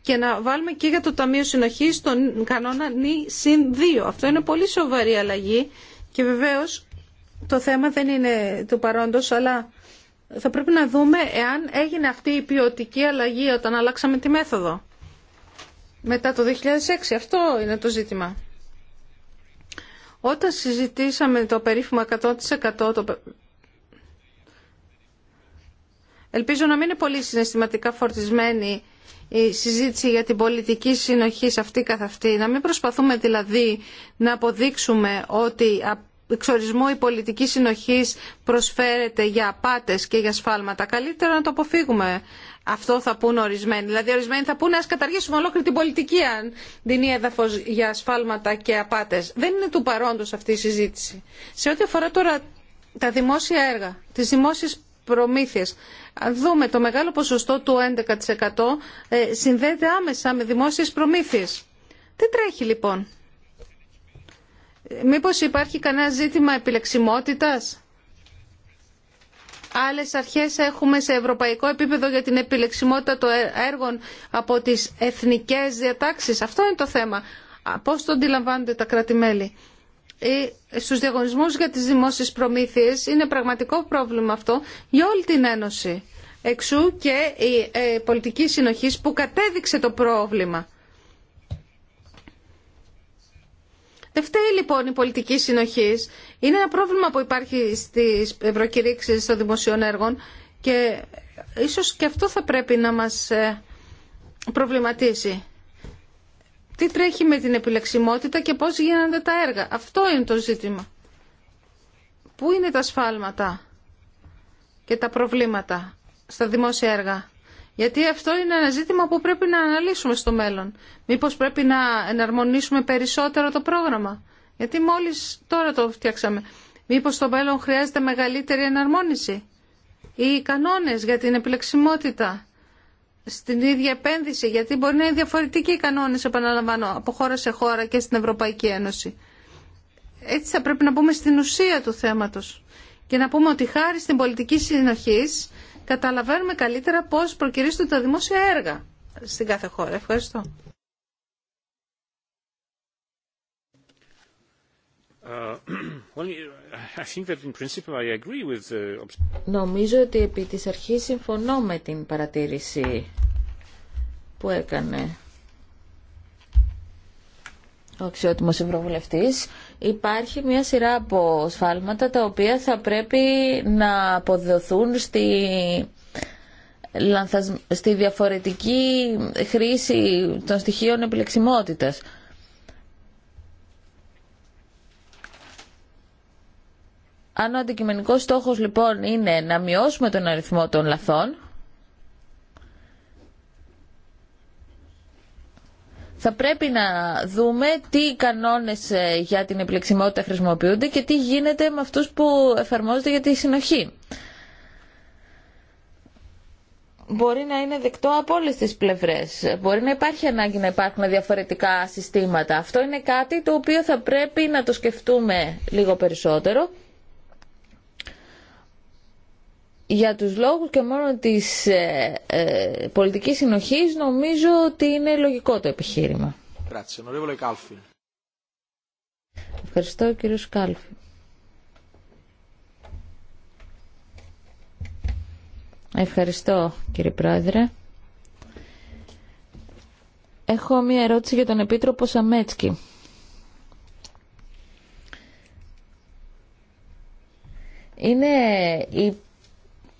και να βάλουμε και για το Ταμείο Συνοχής τον κανόνα νη συν 2. Αυτό είναι πολύ σοβαρή αλλαγή και βεβαίως το θέμα δεν είναι του παρόντος, αλλά θα πρέπει να δούμε εάν έγινε αυτή η ποιοτική αλλαγή όταν αλλάξαμε τη μέθοδο. Μετά το 2006, αυτό είναι το ζήτημα. Όταν συζητήσαμε το περίφημο 100% το... Ελπίζω να μην είναι πολύ συναισθηματικά φορτισμένη η συζήτηση για την πολιτική συνοχή σε αυτή καθ' αυτή. Να μην προσπαθούμε δηλαδή να αποδείξουμε ότι εξορισμό η πολιτική συνοχή προσφέρεται για απάτες και για σφάλματα. Καλύτερα να το αποφύγουμε. Αυτό θα πούν ορισμένοι. Δηλαδή, ορισμένοι θα πούνε α καταργήσουμε ολόκληρη την πολιτική αν δίνει έδαφο για σφάλματα και απάτε. Δεν είναι του παρόντο αυτή η συζήτηση. Σε ό,τι αφορά τώρα τα δημόσια έργα, τι δημόσιε προμήθειες. δούμε το μεγάλο ποσοστό του 11% ε, συνδέεται άμεσα με δημόσιες προμήθειες. Τι τρέχει λοιπόν. Ε, μήπως υπάρχει κανένα ζήτημα επιλεξιμότητας. Άλλες αρχές έχουμε σε ευρωπαϊκό επίπεδο για την επιλεξιμότητα των ε, έργων από τις εθνικές διατάξεις. Αυτό είναι το θέμα. Πώς το αντιλαμβάνονται τα κρατη στους διαγωνισμούς για τις δημόσιες προμήθειες είναι πραγματικό πρόβλημα αυτό για όλη την Ένωση. Εξού και η ε, πολιτική συνοχής που κατέδειξε το πρόβλημα. Δεν φταίει λοιπόν η πολιτική συνοχή. Είναι ένα πρόβλημα που υπάρχει στις ευρωκηρύξεις των δημοσίων έργων και ίσως και αυτό θα πρέπει να μας ε, προβληματίσει. Τι τρέχει με την επιλεξιμότητα και πώς γίνονται τα έργα. Αυτό είναι το ζήτημα. Πού είναι τα σφάλματα και τα προβλήματα στα δημόσια έργα. Γιατί αυτό είναι ένα ζήτημα που πρέπει να αναλύσουμε στο μέλλον. Μήπως πρέπει να εναρμονίσουμε περισσότερο το πρόγραμμα. Γιατί μόλις τώρα το φτιάξαμε. Μήπως στο μέλλον χρειάζεται μεγαλύτερη εναρμόνιση. Οι κανόνες για την επιλεξιμότητα στην ίδια επένδυση, γιατί μπορεί να είναι διαφορετικοί οι κανόνες, επαναλαμβάνω, από χώρα σε χώρα και στην Ευρωπαϊκή Ένωση. Έτσι θα πρέπει να πούμε στην ουσία του θέματος και να πούμε ότι χάρη στην πολιτική συνοχή καταλαβαίνουμε καλύτερα πώς προκυρήσουν τα δημόσια έργα στην κάθε χώρα. Ευχαριστώ. Uh, Uh, Νομίζω ότι επί της αρχής συμφωνώ με την παρατήρηση που έκανε ο αξιότιμος Ευρωβουλευτής. Υπάρχει μια σειρά από σφάλματα τα οποία θα πρέπει να αποδοθούν στη στη διαφορετική χρήση των στοιχείων επιλεξιμότητας. Αν ο αντικειμενικός στόχος λοιπόν είναι να μειώσουμε τον αριθμό των λαθών, θα πρέπει να δούμε τι κανόνες ε, για την επιλεξιμότητα χρησιμοποιούνται και τι γίνεται με αυτούς που εφαρμόζονται για τη συνοχή. Μπορεί να είναι δεκτό από όλες τις πλευρές. Μπορεί να υπάρχει ανάγκη να υπάρχουν διαφορετικά συστήματα. Αυτό είναι κάτι το οποίο θα πρέπει να το σκεφτούμε λίγο περισσότερο για τους λόγους και μόνο της ε, ε, πολιτικής συνοχής νομίζω ότι είναι λογικό το επιχείρημα. Ευχαριστώ κύριο Σκάλφη. Ευχαριστώ κύριε Πρόεδρε. Έχω μία ερώτηση για τον Επίτροπο Σαμέτσκι. Είναι η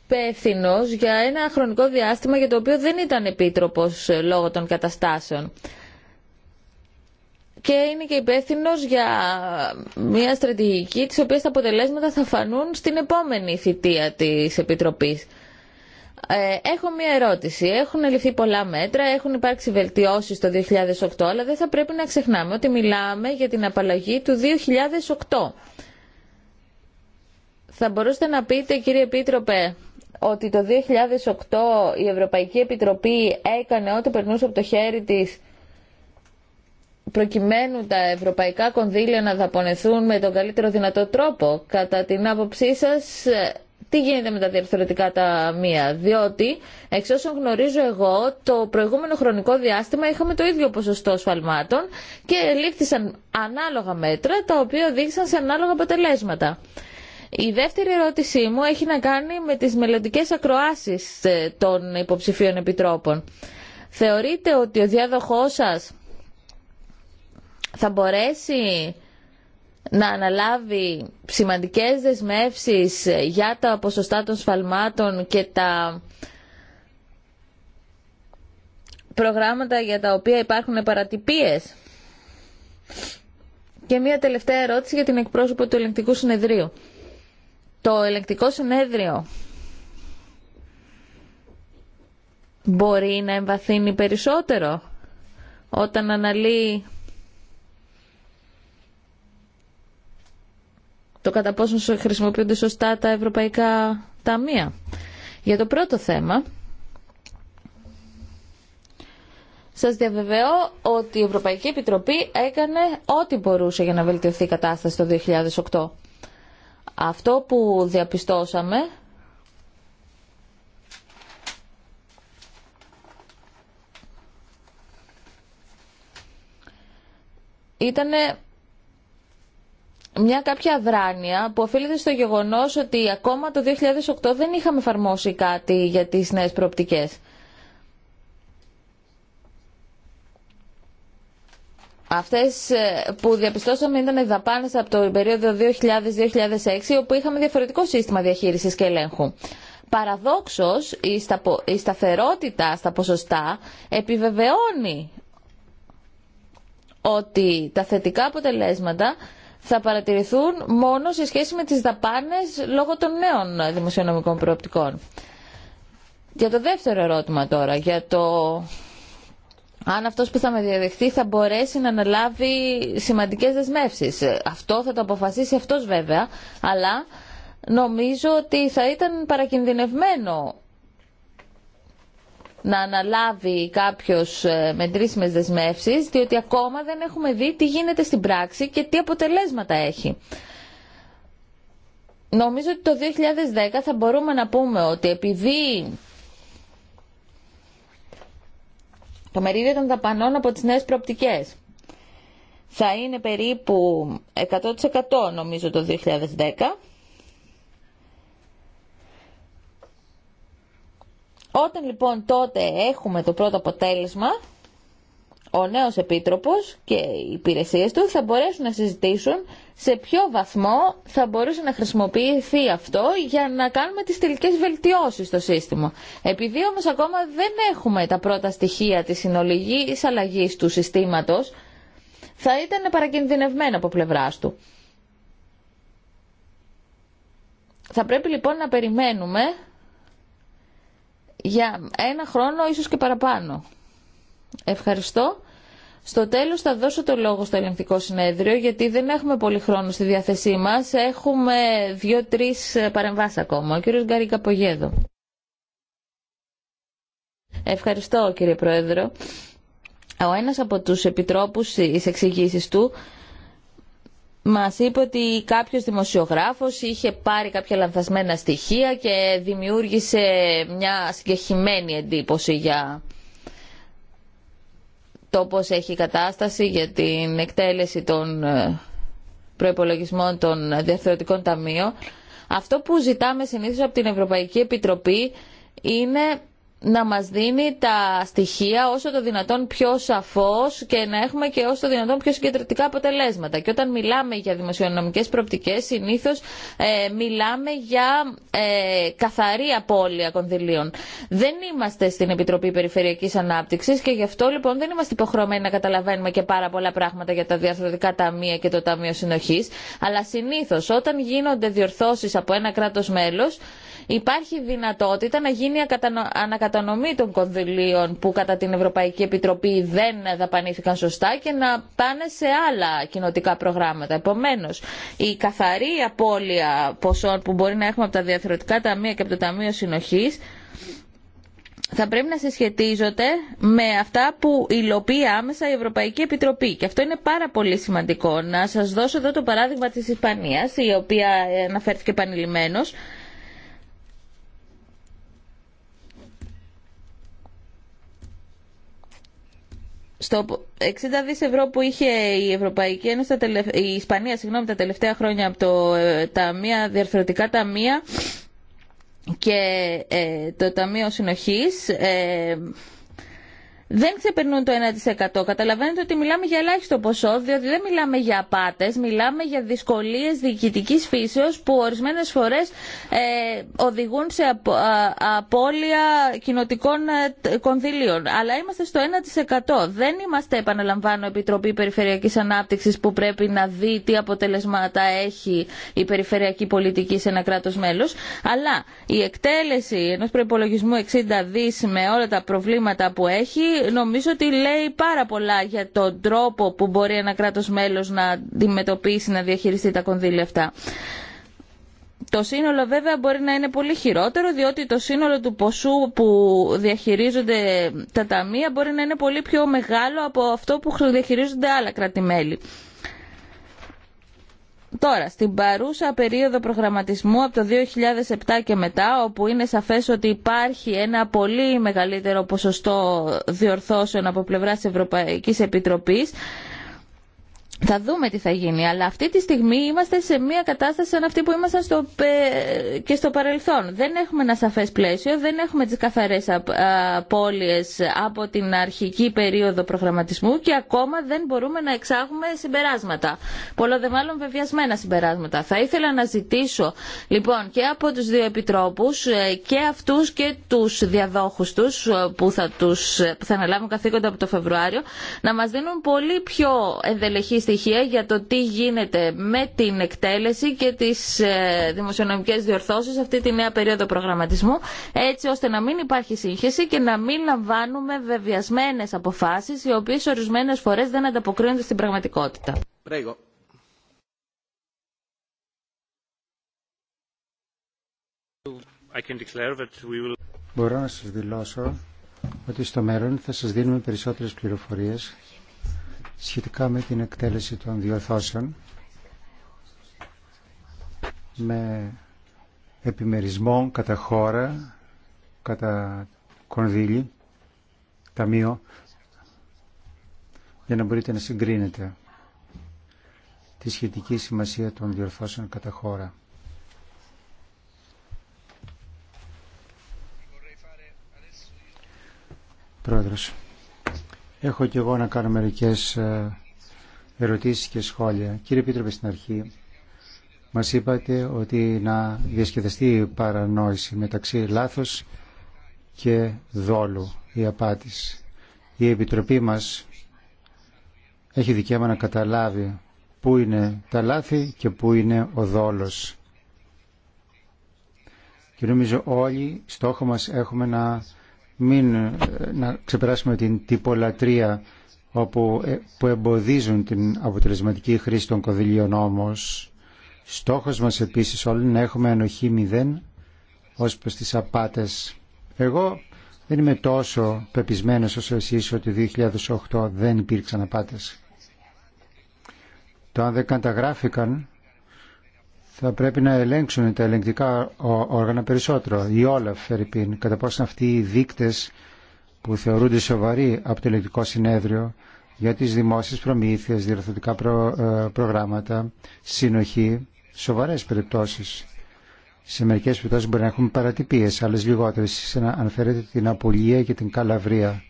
υπεύθυνο για ένα χρονικό διάστημα για το οποίο δεν ήταν επίτροπος ε, λόγω των καταστάσεων. Και είναι και υπεύθυνο για μια στρατηγική τη οποία τα αποτελέσματα θα φανούν στην επόμενη θητεία της Επιτροπής. Ε, έχω μία ερώτηση. Έχουν ληφθεί πολλά μέτρα, έχουν υπάρξει βελτιώσεις το 2008, αλλά δεν θα πρέπει να ξεχνάμε ότι μιλάμε για την απαλλαγή του 2008. Θα μπορούσατε να πείτε, κύριε Επίτροπε, ότι το 2008 η Ευρωπαϊκή Επιτροπή έκανε ό,τι περνούσε από το χέρι της προκειμένου τα ευρωπαϊκά κονδύλια να δαπονεθούν με τον καλύτερο δυνατό τρόπο. Κατά την άποψή σας, ε, τι γίνεται με τα διαρθρωτικά ταμεία, διότι εξ όσων γνωρίζω εγώ το προηγούμενο χρονικό διάστημα είχαμε το ίδιο ποσοστό σφαλμάτων και λήφθησαν ανάλογα μέτρα τα οποία οδήγησαν σε ανάλογα αποτελέσματα. Η δεύτερη ερώτησή μου έχει να κάνει με τις μελλοντικέ ακροάσεις ε, των υποψηφίων επιτρόπων. Θεωρείτε ότι ο διάδοχός σας θα μπορέσει να αναλάβει σημαντικές δεσμεύσεις ε, για τα ποσοστά των σφαλμάτων και τα προγράμματα για τα οποία υπάρχουν παρατυπίες. Και μία τελευταία ερώτηση για την εκπρόσωπο του ελεγκτικού συνεδρίου το ελεκτικό συνέδριο μπορεί να εμβαθύνει περισσότερο όταν αναλύει το κατά πόσο χρησιμοποιούνται σωστά τα ευρωπαϊκά ταμεία. Για το πρώτο θέμα, σας διαβεβαιώ ότι η Ευρωπαϊκή Επιτροπή έκανε ό,τι μπορούσε για να βελτιωθεί η κατάσταση το 2008. Αυτό που διαπιστώσαμε ήταν μια κάποια αδράνεια που οφείλεται στο γεγονός ότι ακόμα το 2008 δεν είχαμε εφαρμόσει κάτι για τις νέες προοπτικές. Αυτές ε, που διαπιστώσαμε ήταν οι δαπάνες από το περίοδο 2000-2006 όπου είχαμε διαφορετικό σύστημα διαχείρισης και ελέγχου. Παραδόξως η σταθερότητα στα ποσοστά επιβεβαιώνει ότι τα θετικά αποτελέσματα θα παρατηρηθούν μόνο σε σχέση με τις δαπάνες λόγω των νέων δημοσιονομικών προοπτικών. Για το δεύτερο ερώτημα τώρα, για το αν αυτός που θα με διαδεχτεί θα μπορέσει να αναλάβει σημαντικές δεσμεύσεις. Αυτό θα το αποφασίσει αυτός βέβαια, αλλά νομίζω ότι θα ήταν παρακινδυνευμένο να αναλάβει κάποιος ε, μετρήσιμες δεσμεύσεις, διότι ακόμα δεν έχουμε δει τι γίνεται στην πράξη και τι αποτελέσματα έχει. Νομίζω ότι το 2010 θα μπορούμε να πούμε ότι επειδή Το μερίδιο των δαπανών από τις νέες προοπτικές θα είναι περίπου 100% νομίζω το 2010. Όταν λοιπόν τότε έχουμε το πρώτο αποτέλεσμα, ο νέος επίτροπος και οι υπηρεσίες του θα μπορέσουν να συζητήσουν σε ποιο βαθμό θα μπορούσε να χρησιμοποιηθεί αυτό για να κάνουμε τις τελικές βελτιώσεις στο σύστημα. Επειδή όμως ακόμα δεν έχουμε τα πρώτα στοιχεία της συνολικής αλλαγής του συστήματος, θα ήταν παρακινδυνευμένο από πλευράς του. Θα πρέπει λοιπόν να περιμένουμε για ένα χρόνο, ίσως και παραπάνω. Ευχαριστώ. Στο τέλος θα δώσω το λόγο στο ελεγκτικό συνέδριο γιατί δεν έχουμε πολύ χρόνο στη διάθεσή μας. Έχουμε δύο-τρεις παρεμβάσεις ακόμα. Ο κύριος Γκάρικα Πογέδο. Ευχαριστώ κύριε Πρόεδρο. Ο ένας από τους επιτρόπους της εξηγήσει του μας είπε ότι κάποιος δημοσιογράφος είχε πάρει κάποια λανθασμένα στοιχεία και δημιούργησε μια συγκεχημένη εντύπωση για το πώς έχει η κατάσταση για την εκτέλεση των ε, προϋπολογισμών των διαφθορετικών ταμείων. Αυτό που ζητάμε συνήθως από την Ευρωπαϊκή Επιτροπή είναι να μας δίνει τα στοιχεία όσο το δυνατόν πιο σαφώς και να έχουμε και όσο το δυνατόν πιο συγκεντρωτικά αποτελέσματα. Και όταν μιλάμε για δημοσιονομικές προοπτικές, συνήθως ε, μιλάμε για ε, καθαρή απώλεια κονδυλίων. Δεν είμαστε στην Επιτροπή Περιφερειακής Ανάπτυξης και γι' αυτό λοιπόν δεν είμαστε υποχρεωμένοι να καταλαβαίνουμε και πάρα πολλά πράγματα για τα διαρθρωτικά ταμεία και το Ταμείο Συνοχής, αλλά συνήθως όταν γίνονται διορθώσεις από ένα κράτος μέλος, υπάρχει δυνατότητα να γίνει ανακατανομή των κονδυλίων που κατά την Ευρωπαϊκή Επιτροπή δεν δαπανήθηκαν σωστά και να πάνε σε άλλα κοινοτικά προγράμματα. Επομένω, η καθαρή απώλεια ποσών που μπορεί να έχουμε από τα διαθερωτικά ταμεία και από το Ταμείο Συνοχή θα πρέπει να συσχετίζονται με αυτά που υλοποιεί άμεσα η Ευρωπαϊκή Επιτροπή. Και αυτό είναι πάρα πολύ σημαντικό. Να σας δώσω εδώ το παράδειγμα της Ισπανίας, η οποία αναφέρθηκε επανειλημμένως. στο 60 δις ευρώ που είχε η Ευρωπαϊκή Ένωση, η Ισπανία συγγνώμη, τα τελευταία χρόνια από το ε, ταμεία, διαρθρωτικά ταμεία και ε, το Ταμείο Συνοχής ε, δεν ξεπερνούν το 1%. Καταλαβαίνετε ότι μιλάμε για ελάχιστο ποσό, διότι δεν μιλάμε για απάτε, μιλάμε για δυσκολίε διοικητική φύσεω που ορισμένε φορέ ε, οδηγούν σε απώλεια κοινοτικών ε, κονδυλίων. Αλλά είμαστε στο 1%. Δεν είμαστε, επαναλαμβάνω, Επιτροπή Περιφερειακή Ανάπτυξη που πρέπει να δει τι αποτελεσμάτα έχει η περιφερειακή πολιτική σε ένα κράτο μέλο. Αλλά η εκτέλεση ενό προπολογισμού 60 δι με όλα τα προβλήματα που έχει νομίζω ότι λέει πάρα πολλά για τον τρόπο που μπορεί ένα κράτος μέλος να αντιμετωπίσει, να διαχειριστεί τα κονδύλια αυτά. Το σύνολο βέβαια μπορεί να είναι πολύ χειρότερο διότι το σύνολο του ποσού που διαχειρίζονται τα ταμεία μπορεί να είναι πολύ πιο μεγάλο από αυτό που διαχειρίζονται άλλα κράτη-μέλη. Τώρα, στην παρούσα περίοδο προγραμματισμού από το 2007 και μετά, όπου είναι σαφές ότι υπάρχει ένα πολύ μεγαλύτερο ποσοστό διορθώσεων από πλευράς Ευρωπαϊκής Επιτροπής, θα δούμε τι θα γίνει, αλλά αυτή τη στιγμή είμαστε σε μια κατάσταση σαν αυτή που ήμασταν στο, και στο παρελθόν. Δεν έχουμε ένα σαφές πλαίσιο, δεν έχουμε τις καθαρές απώλειες από την αρχική περίοδο προγραμματισμού και ακόμα δεν μπορούμε να εξάγουμε συμπεράσματα. Πολλό δε μάλλον βεβαιασμένα συμπεράσματα. Θα ήθελα να ζητήσω λοιπόν και από τους δύο επιτρόπους ε, και αυτούς και τους διαδόχους τους ε, που θα, τους, ε, που θα αναλάβουν καθήκοντα από το Φεβρουάριο να μας δίνουν πολύ πιο ενδελεχή στοιχεία για το τι γίνεται με την εκτέλεση και τις ε, δημοσιονομικές διορθώσεις αυτή τη νέα περίοδο προγραμματισμού έτσι ώστε να μην υπάρχει σύγχυση και να μην λαμβάνουμε βεβαιασμένε αποφάσει οι οποίε ορισμένε φορέ δεν ανταποκρίνονται στην πραγματικότητα. Πρέγω. Μπορώ να σας δηλώσω ότι στο μέλλον θα σας δίνουμε περισσότερες πληροφορίες σχετικά με την εκτέλεση των διορθώσεων με επιμερισμό κατά χώρα, κατά κονδύλι, ταμείο, για να μπορείτε να συγκρίνετε τη σχετική σημασία των διορθώσεων κατά χώρα. Πρόεδρος. Έχω και εγώ να κάνω μερικές ε, ερωτήσεις και σχόλια. Κύριε Επίτροπε, στην αρχή μας είπατε ότι να διασκεδαστεί η παρανόηση μεταξύ λάθος και δόλου ή απάτης. Η Επιτροπή μας έχει δικαίωμα να καταλάβει πού είναι τα λάθη και πού είναι ο δόλος. Και νομίζω όλοι στόχο μας έχουμε να μην ε, να ξεπεράσουμε την τυπολατρεία όπου, ε, που εμποδίζουν την αποτελεσματική χρήση των κοδηλιών όμως. Στόχος μας επίσης όλοι να έχουμε ανοχή μηδέν ως προς τις απάτες. Εγώ δεν είμαι τόσο πεπισμένος όσο εσείς ότι 2008 δεν υπήρξαν απάτες. Το αν δεν καταγράφηκαν θα πρέπει να ελέγξουν τα ελεγκτικά όργανα περισσότερο. Η όλα Φερρυπίν, κατά πόσο αυτοί οι δείκτες που θεωρούνται σοβαροί από το ελεγκτικό συνέδριο για τις δημόσιες προμήθειες, διορθωτικά προ, ε, προγράμματα, συνοχή, σοβαρές περιπτώσεις. Σε μερικές περιπτώσεις μπορεί να έχουμε παρατυπίες, άλλες λιγότερες. να αναφέρετε την Απολία και την Καλαβρία.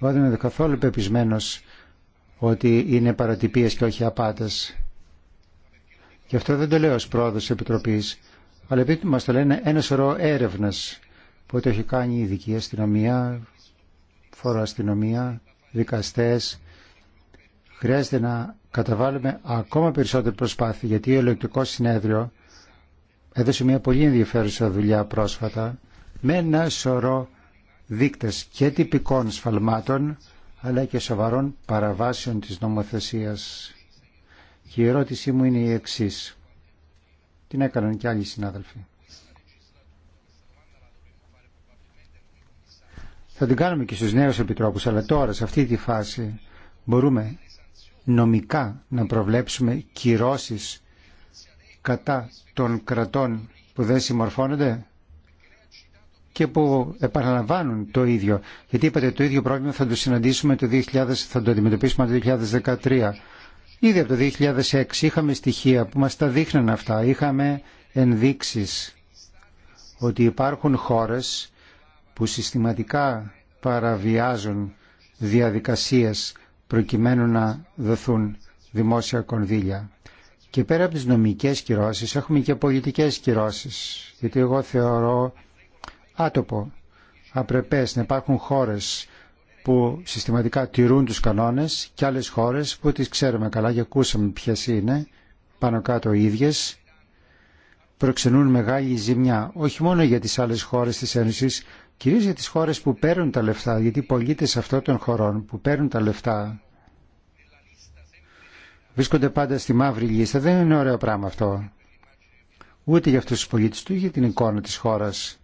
Εγώ δεν είμαι καθόλου πεπισμένο ότι είναι παρατυπίες και όχι απάτες. Γι' αυτό δεν το λέω ως πρόεδρος τη Επιτροπής, αλλά επειδή μας το λένε ένα σωρό έρευνας που το έχει κάνει η ειδική αστυνομία, φοροαστυνομία, δικαστές. Χρειάζεται να καταβάλουμε ακόμα περισσότερη προσπάθεια γιατί ο ελεκτικό συνέδριο έδωσε μια πολύ ενδιαφέρουσα δουλειά πρόσφατα με ένα σωρό δείκτες και τυπικών σφαλμάτων αλλά και σοβαρών παραβάσεων της νομοθεσίας. Και η ερώτησή μου είναι η εξή. Την έκαναν και άλλοι συνάδελφοι. Θα την κάνουμε και στους νέους επιτρόπους, αλλά τώρα σε αυτή τη φάση μπορούμε νομικά να προβλέψουμε κυρώσεις κατά των κρατών που δεν συμμορφώνονται και που επαναλαμβάνουν το ίδιο. Γιατί είπατε το ίδιο πρόβλημα θα το συναντήσουμε το 2000, θα το αντιμετωπίσουμε το 2013. Ήδη από το 2006 είχαμε στοιχεία που μας τα δείχναν αυτά. Είχαμε ενδείξεις ότι υπάρχουν χώρες που συστηματικά παραβιάζουν διαδικασίες προκειμένου να δοθούν δημόσια κονδύλια. Και πέρα από τις νομικές κυρώσεις έχουμε και πολιτικές κυρώσεις. Γιατί εγώ θεωρώ άτοπο, απρεπές να υπάρχουν χώρες που συστηματικά τηρούν τους κανόνες και άλλες χώρες που τις ξέρουμε καλά και ακούσαμε ποιες είναι, πάνω κάτω ίδιες, προξενούν μεγάλη ζημιά, όχι μόνο για τις άλλες χώρες της Ένωσης, κυρίως για τις χώρες που παίρνουν τα λεφτά, γιατί οι πολίτες αυτών των χωρών που παίρνουν τα λεφτά βρίσκονται πάντα στη μαύρη λίστα. Δεν είναι ωραίο πράγμα αυτό. Ούτε για αυτούς τους πολίτες του, για την εικόνα της χώρας.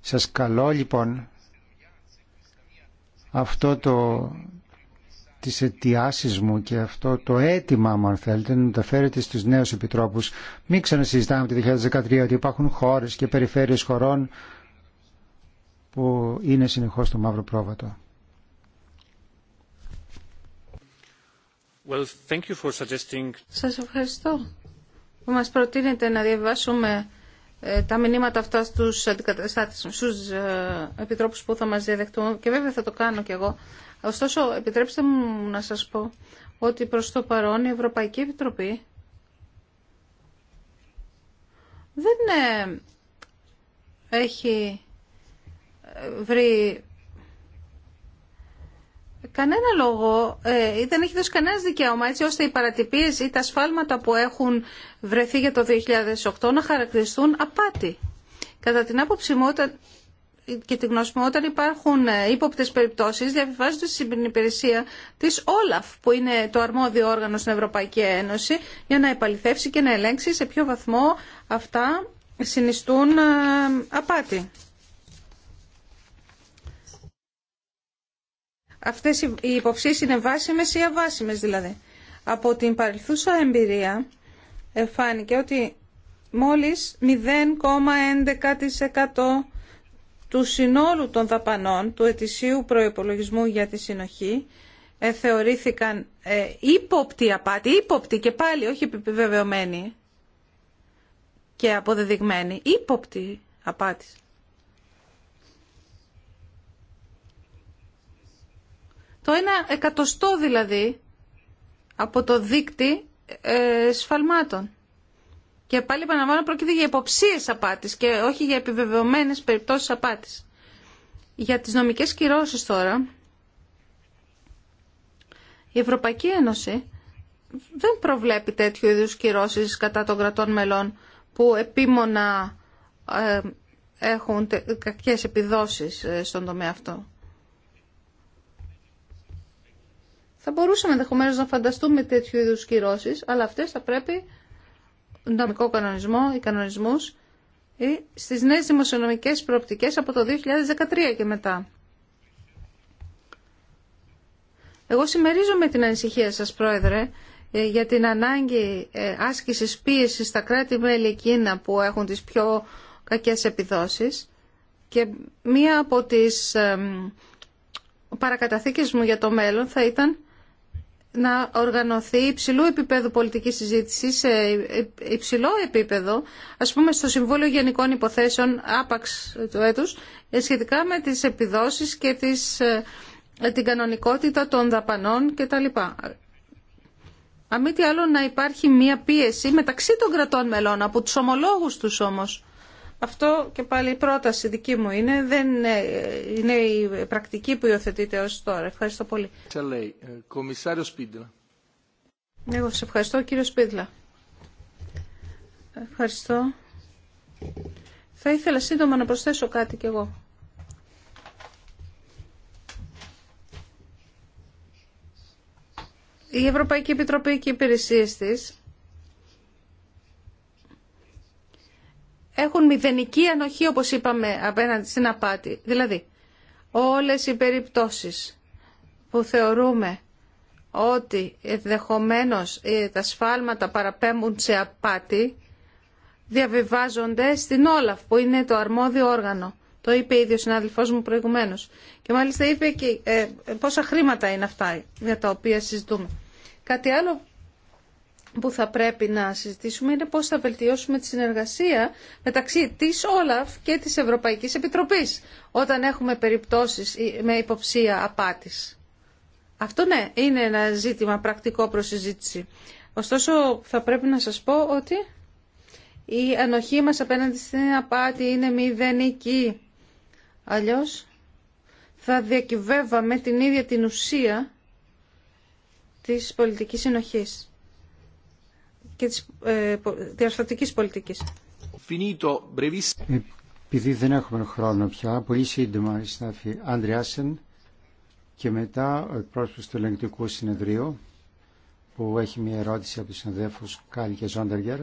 Σας καλώ λοιπόν αυτό το τις αιτιάσεις μου και αυτό το αίτημά μου αν θέλετε να τα φέρετε στους νέους επιτρόπους μην ξανασυζητάμε το 2013 ότι υπάρχουν χώρες και περιφέρειες χωρών που είναι συνεχώς το μαύρο πρόβατο. Well, thank you for suggesting... Σας ευχαριστώ που μας προτείνετε να διαβάσουμε ε, τα μηνύματα αυτά στους αντικαταστάτες, στους ε, επιτρόπους που θα μας διαδεχτούν και βέβαια θα το κάνω κι εγώ. Ωστόσο, επιτρέψτε μου να σας πω ότι προς το παρόν η Ευρωπαϊκή Επιτροπή δεν ε, έχει βρει κανένα λόγο, ε, δεν έχει δώσει κανένα δικαίωμα έτσι ώστε οι παρατυπίες ή τα σφάλματα που έχουν βρεθεί για το 2008 να χαρακτηριστούν απάτη. Κατά την άποψή μου και την γνώση μου, όταν υπάρχουν ε, ύποπτε περιπτώσεις διαβιβάζονται στην υπηρεσία της Όλαφ που είναι το αρμόδιο όργανο στην Ευρωπαϊκή Ένωση για να επαληθεύσει και να ελέγξει σε ποιο βαθμό αυτά συνιστούν ε, απάτη. Αυτές οι υποψίες είναι βάσιμες ή αβάσιμες δηλαδή. Από την παρελθούσα εμπειρία ε, φάνηκε ότι μόλις 0,11% του συνόλου των δαπανών του ετησίου προϋπολογισμού για τη συνοχή ε, θεωρήθηκαν ε, ύποπτη απάτη, ύποπτη και πάλι όχι επιβεβαιωμένη και αποδεδειγμένη, ύποπτη απάτη. Το ένα εκατοστό δηλαδή από το δίκτυ ε, σφαλμάτων. Και πάλι επαναλαμβάνω πρόκειται για υποψίες απάτης και όχι για επιβεβαιωμένες περιπτώσεις απάτης. Για τις νομικές κυρώσεις τώρα, η Ευρωπαϊκή Ένωση δεν προβλέπει τέτοιου είδους κυρώσεις κατά των κρατών μελών που επίμονα ε, έχουν κακές επιδόσεις ε, στον τομέα αυτό. Θα μπορούσαμε ενδεχομένω να φανταστούμε τέτοιου είδου κυρώσει, αλλά αυτέ θα πρέπει νομικό κανονισμό ή κανονισμού ή στι νέε δημοσιονομικέ προοπτικέ από το 2013 και μετά. Εγώ συμμερίζομαι την ανησυχία σας, Πρόεδρε, ε, για την ανάγκη ε, άσκησης πίεσης στα κράτη-μέλη εκείνα που έχουν τις πιο κακές επιδόσεις και μία από τις παρακαταθήκες μου για το μέλλον θα ήταν να οργανωθεί υψηλού επίπεδο πολιτική συζήτηση σε υψηλό επίπεδο, ας πούμε στο Συμβούλιο Γενικών Υποθέσεων άπαξ του έτους, ε, σχετικά με τις επιδόσεις και τις, ε, ε, την κανονικότητα των δαπανών κτλ. Αν μη τι άλλο να υπάρχει μία πίεση μεταξύ των κρατών μελών, από τους ομολόγους τους όμως, αυτό και πάλι η πρόταση δική μου είναι, δεν είναι, η πρακτική που υιοθετείται ως τώρα. Ευχαριστώ πολύ. Ε, εγώ σε ευχαριστώ κύριο Σπίτλα. Ευχαριστώ. Θα ήθελα σύντομα να προσθέσω κάτι κι εγώ. Η Ευρωπαϊκή Επιτροπή και οι υπηρεσίε τη έχουν μηδενική ανοχή, όπως είπαμε, απέναντι στην απάτη. Δηλαδή, όλες οι περιπτώσεις που θεωρούμε ότι ενδεχομένω ε, τα σφάλματα παραπέμπουν σε απάτη, διαβιβάζονται στην Όλαφ, που είναι το αρμόδιο όργανο. Το είπε ήδη ο συναδελφό μου προηγουμένω. Και μάλιστα είπε και ε, ε, πόσα χρήματα είναι αυτά για τα οποία συζητούμε. Κάτι άλλο που θα πρέπει να συζητήσουμε είναι πώς θα βελτιώσουμε τη συνεργασία μεταξύ της Όλαφ και της Ευρωπαϊκής Επιτροπής όταν έχουμε περιπτώσεις με υποψία απάτης. Αυτό ναι, είναι ένα ζήτημα πρακτικό προς συζήτηση. Ωστόσο θα πρέπει να σας πω ότι η ανοχή μας απέναντι στην απάτη είναι μηδενική. Αλλιώς θα διακυβεύαμε την ίδια την ουσία της πολιτικής συνοχής και της ε, πολιτικής. Επειδή δεν έχουμε χρόνο πια, πολύ σύντομα η Στάφη Άντριάσεν και μετά ο εκπρόσωπος του ελεγκτικού συνεδρίου που έχει μια ερώτηση από τους συνδέφους Κάλλη και Ζόντεργερ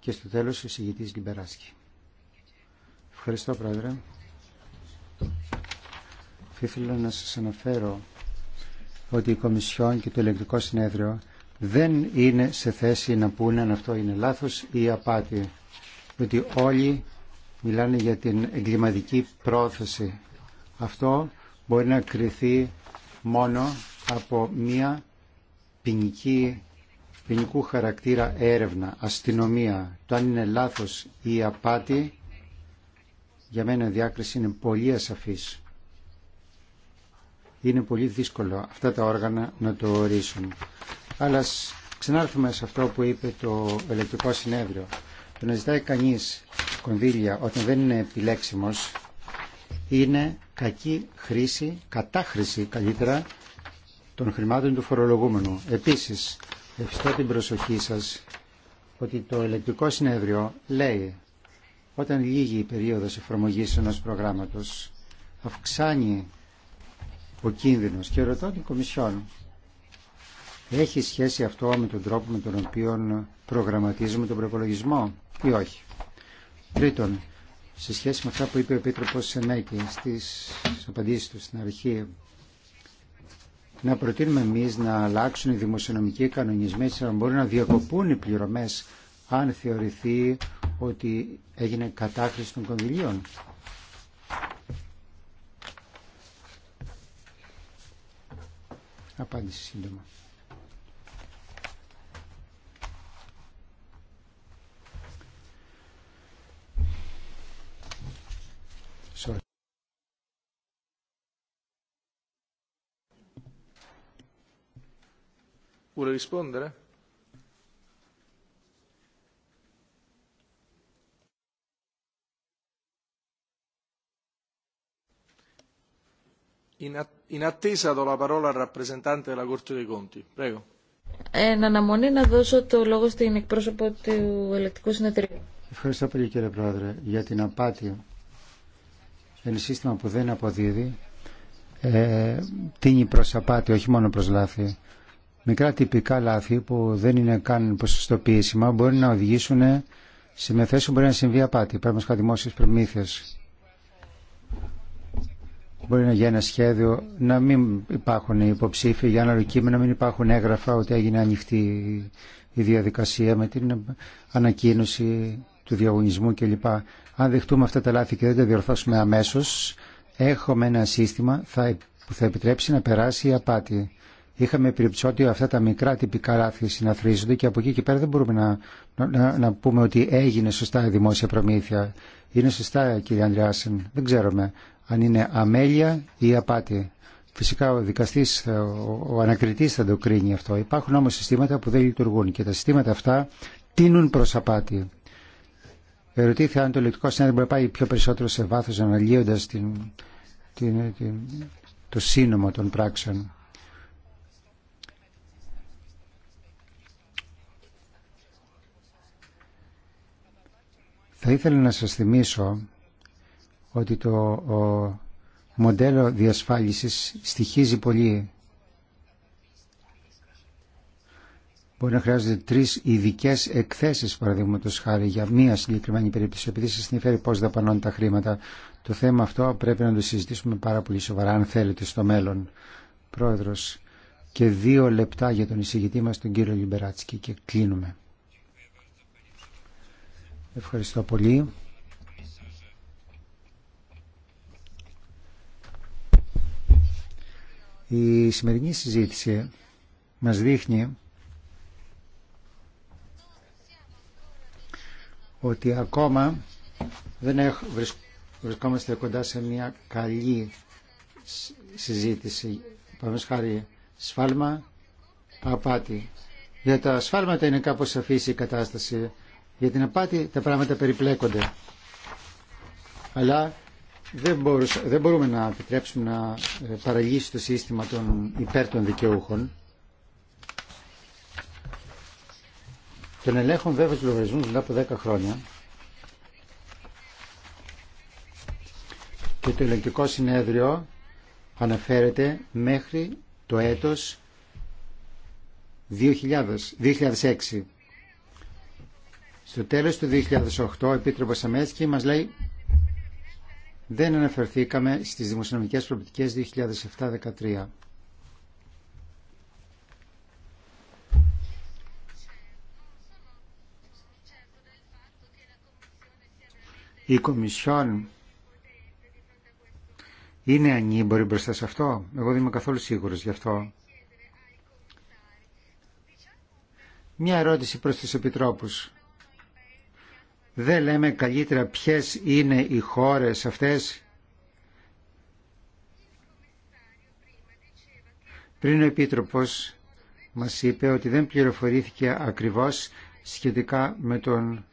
και στο τέλος ο συγητής Λιμπεράσκη. Ευχαριστώ Πρόεδρε. Θα ήθελα να σας αναφέρω ότι η Κομισιόν και το Ελεγκτικό Συνέδριο δεν είναι σε θέση να πούνε αν αυτό είναι λάθος ή απάτη. Διότι όλοι μιλάνε για την εγκληματική πρόθεση. Αυτό μπορεί να κριθεί μόνο από μία ποινική, ποινικού χαρακτήρα έρευνα, αστυνομία. Το αν είναι λάθος ή απάτη, για μένα η διάκριση είναι πολύ ασαφής είναι πολύ δύσκολο αυτά τα όργανα να το ορίσουν. Αλλά ξανάρθουμε σε αυτό που είπε το ηλεκτρικό συνέδριο. Το να ζητάει κανείς κονδύλια όταν δεν είναι επιλέξιμος είναι κακή χρήση, κατάχρηση καλύτερα των χρημάτων του φορολογούμενου. Επίσης, ευχαριστώ την προσοχή σας ότι το ηλεκτρικό συνέδριο λέει όταν λύγει η περίοδος εφαρμογής ενός προγράμματος αυξάνει ο κίνδυνος και ρωτώ την Κομισιόν έχει σχέση αυτό με τον τρόπο με τον οποίο προγραμματίζουμε τον προπολογισμό ή όχι. Τρίτον, σε σχέση με αυτά που είπε ο Επίτροπος Σενέκη στις απαντήσεις του στην αρχή, να προτείνουμε εμεί να αλλάξουν οι δημοσιονομικοί κανονισμοί ώστε να μπορούν να διακοπούν οι πληρωμές αν θεωρηθεί ότι έγινε κατάχρηση των κονδυλίων. Απάντηση σύντομα. Vuole rispondere? In attesa. In attesa do la parola al rappresentante della Corte dei Conti. Prego. Εν αναμονή να δώσω το λόγο στην εκπρόσωπο του Ελεκτικού Συνεδρίου. Ευχαριστώ πολύ κύριε Πρόεδρε για την απάτη. Ένα σύστημα που δεν αποδίδει ε, τίνει προς απάτη, όχι μόνο προς λάθη. Μικρά τυπικά λάθη που δεν είναι καν ποσοστοποιήσιμα μπορεί να οδηγήσουν σε μεθέσεις που μπορεί να συμβεί απάτη. Πρέπει να δημόσιες προμήθειες μπορεί να γίνει ένα σχέδιο να μην υπάρχουν υποψήφοι για ένα κείμενο, να μην υπάρχουν έγγραφα ότι έγινε ανοιχτή η διαδικασία με την ανακοίνωση του διαγωνισμού κλπ. Αν δεχτούμε αυτά τα λάθη και δεν τα διορθώσουμε αμέσω, έχουμε ένα σύστημα που θα επιτρέψει να περάσει η απάτη. Είχαμε περιπτώσει αυτά τα μικρά τυπικά λάθη συναθρίζονται και από εκεί και πέρα δεν μπορούμε να, να, να πούμε ότι έγινε σωστά η δημόσια προμήθεια. Είναι σωστά, κύριε Ανδριάσεν. Δεν ξέρουμε αν είναι αμέλεια ή απάτη. Φυσικά ο δικαστής, ε, ο ανακριτής θα το κρίνει αυτό. Υπάρχουν όμως συστήματα που δεν λειτουργούν και τα συστήματα αυτά τίνουν προς απάτη. Ερωτήθη αν το ηλεκτρικό συνέδριο μπορεί να πάει πιο περισσότερο σε βάθος αναλύοντας την, την, το σύνομο των πράξεων. Θα ήθελα να σας θυμίσω ότι το μοντέλο διασφάλισης στοιχίζει πολύ. Μπορεί να χρειάζονται τρει ειδικέ εκθέσει, παραδείγματο χάρη, για μία συγκεκριμένη περίπτωση, επειδή σα ενδιαφέρει πώ δαπανώνουν τα χρήματα. Το θέμα αυτό πρέπει να το συζητήσουμε πάρα πολύ σοβαρά, αν θέλετε, στο μέλλον. Πρόεδρο, και δύο λεπτά για τον εισηγητή μα, τον κύριο Λιμπεράτσκι, και κλείνουμε. Ευχαριστώ πολύ. Η σημερινή συζήτηση μας δείχνει ότι ακόμα δεν βρισκόμαστε κοντά σε μια καλή συζήτηση. Παραδείγματος χάρη σφάλμα, απάτη. Για τα σφάλματα είναι κάπως σαφής η κατάσταση. Για την απάτη τα πράγματα περιπλέκονται. Αλλά δεν, δεν μπορούμε να επιτρέψουμε να ε, παραλύσει το σύστημα των υπέρ των δικαιούχων. Τον ελέγχουν βέβαια του λογαριασμού μετά από 10 χρόνια. Και το ελεγκτικό συνέδριο αναφέρεται μέχρι το έτος 2000, 2006. Στο τέλος του 2008 ο Επίτροπος Αμέσκη μας λέει δεν αναφερθήκαμε στις δημοσιονομικές προοπτικές 2007-2013. Η Κομισιόν είναι ανήμπορη μπροστά σε αυτό. Εγώ δεν είμαι καθόλου σίγουρος γι' αυτό. Μια ερώτηση προς τους επιτρόπους δεν λέμε καλύτερα ποιες είναι οι χώρες αυτές. Πριν ο Επίτροπος μας είπε ότι δεν πληροφορήθηκε ακριβώς σχετικά με τον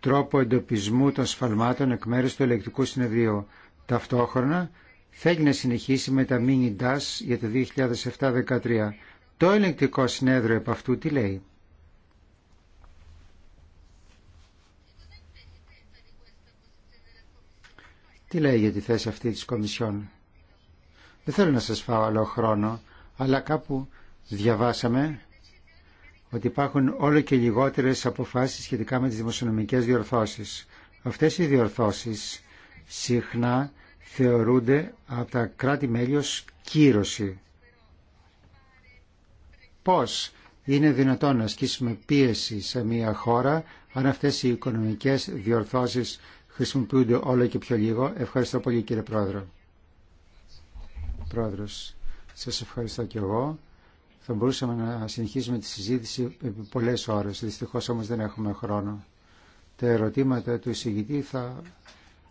τρόπο εντοπισμού των σφαλμάτων εκ μέρους του ελεκτικού συνεδρίου. Ταυτόχρονα θέλει να συνεχίσει με τα mini για το 2007-2013. Το ελεκτικό συνέδριο επ' αυτού τι λέει. Τι λέει για τη θέση αυτή της Κομισιόν. Δεν θέλω να σας φάω άλλο χρόνο, αλλά κάπου διαβάσαμε ότι υπάρχουν όλο και λιγότερες αποφάσεις σχετικά με τις δημοσιονομικές διορθώσεις. Αυτές οι διορθώσεις συχνά θεωρούνται από τα κράτη-μέλη ως κύρωση. Πώς είναι δυνατόν να ασκήσουμε πίεση σε μια χώρα αν αυτές οι οικονομικές διορθώσεις χρησιμοποιούνται όλο και πιο λίγο. Ευχαριστώ πολύ κύριε Πρόεδρο. Πρόεδρος, σας ευχαριστώ και εγώ. Θα μπορούσαμε να συνεχίσουμε τη συζήτηση επί πολλές ώρες. Δυστυχώς όμως δεν έχουμε χρόνο. Τα ερωτήματα του εισηγητή θα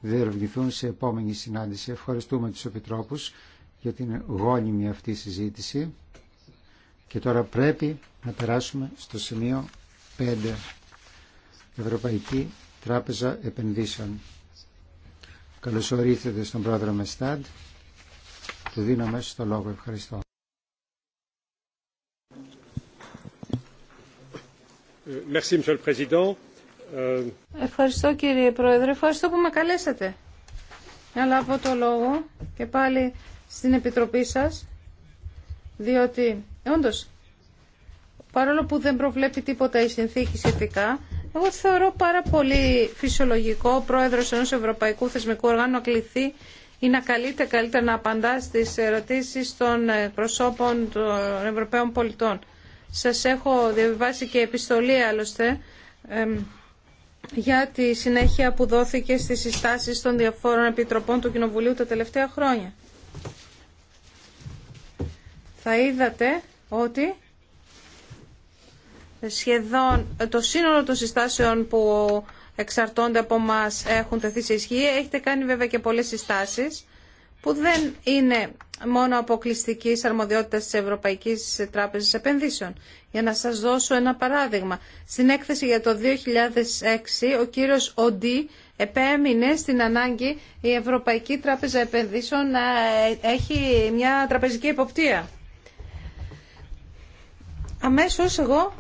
διερευνηθούν σε επόμενη συνάντηση. Ευχαριστούμε τους Επιτρόπους για την γόνιμη αυτή συζήτηση. Και τώρα πρέπει να περάσουμε στο σημείο 5. Ευρωπαϊκή Τράπεζα Επενδύσεων. Καλώς ορίσατε στον πρόεδρο Μεστάντ. Του δίνω μέσα το λόγο. Ευχαριστώ. Ευχαριστώ κύριε Πρόεδρε. Ευχαριστώ που με καλέσατε. Να λάβω το λόγο και πάλι στην Επιτροπή σας, διότι όντως παρόλο που δεν προβλέπει τίποτα η συνθήκη σχετικά, εγώ θεωρώ πάρα πολύ φυσιολογικό ο πρόεδρος ενό Ευρωπαϊκού Θεσμικού Οργάνου να κληθεί ή να καλείται καλύτερα να απαντά στι ερωτήσεις των ε, προσώπων των Ευρωπαίων πολιτών. Σα έχω διαβιβάσει και επιστολή άλλωστε για τη συνέχεια που δόθηκε στις συστάσεις των διαφόρων επιτροπών του Κοινοβουλίου τα τελευταία χρόνια. Θα είδατε ότι σχεδόν το σύνολο των συστάσεων που εξαρτώνται από εμά έχουν τεθεί σε ισχύ. Έχετε κάνει βέβαια και πολλές συστάσεις που δεν είναι μόνο αποκλειστική αρμοδιότητα τη Ευρωπαϊκή Τράπεζα Επενδύσεων. Για να σα δώσω ένα παράδειγμα. Στην έκθεση για το 2006, ο κύριο Οντί επέμεινε στην ανάγκη η Ευρωπαϊκή Τράπεζα Επενδύσεων να έχει μια τραπεζική υποπτία. Αμέσως εγώ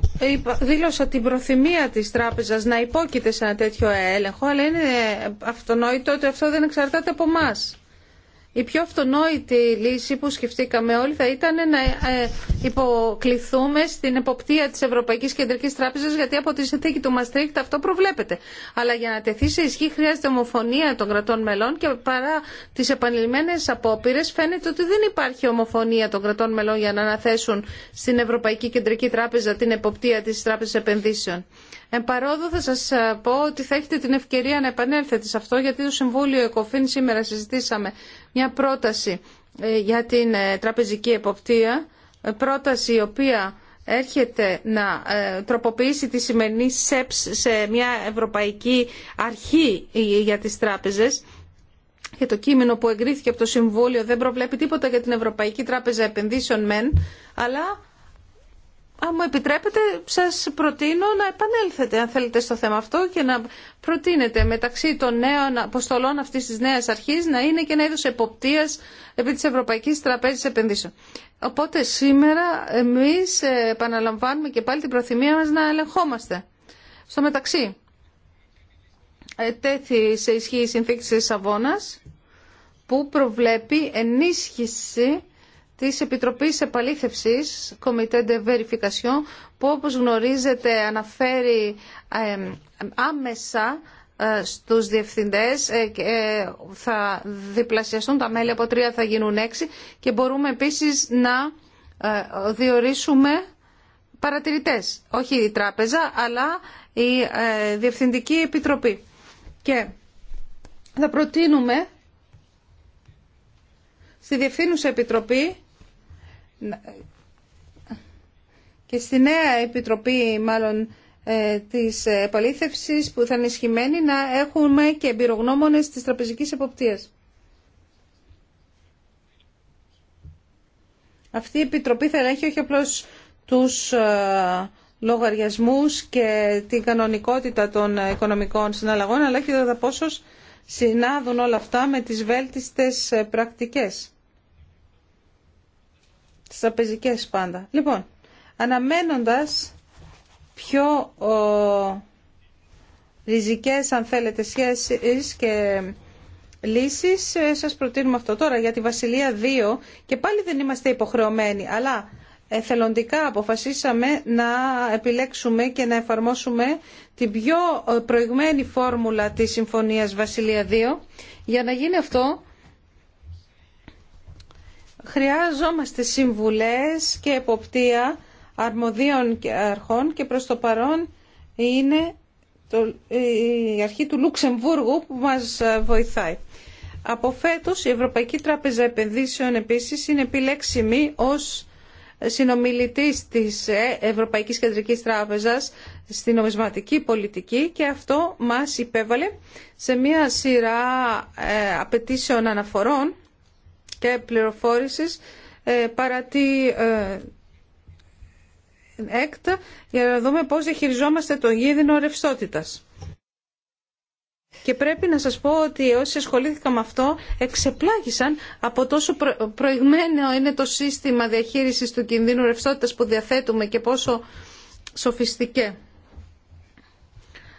δήλωσα την προθυμία της τράπεζας να υπόκειται σε ένα τέτοιο έλεγχο, αλλά είναι αυτονόητο ότι αυτό δεν εξαρτάται από μας. Η πιο αυτονόητη λύση που σκεφτήκαμε όλοι θα ήταν να ε, υποκληθούμε στην εποπτεία της Ευρωπαϊκής Κεντρικής Τράπεζας γιατί από τη συνθήκη του Μαστρίχτ αυτό προβλέπεται. Αλλά για να τεθεί σε ισχύ χρειάζεται ομοφωνία των κρατών μελών και παρά τις επανειλημμένες απόπειρε φαίνεται ότι δεν υπάρχει ομοφωνία των κρατών μελών για να αναθέσουν στην Ευρωπαϊκή Κεντρική Τράπεζα την εποπτεία της Τράπεζας Επενδύσεων. Εν παρόδο θα σας ε, πω ότι θα έχετε την ευκαιρία να επανέλθετε σε αυτό γιατί το Συμβούλιο ΕΚΟΦΗΝ σήμερα συζητήσαμε μια πρόταση ε, για την ε, τραπεζική εποπτεία, πρόταση η οποία έρχεται να τροποποιήσει τη σημερινή ΣΕΠΣ σε μια ευρωπαϊκή αρχή για τις τράπεζες και το κείμενο που εγκρίθηκε από το Συμβούλιο δεν προβλέπει τίποτα για την Ευρωπαϊκή Τράπεζα Επενδύσεων ΜΕΝ, αλλά αν μου επιτρέπετε, σας προτείνω να επανέλθετε, αν θέλετε, στο θέμα αυτό και να προτείνετε μεταξύ των νέων αποστολών αυτής της νέας αρχής να είναι και ένα είδος εποπτείας επί της Ευρωπαϊκής Τραπέζης Επενδύσεων. Οπότε σήμερα εμείς επαναλαμβάνουμε και πάλι την προθυμία μας να ελεγχόμαστε. Στο μεταξύ, τέθη σε ισχύ η συνθήκη της Σαβώνας που προβλέπει ενίσχυση της Επιτροπής Επαλήθευσης, Comité de Verification, που όπως γνωρίζετε αναφέρει άμεσα ε, στους διευθυντές ε, και ε, θα διπλασιαστούν τα μέλη από τρία θα γίνουν έξι και μπορούμε επίσης να διορίσουμε παρατηρητές, όχι η τράπεζα αλλά η Διευθυντική Επιτροπή. Και θα προτείνουμε στη Διευθύνουσα Επιτροπή ε, και στη νέα επιτροπή μάλλον ε, της επαλήθευσης που θα είναι ισχυμένη να έχουμε και εμπειρογνώμονες της τραπεζικής εποπτείας. Αυτή η επιτροπή θα έχει όχι απλώς τους ε, λογαριασμούς και την κανονικότητα των οικονομικών συναλλαγών, αλλά και τα πόσο συνάδουν όλα αυτά με τις βέλτιστες πρακτικές. Τις τραπεζικές πάντα. Λοιπόν, αναμένοντας πιο ο, ριζικές αν θέλετε σχέσεις και λύσεις ε, σας προτείνουμε αυτό τώρα για τη Βασιλεία 2 και πάλι δεν είμαστε υποχρεωμένοι αλλά εθελοντικά αποφασίσαμε να επιλέξουμε και να εφαρμόσουμε την πιο ε, προηγμένη φόρμουλα της Συμφωνίας Βασιλεία 2 για να γίνει αυτό Χρειάζομαστε συμβουλές και εποπτεία αρμοδίων και αρχών και προς το παρόν είναι η αρχή του Λουξεμβούργου που μας βοηθάει. Από φέτος η Ευρωπαϊκή Τράπεζα Επενδύσεων επίσης είναι επιλέξιμη ως συνομιλητής της ε, Ευρωπαϊκής Κεντρικής Τράπεζας στη νομισματική πολιτική και αυτό μας υπέβαλε σε μια σειρά ε, απαιτήσεων αναφορών και πληροφόρησης ε, παρά τη έκτα ε, για να δούμε πώς διαχειριζόμαστε τον κίνδυνο ρευστότητας. Και πρέπει να σας πω ότι όσοι ασχολήθηκαν με αυτό εξεπλάγησαν από τόσο προηγμένο είναι το σύστημα διαχείρισης του κινδύνου ρευστότητας που διαθέτουμε και πόσο σοφιστικέ.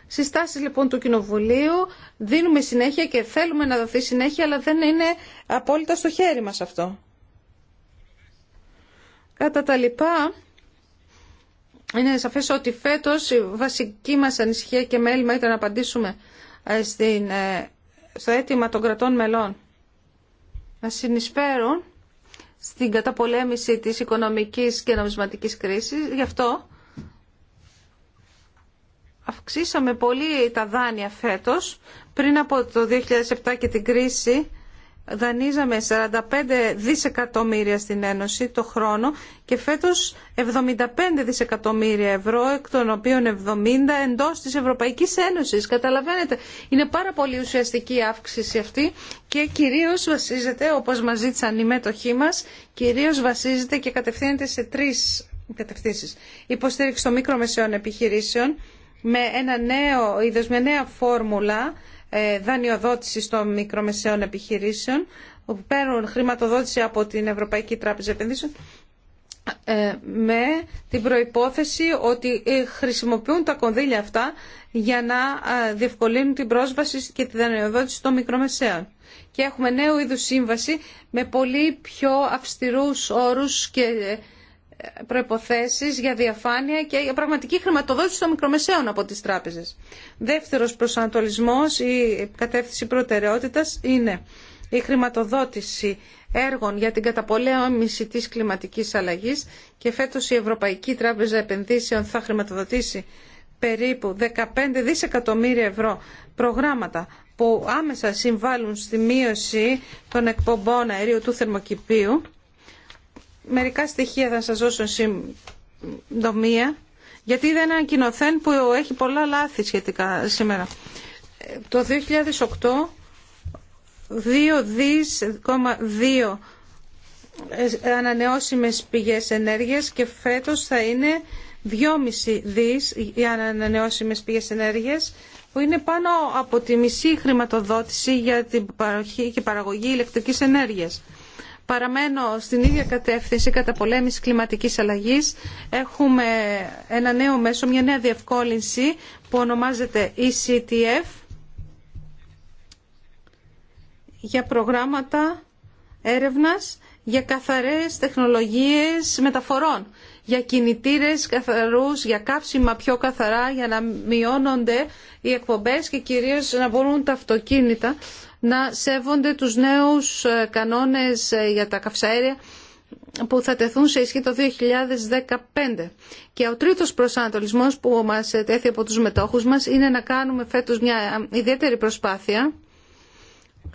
Συστάσεις λοιπόν του Κοινοβουλίου δίνουμε συνέχεια και θέλουμε να δοθεί συνέχεια αλλά δεν είναι απόλυτα στο χέρι μας αυτό. Κατά τα λοιπά, είναι σαφές ότι φέτος η βασική μας ανησυχία και μέλημα ήταν να απαντήσουμε ε, στην, ε, στο αίτημα των κρατών μελών να συνεισφέρουν στην καταπολέμηση της οικονομικής και νομισματικής κρίσης. Γι' αυτό αυξήσαμε πολύ τα δάνεια φέτος. Πριν από το 2007 και την κρίση δανείζαμε 45 δισεκατομμύρια στην Ένωση το χρόνο και φέτος 75 δισεκατομμύρια ευρώ, εκ των οποίων 70 εντός της Ευρωπαϊκής Ένωσης. Καταλαβαίνετε, είναι πάρα πολύ ουσιαστική η αύξηση αυτή και κυρίως βασίζεται, όπως μας ζήτησαν οι μέτοχοί μας, κυρίως βασίζεται και κατευθύνεται σε τρεις κατευθύνσεις. Υποστήριξη των μικρομεσαίων επιχειρήσεων, με ένα νέο είδος, με νέα φόρμουλα ε, δανειοδότησης των μικρομεσαίων επιχειρήσεων που παίρνουν χρηματοδότηση από την Ευρωπαϊκή Τράπεζα Επενδύσεων ε, με την προϋπόθεση ότι ε, χρησιμοποιούν τα κονδύλια αυτά για να διευκολύνουν την πρόσβαση και τη δανειοδότηση των μικρομεσαίων. Και έχουμε νέου είδους σύμβαση με πολύ πιο αυστηρούς όρους και προϋποθέσεις για διαφάνεια και για πραγματική χρηματοδότηση των μικρομεσαίων από τι τράπεζε. Δεύτερο κατεύθυνση προτεραιότητας είναι η κατευθυνση προτεραιότητα ειναι έργων για την καταπολέμηση της κλιματική αλλαγή και φέτο η Ευρωπαϊκή Τράπεζα Επενδύσεων θα χρηματοδοτήσει περίπου 15 δισεκατομμύρια ευρώ προγράμματα που άμεσα συμβάλλουν στη μείωση των εκπομπών αερίου του θερμοκηπίου Μερικά στοιχεία θα σας δώσω συντομία, γιατί δεν είναι κοινοθέν που έχει πολλά λάθη σχετικά σήμερα. Το 2008, 2 δις, 2 ε, ανανεώσιμες πηγές ενέργειας και φέτος θα είναι 2,5 δις για ανανεώσιμες πηγές ενέργειας που είναι πάνω από τη μισή χρηματοδότηση για την παροχή και παραγωγή ηλεκτρικής ενέργειας. Παραμένω στην ίδια κατεύθυνση κατά πολέμηση κλιματικής αλλαγής. Έχουμε ένα νέο μέσο, μια νέα διευκόλυνση που ονομάζεται ECTF για προγράμματα έρευνας για καθαρές τεχνολογίες μεταφορών, για κινητήρες καθαρούς, για κάψιμα πιο καθαρά, για να μειώνονται οι εκπομπές και κυρίως να μπορούν τα αυτοκίνητα να σέβονται τους νέους ε, κανόνες ε, για τα καυσαέρια που θα τεθούν σε ισχύ το 2015. Και ο τρίτος προσανατολισμός που μας τέθη από τους μετόχους μας είναι να κάνουμε φέτος μια ιδιαίτερη προσπάθεια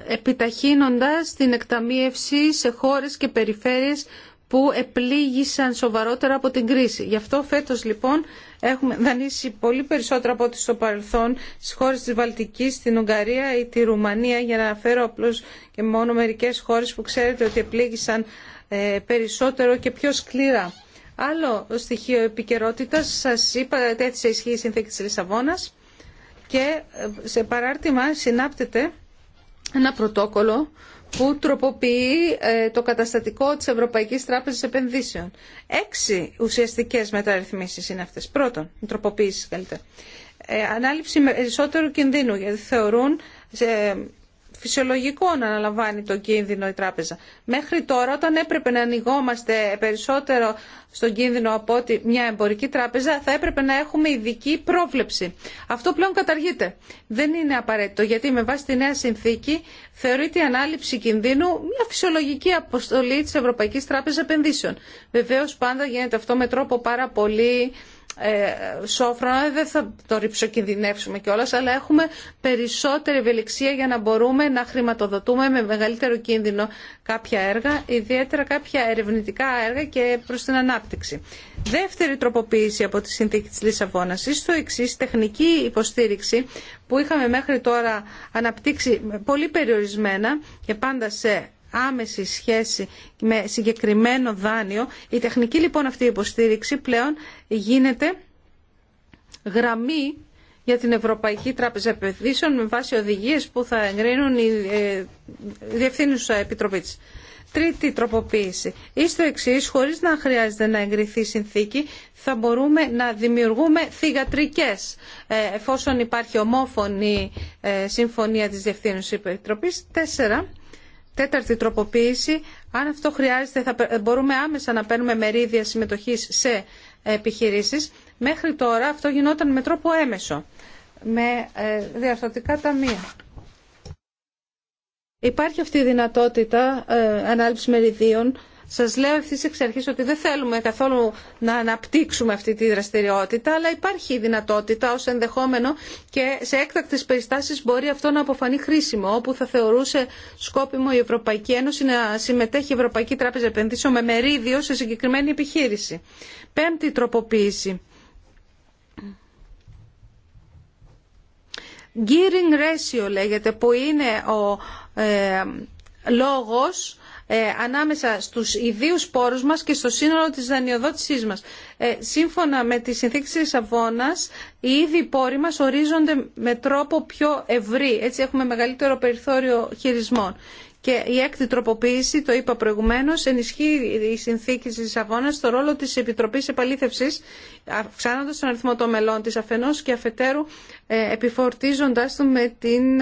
επιταχύνοντας την εκταμίευση σε χώρες και περιφέρειες που επλήγησαν σοβαρότερα από την κρίση. Γι' αυτό φέτος λοιπόν Έχουμε δανείσει πολύ περισσότερο από ό,τι στο παρελθόν στις χώρες της Βαλτικής, στην Ουγγαρία ή τη Ρουμανία, για να αναφέρω απλώς και μόνο μερικές χώρες που ξέρετε ότι επλήγησαν ε, περισσότερο και πιο σκληρά. Άλλο στοιχείο επικαιρότητα, σας είπα, τέτοια ισχύει η συνθήκη της Λισαβόνας και ε, σε παράρτημα συνάπτεται ένα πρωτόκολλο που τροποποιεί ε, το καταστατικό της Ευρωπαϊκής Τράπεζας Επενδύσεων. Έξι ουσιαστικές μεταρρυθμίσεις είναι αυτές. Πρώτον, τροποποίηση καλύτερα. Ε, ανάληψη περισσότερου κινδύνου, γιατί θεωρούν ε, φυσιολογικό να αναλαμβάνει τον κίνδυνο η τράπεζα. Μέχρι τώρα όταν έπρεπε να ανοιγόμαστε περισσότερο στον κίνδυνο από ότι μια εμπορική τράπεζα θα έπρεπε να έχουμε ειδική πρόβλεψη. Αυτό πλέον καταργείται. Δεν είναι απαραίτητο γιατί με βάση τη νέα συνθήκη θεωρείται η ανάληψη κινδύνου μια φυσιολογική αποστολή της Ευρωπαϊκής Τράπεζας Επενδύσεων. Βεβαίως πάντα γίνεται αυτό με τρόπο πάρα πολύ ε, σόφρονα, δεν θα το ρηψοκινδυνεύσουμε κιόλα, αλλά έχουμε περισσότερη ευελιξία για να μπορούμε να χρηματοδοτούμε με μεγαλύτερο κίνδυνο κάποια έργα, ιδιαίτερα κάποια ερευνητικά έργα και προ την ανάπτυξη. Δεύτερη τροποποίηση από τη συνθήκη τη Λισαβόνα. Στο εξή, τεχνική υποστήριξη που είχαμε μέχρι τώρα αναπτύξει πολύ περιορισμένα και πάντα σε άμεση σχέση με συγκεκριμένο δάνειο. Η τεχνική λοιπόν αυτή υποστήριξη πλέον γίνεται γραμμή για την Ευρωπαϊκή Τράπεζα Επενδύσεων με βάση οδηγίες που θα εγκρίνουν η ε, Διευθύνουσα Επιτροπή της. Τρίτη τροποποίηση. Εις το εξή, χωρίς να χρειάζεται να εγκριθεί συνθήκη, θα μπορούμε να δημιουργούμε θυγατρικές, ε, εφόσον υπάρχει ομόφωνη ε, συμφωνία της Διευθύνουσης Επιτροπής. Τέσσερα, Τέταρτη τροποποίηση, αν αυτό χρειάζεται θα μπορούμε άμεσα να παίρνουμε μερίδια συμμετοχής σε επιχειρήσεις. Μέχρι τώρα αυτό γινόταν με τρόπο έμεσο, με ε, διαρθρωτικά ταμεία. Υπάρχει αυτή η δυνατότητα ε, ανάληψης μεριδίων σας λέω ευθύ εξ αρχής ότι δεν θέλουμε καθόλου να αναπτύξουμε αυτή τη δραστηριότητα, αλλά υπάρχει η δυνατότητα ως ενδεχόμενο και σε έκτακτες περιστάσεις μπορεί αυτό να αποφανεί χρήσιμο, όπου θα θεωρούσε σκόπιμο η Ευρωπαϊκή Ένωση να συμμετέχει η Ευρωπαϊκή Τράπεζα Επενδύσεων με μερίδιο σε συγκεκριμένη επιχείρηση. Πέμπτη τροποποίηση. Gearing ratio λέγεται, που είναι ο ε, λόγος ε, ανάμεσα στους ιδίους πόρους μας και στο σύνολο της δανειοδότησής μας. Ε, σύμφωνα με τη συνθήκη της Αβώνας, οι ίδιοι πόροι μας ορίζονται με τρόπο πιο ευρύ. Έτσι έχουμε μεγαλύτερο περιθώριο χειρισμών. Και η έκτη τροποποίηση, το είπα προηγουμένω, ενισχύει η συνθήκη τη Λισαβόνα στο ρόλο τη Επιτροπή Επαλήθευση, αυξάνοντα τον αριθμό των μελών τη αφενό και αφετέρου ε, επιφορτίζοντα τον με την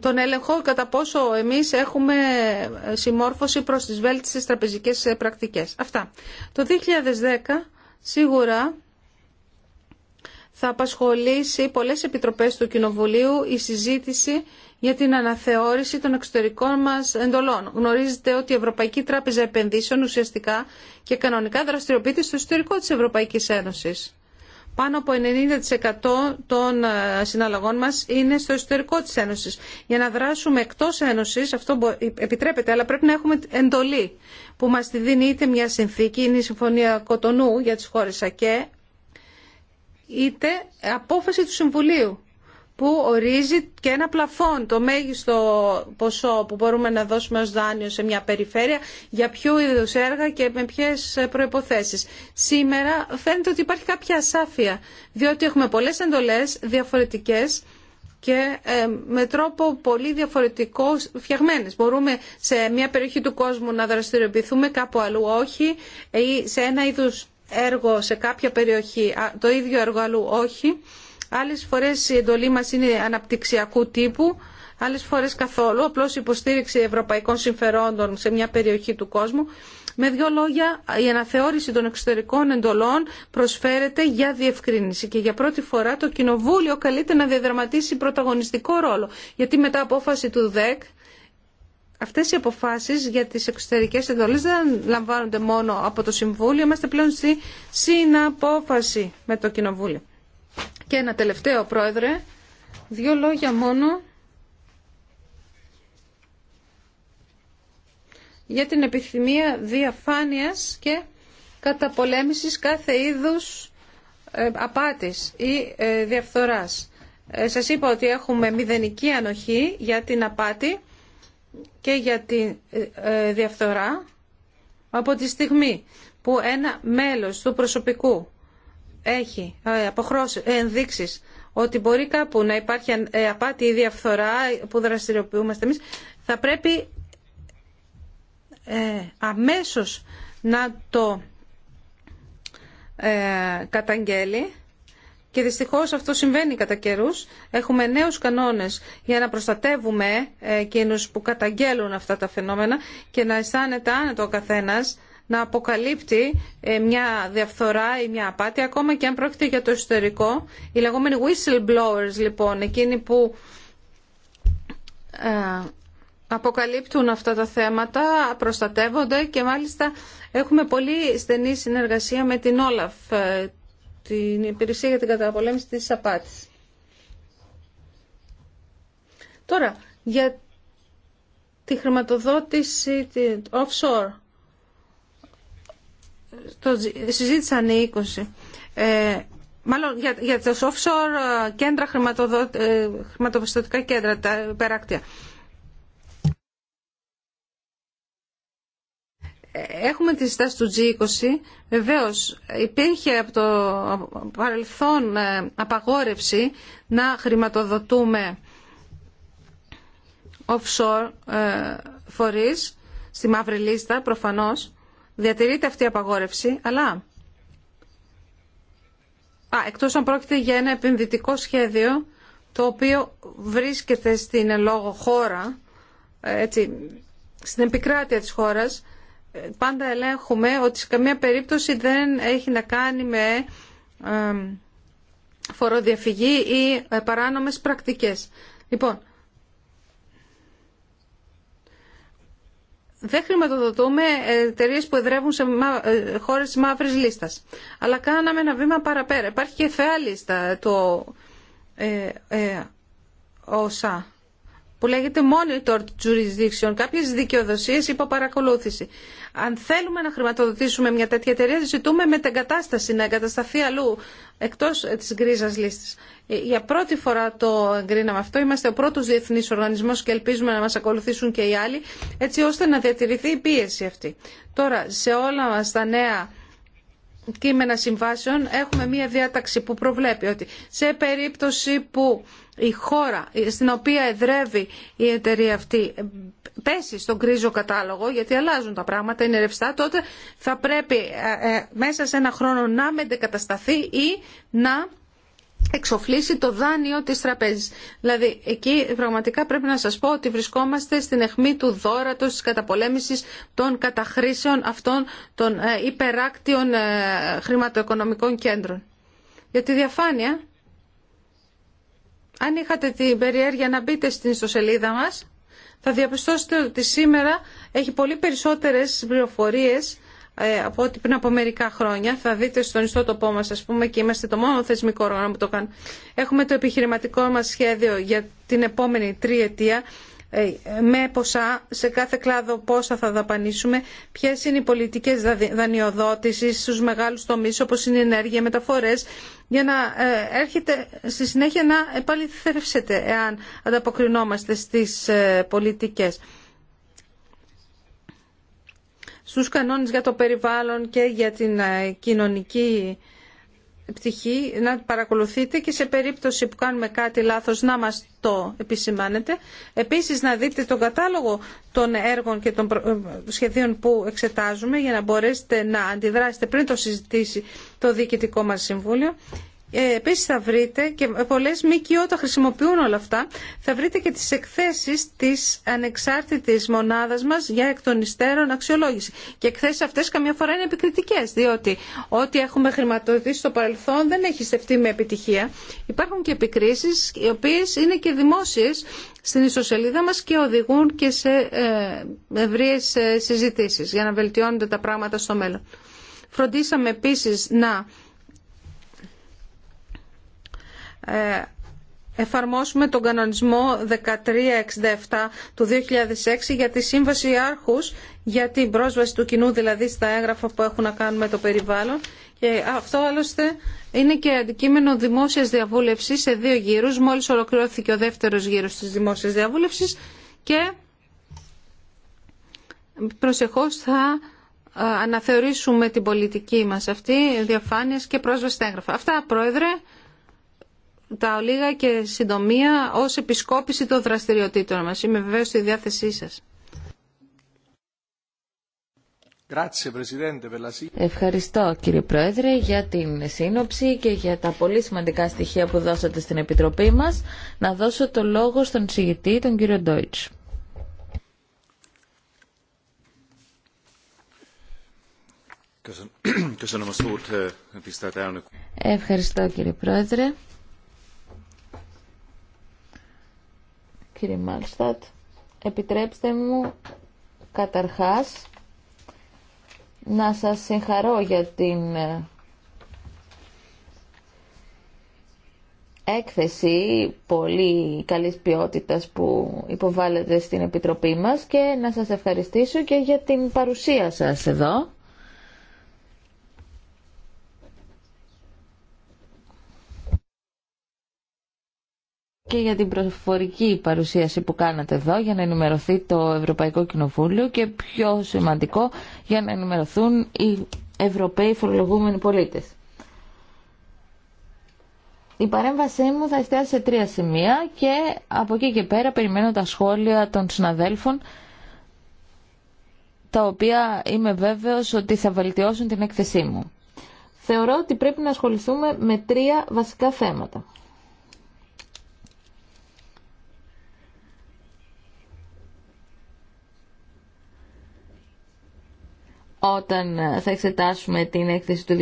τον έλεγχο κατά πόσο εμείς έχουμε συμμόρφωση προς τις βέλτιστες τραπεζικές πρακτικές. Αυτά. Το 2010 σίγουρα θα απασχολήσει πολλές επιτροπές του Κοινοβουλίου η συζήτηση για την αναθεώρηση των εξωτερικών μας εντολών. Γνωρίζετε ότι η Ευρωπαϊκή Τράπεζα Επενδύσεων ουσιαστικά και κανονικά δραστηριοποιείται στο ιστορικό της Ευρωπαϊκής Ένωσης. Πάνω από 90% των ε, συναλλαγών μας είναι στο εσωτερικό της Ένωσης. Για να δράσουμε εκτός Ένωσης, αυτό ε, επιτρέπεται, αλλά πρέπει να έχουμε εντολή που μας τη δίνει είτε μια συνθήκη, είναι η Συμφωνία Κοτονού για τις χώρες ΑΚΕ, είτε απόφαση του Συμβουλίου που ορίζει και ένα πλαφόν, το μέγιστο ποσό που μπορούμε να δώσουμε ως δάνειο σε μια περιφέρεια, για ποιο είδους έργα και με ποιες προϋποθέσεις. Σήμερα φαίνεται ότι υπάρχει κάποια ασάφεια, διότι έχουμε πολλές εντολές διαφορετικές και ε, με τρόπο πολύ διαφορετικό φτιαγμένες. Μπορούμε σε μια περιοχή του κόσμου να δραστηριοποιηθούμε, κάπου αλλού όχι, ή σε ένα είδους έργο σε κάποια περιοχή, το ίδιο έργο αλλού όχι. Άλλες φορές η εντολή μας είναι αναπτυξιακού τύπου, άλλες φορές καθόλου, απλώς υποστήριξη ευρωπαϊκών συμφερόντων σε μια περιοχή του κόσμου. Με δύο λόγια, η αναθεώρηση των εξωτερικών εντολών προσφέρεται για διευκρίνηση και για πρώτη φορά το Κοινοβούλιο καλείται να διαδραματίσει πρωταγωνιστικό ρόλο, γιατί μετά απόφαση του ΔΕΚ αυτές οι αποφάσεις για τις εξωτερικές εντολές δεν λαμβάνονται μόνο από το Συμβούλιο, είμαστε πλέον στη συναπόφαση με το Κοινοβούλιο. Και ένα τελευταίο, Πρόεδρε, δύο λόγια μόνο για την επιθυμία διαφάνειας και καταπολέμησης κάθε είδους ε, απάτης ή ε, διαφθοράς. Ε, σας είπα ότι έχουμε μηδενική ανοχή για την απάτη και για τη διαφθορά από τη στιγμή που ένα μέλος του προσωπικού έχει ε, αποχρώσει, ε, ενδείξεις ότι μπορεί κάπου να υπάρχει ε, απάτη ή διαφθορά που δραστηριοποιούμαστε εμείς, θα πρέπει αμέσως να το καταγγέλει και δυστυχώς αυτό συμβαίνει κατά καιρού. Έχουμε νέους κανόνες για να προστατεύουμε εκείνους που καταγγέλουν αυτά τα φαινόμενα και να αισθάνεται άνετο ο καθένας να αποκαλύπτει ε, μια διαφθορά ή μια απάτη, ακόμα και αν πρόκειται για το εσωτερικό. Οι λεγόμενοι whistleblowers, λοιπόν, εκείνοι που ε, αποκαλύπτουν αυτά τα θέματα, προστατεύονται και μάλιστα έχουμε πολύ στενή συνεργασία με την OLAF, ε, την Υπηρεσία για την Καταπολέμηση της Απάτης. Τώρα, για τη χρηματοδότηση offshore το συζήτησαν οι 20. Ε, μάλλον για, για τα offshore ε, κέντρα ε, χρηματοπιστωτικά κέντρα, τα υπεράκτια. Ε, έχουμε τη στάση του G20. Βεβαίως υπήρχε από το παρελθόν απαγόρευση να χρηματοδοτούμε offshore φορείς στη μαύρη λίστα προφανώς διατηρείται αυτή η απαγόρευση, αλλά... Α, εκτός αν πρόκειται για ένα επενδυτικό σχέδιο, το οποίο βρίσκεται στην λόγω χώρα, έτσι, στην επικράτεια της χώρας, πάντα ελέγχουμε ότι σε καμία περίπτωση δεν έχει να κάνει με φοροδιαφυγή ή παράνομες πρακτικές. Λοιπόν, δεν χρηματοδοτούμε ε, εταιρείε που εδρεύουν σε ε, χώρε τη μαύρη λίστα. Αλλά κάναμε ένα βήμα παραπέρα. Υπάρχει και Θεά λίστα του ε, ΟΣΑ που λέγεται monitor jurisdiction, κάποιε δικαιοδοσίες υπό παρακολούθηση. Αν θέλουμε να χρηματοδοτήσουμε μια τέτοια εταιρεία, ζητούμε μετεγκατάσταση, να εγκατασταθεί αλλού, εκτός ε, της γκρίζα λίστης. Ε, για πρώτη φορά το εγκρίναμε αυτό, είμαστε ο πρώτος διεθνής οργανισμό και ελπίζουμε να μας ακολουθήσουν και οι άλλοι, έτσι ώστε να διατηρηθεί η πίεση αυτή. Τώρα, σε όλα μα τα νέα κείμενα συμβάσεων έχουμε μια διάταξη που προβλέπει ότι σε περίπτωση που η χώρα στην οποία εδρεύει η εταιρεία αυτή πέσει στον κρίζο κατάλογο, γιατί αλλάζουν τα πράγματα, είναι ρευστά, τότε θα πρέπει ε, ε, μέσα σε ένα χρόνο να μετεκατασταθεί ή να εξοφλήσει το δάνειο της τραπέζης. Δηλαδή, εκεί πραγματικά πρέπει να σας πω ότι βρισκόμαστε στην αιχμή του δόρατος της καταπολέμησης των καταχρήσεων αυτών των ε, υπεράκτιων χρηματοοικονομικών κέντρων. Για τη διαφάνεια, αν είχατε την περιέργεια να μπείτε στην ιστοσελίδα μας, θα διαπιστώσετε ότι σήμερα έχει πολύ περισσότερες πληροφορίες ε, από ό,τι πριν από μερικά χρόνια. Θα δείτε στον ιστότοπό μας, ας πούμε, και είμαστε το μόνο θεσμικό όργανο που το κάνει. Έχουμε το επιχειρηματικό μας σχέδιο για την επόμενη τριετία ε, με ποσά, σε κάθε κλάδο πόσα θα δαπανίσουμε, ποιες είναι οι πολιτικές δανειοδότησεις στους μεγάλους τομείς όπως είναι η ενέργεια, μεταφορές, για να ε, έρχεται στη συνέχεια να επαληθεύσετε εάν ανταποκρινόμαστε στις ε, πολιτικές. Στους κανόνες για το περιβάλλον και για την ε, κοινωνική πτυχή να παρακολουθείτε και σε περίπτωση που κάνουμε κάτι λάθος να μας το επισημάνετε. Επίσης να δείτε τον κατάλογο των έργων και των ε, σχεδίων που εξετάζουμε για να μπορέσετε να αντιδράσετε πριν το συζητήσει το Διοικητικό μας Συμβούλιο ε, επίση, θα βρείτε και πολλέ ΜΚΟ τα χρησιμοποιούν όλα αυτά. Θα βρείτε και τις εκθέσεις της ανεξάρτητης μονάδα μα για εκ των υστέρων αξιολόγηση. Και εκθέσει αυτέ καμιά φορά είναι επικριτικέ, διότι ό,τι έχουμε χρηματοδοτήσει στο παρελθόν δεν έχει στεφτεί με επιτυχία. Υπάρχουν και επικρίσει, οι οποίε είναι και δημόσιε στην ιστοσελίδα μα και οδηγούν και σε ε, ευρείε συζητήσει για να βελτιώνονται τα πράγματα στο μέλλον. Φροντίσαμε επίση να ε, εφαρμόσουμε τον κανονισμό 1367 του 2006 για τη σύμβαση άρχους για την πρόσβαση του κοινού δηλαδή στα έγγραφα που έχουν να κάνουν με το περιβάλλον και αυτό άλλωστε είναι και αντικείμενο δημόσιας διαβούλευσης σε δύο γύρους μόλις ολοκληρώθηκε ο δεύτερος γύρος της δημόσιας διαβούλευσης και προσεχώς θα ε, αναθεωρήσουμε την πολιτική μας αυτή διαφάνειας και πρόσβαση στα έγγραφα. Αυτά πρόεδρε τα ολίγα και συντομία ως επισκόπηση των δραστηριοτήτων μας. Είμαι βεβαίως στη διάθεσή σας. Ευχαριστώ κύριε Πρόεδρε για την σύνοψη και για τα πολύ σημαντικά στοιχεία που δώσατε στην Επιτροπή μας. Να δώσω το λόγο στον συγητή, τον κύριο Ντόιτς. Eh, Ευχαριστώ κύριε Πρόεδρε. κύριε Μάλστατ. Επιτρέψτε μου καταρχάς να σας συγχαρώ για την ε, έκθεση πολύ καλής ποιότητας που υποβάλλεται στην Επιτροπή μας και να σας ευχαριστήσω και για την παρουσία σας εδώ. και για την προφορική παρουσίαση που κάνατε εδώ για να ενημερωθεί το Ευρωπαϊκό Κοινοβούλιο και πιο σημαντικό για να ενημερωθούν οι Ευρωπαίοι φορολογούμενοι πολίτες. Η παρέμβασή μου θα εστιάσει σε τρία σημεία και από εκεί και πέρα περιμένω τα σχόλια των συναδέλφων τα οποία είμαι βέβαιος ότι θα βελτιώσουν την έκθεσή μου. Θεωρώ ότι πρέπει να ασχοληθούμε με τρία βασικά θέματα. όταν θα εξετάσουμε την έκθεση του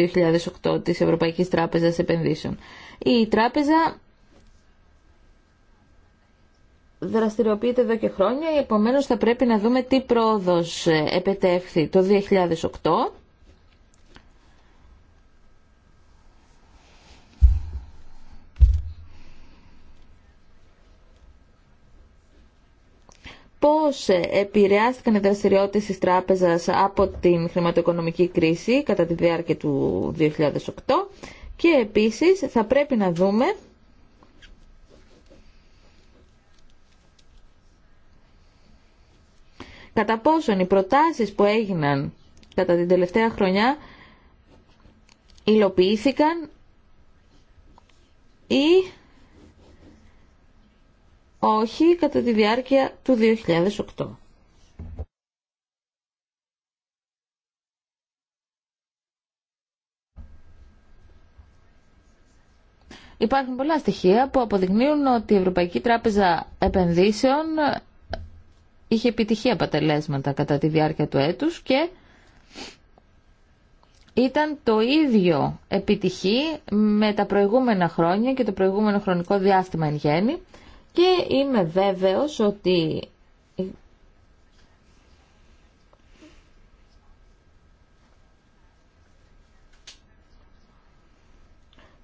2008 της Ευρωπαϊκής Τράπεζας Επενδύσεων. Η τράπεζα δραστηριοποιείται εδώ και χρόνια, επομένως θα πρέπει να δούμε τι πρόοδος επετεύχθη το 2008 πώς επηρεάστηκαν οι δραστηριότητες της τράπεζας από την χρηματοοικονομική κρίση κατά τη διάρκεια του 2008 και επίσης θα πρέπει να δούμε κατά πόσον οι προτάσεις που έγιναν κατά την τελευταία χρονιά υλοποιήθηκαν ή όχι κατά τη διάρκεια του 2008. Υπάρχουν πολλά στοιχεία που αποδεικνύουν ότι η Ευρωπαϊκή Τράπεζα Επενδύσεων είχε επιτυχία αποτελέσματα κατά τη διάρκεια του έτους και ήταν το ίδιο επιτυχή με τα προηγούμενα χρόνια και το προηγούμενο χρονικό διάστημα εν γέννη και είμαι βέβαιος ότι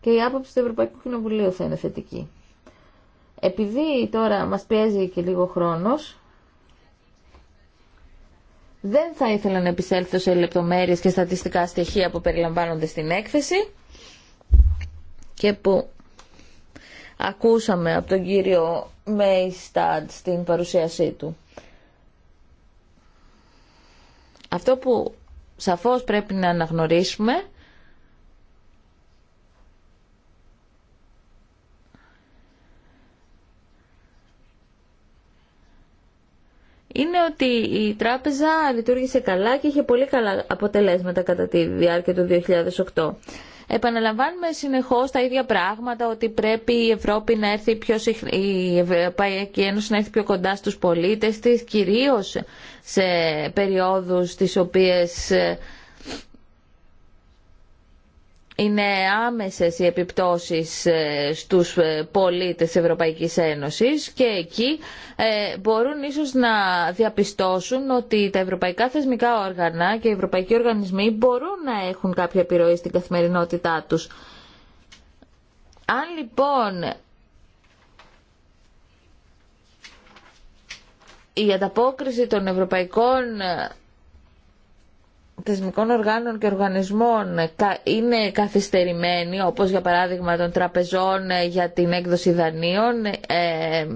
και η άποψη του Ευρωπαϊκού Κοινοβουλίου θα είναι θετική. Επειδή τώρα μας πιέζει και λίγο χρόνος, δεν θα ήθελα να επισέλθω σε λεπτομέρειες και στατιστικά στοιχεία που περιλαμβάνονται στην έκθεση και που ακούσαμε από τον κύριο Μέισταντ στην παρουσίασή του. Αυτό που σαφώς πρέπει να αναγνωρίσουμε είναι ότι η τράπεζα λειτουργήσε καλά και είχε πολύ καλά αποτελέσματα κατά τη διάρκεια του 2008. Επαναλαμβάνουμε συνεχώς τα ίδια πράγματα, ότι πρέπει η Ευρώπη να έρθει πιο η Ευρωπαϊκή Ένωση να έρθει πιο κοντά στους πολίτες της, κυρίως σε περιόδους τις οποίες ε, είναι άμεσες οι επιπτώσεις ε, στους ε, πολίτες της Ευρωπαϊκής Ένωσης και εκεί ε, μπορούν ίσως να διαπιστώσουν ότι τα ευρωπαϊκά θεσμικά όργανα και οι ευρωπαϊκοί οργανισμοί μπορούν να έχουν κάποια επιρροή στην καθημερινότητά τους. Αν λοιπόν η ανταπόκριση των ευρωπαϊκών θεσμικών οργάνων και οργανισμών είναι καθυστερημένοι, όπως για παράδειγμα των τραπεζών ε, για την έκδοση δανείων, ε,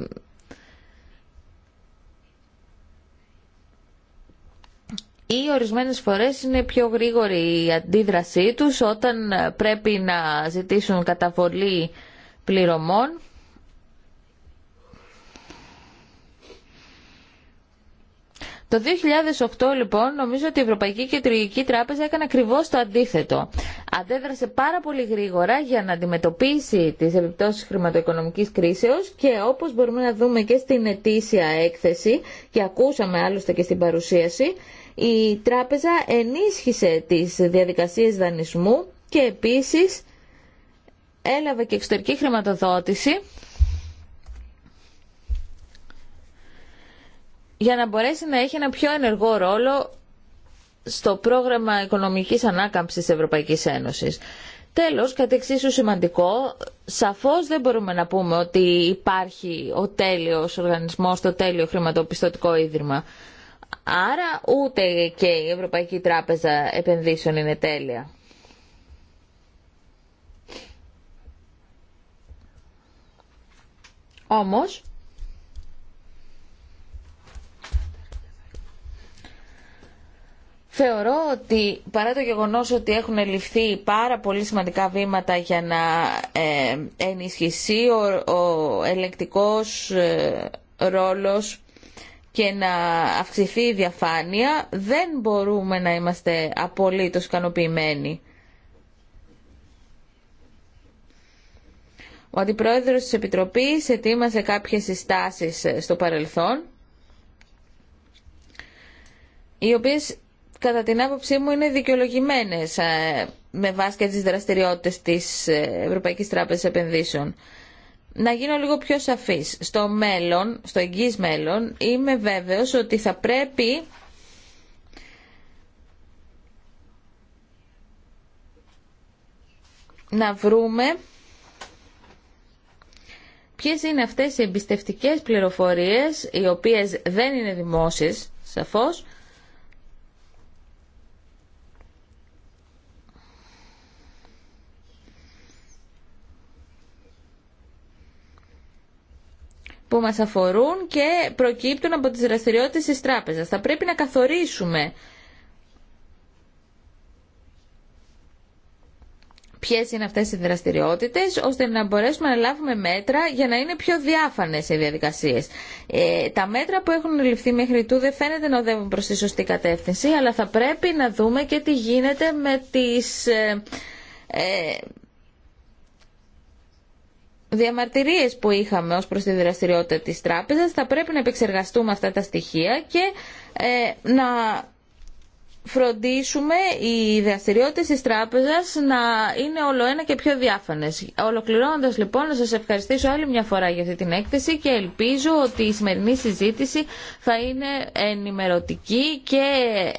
ή ορισμένες φορές είναι πιο γρήγορη η αντίδρασή τους όταν πρέπει να ζητήσουν καταβολή πληρωμών. Το 2008 λοιπόν νομίζω ότι η Ευρωπαϊκή Κεντρική Τράπεζα έκανε ακριβώς το αντίθετο. Αντέδρασε πάρα πολύ γρήγορα για να αντιμετωπίσει τις επιπτώσεις χρηματοοικονομικής κρίσεως και όπως μπορούμε να δούμε και στην ετήσια έκθεση και ακούσαμε άλλωστε και στην παρουσίαση, η τράπεζα ενίσχυσε τις διαδικασίες δανεισμού και επίσης έλαβε και εξωτερική χρηματοδότηση για να μπορέσει να έχει ένα πιο ενεργό ρόλο στο πρόγραμμα οικονομικής ανάκαμψης της Ευρωπαϊκής Ένωσης. Τέλος, κατ' εξίσου σημαντικό, σαφώς δεν μπορούμε να πούμε ότι υπάρχει ο τέλειος οργανισμός, το τέλειο χρηματοπιστωτικό ίδρυμα. Άρα ούτε και η Ευρωπαϊκή Τράπεζα Επενδύσεων είναι τέλεια. Όμως, Θεωρώ ότι παρά το γεγονός ότι έχουν ληφθεί πάρα πολύ σημαντικά βήματα για να ε, ενισχυθεί ο, ο ελεκτικός ε, ρόλος και να αυξηθεί η διαφάνεια, δεν μπορούμε να είμαστε απολύτως ικανοποιημένοι. Ο Αντιπρόεδρος της Επιτροπής ετοίμασε κάποιες συστάσεις στο παρελθόν, οι οποίες κατά την άποψή μου είναι δικαιολογημένες ε, με βάση και τις δραστηριότητες της ε, Ευρωπαϊκής Τράπεζας Επενδύσεων. Να γίνω λίγο πιο σαφής. Στο μέλλον, στο εγγύς μέλλον, είμαι βέβαιος ότι θα πρέπει να βρούμε ποιες είναι αυτές οι εμπιστευτικές πληροφορίες οι οποίες δεν είναι δημόσιες σαφώς που μας αφορούν και προκύπτουν από τις δραστηριότητες της τράπεζας. Θα πρέπει να καθορίσουμε ποιε είναι αυτές οι δραστηριότητες, ώστε να μπορέσουμε να λάβουμε μέτρα για να είναι πιο διάφανες οι διαδικασίες. Ε, τα μέτρα που έχουν ληφθεί μέχρι του δεν φαίνεται να οδεύουν προς τη σωστή κατεύθυνση, αλλά θα πρέπει να δούμε και τι γίνεται με τις... ε, ε διαμαρτυρίες που είχαμε ως προς τη δραστηριότητα της τράπεζας. Θα πρέπει να επεξεργαστούμε αυτά τα στοιχεία και ε, να φροντίσουμε οι δραστηριότητες της τράπεζας να είναι όλο ένα και πιο διάφανες. Ολοκληρώνοντας λοιπόν να σας ευχαριστήσω άλλη μια φορά για αυτή την έκθεση και ελπίζω ότι η σημερινή συζήτηση θα είναι ενημερωτική και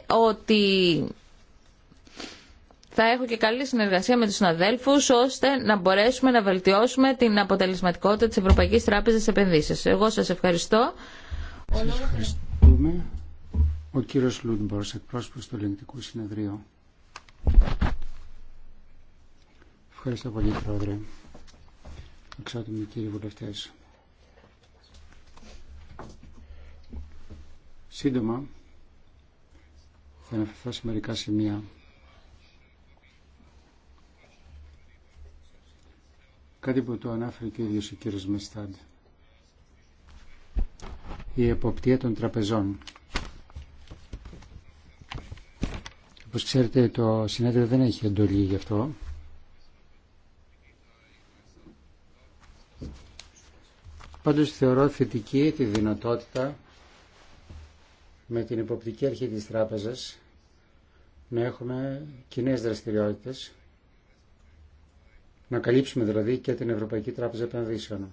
ότι θα έχω και καλή συνεργασία με τους συναδέλφους ώστε να μπορέσουμε να βελτιώσουμε την αποτελεσματικότητα της Ευρωπαϊκής Τράπεζας Επενδύσεως. Εγώ σας ευχαριστώ. Σας ευχαριστούμε. Ο κύριος Λούντμπορς, εκπρόσωπος του Ελληνικού Συνεδρίου. Ευχαριστώ πολύ, Πρόεδρε. Εξάτομοι κύριοι βουλευτές. Σύντομα, θα αναφερθώ σε μερικά σημεία κάτι που το ανάφερε και ο ίδιος ο κύριος Μεστάντ. Η εποπτεία των τραπεζών. Όπως ξέρετε το συνέδριο δεν έχει εντολή γι' αυτό. Πάντως θεωρώ θετική τη δυνατότητα με την εποπτική αρχή της τράπεζας να έχουμε κοινέ δραστηριότητες να καλύψουμε δηλαδή και την Ευρωπαϊκή Τράπεζα Επενδύσεων.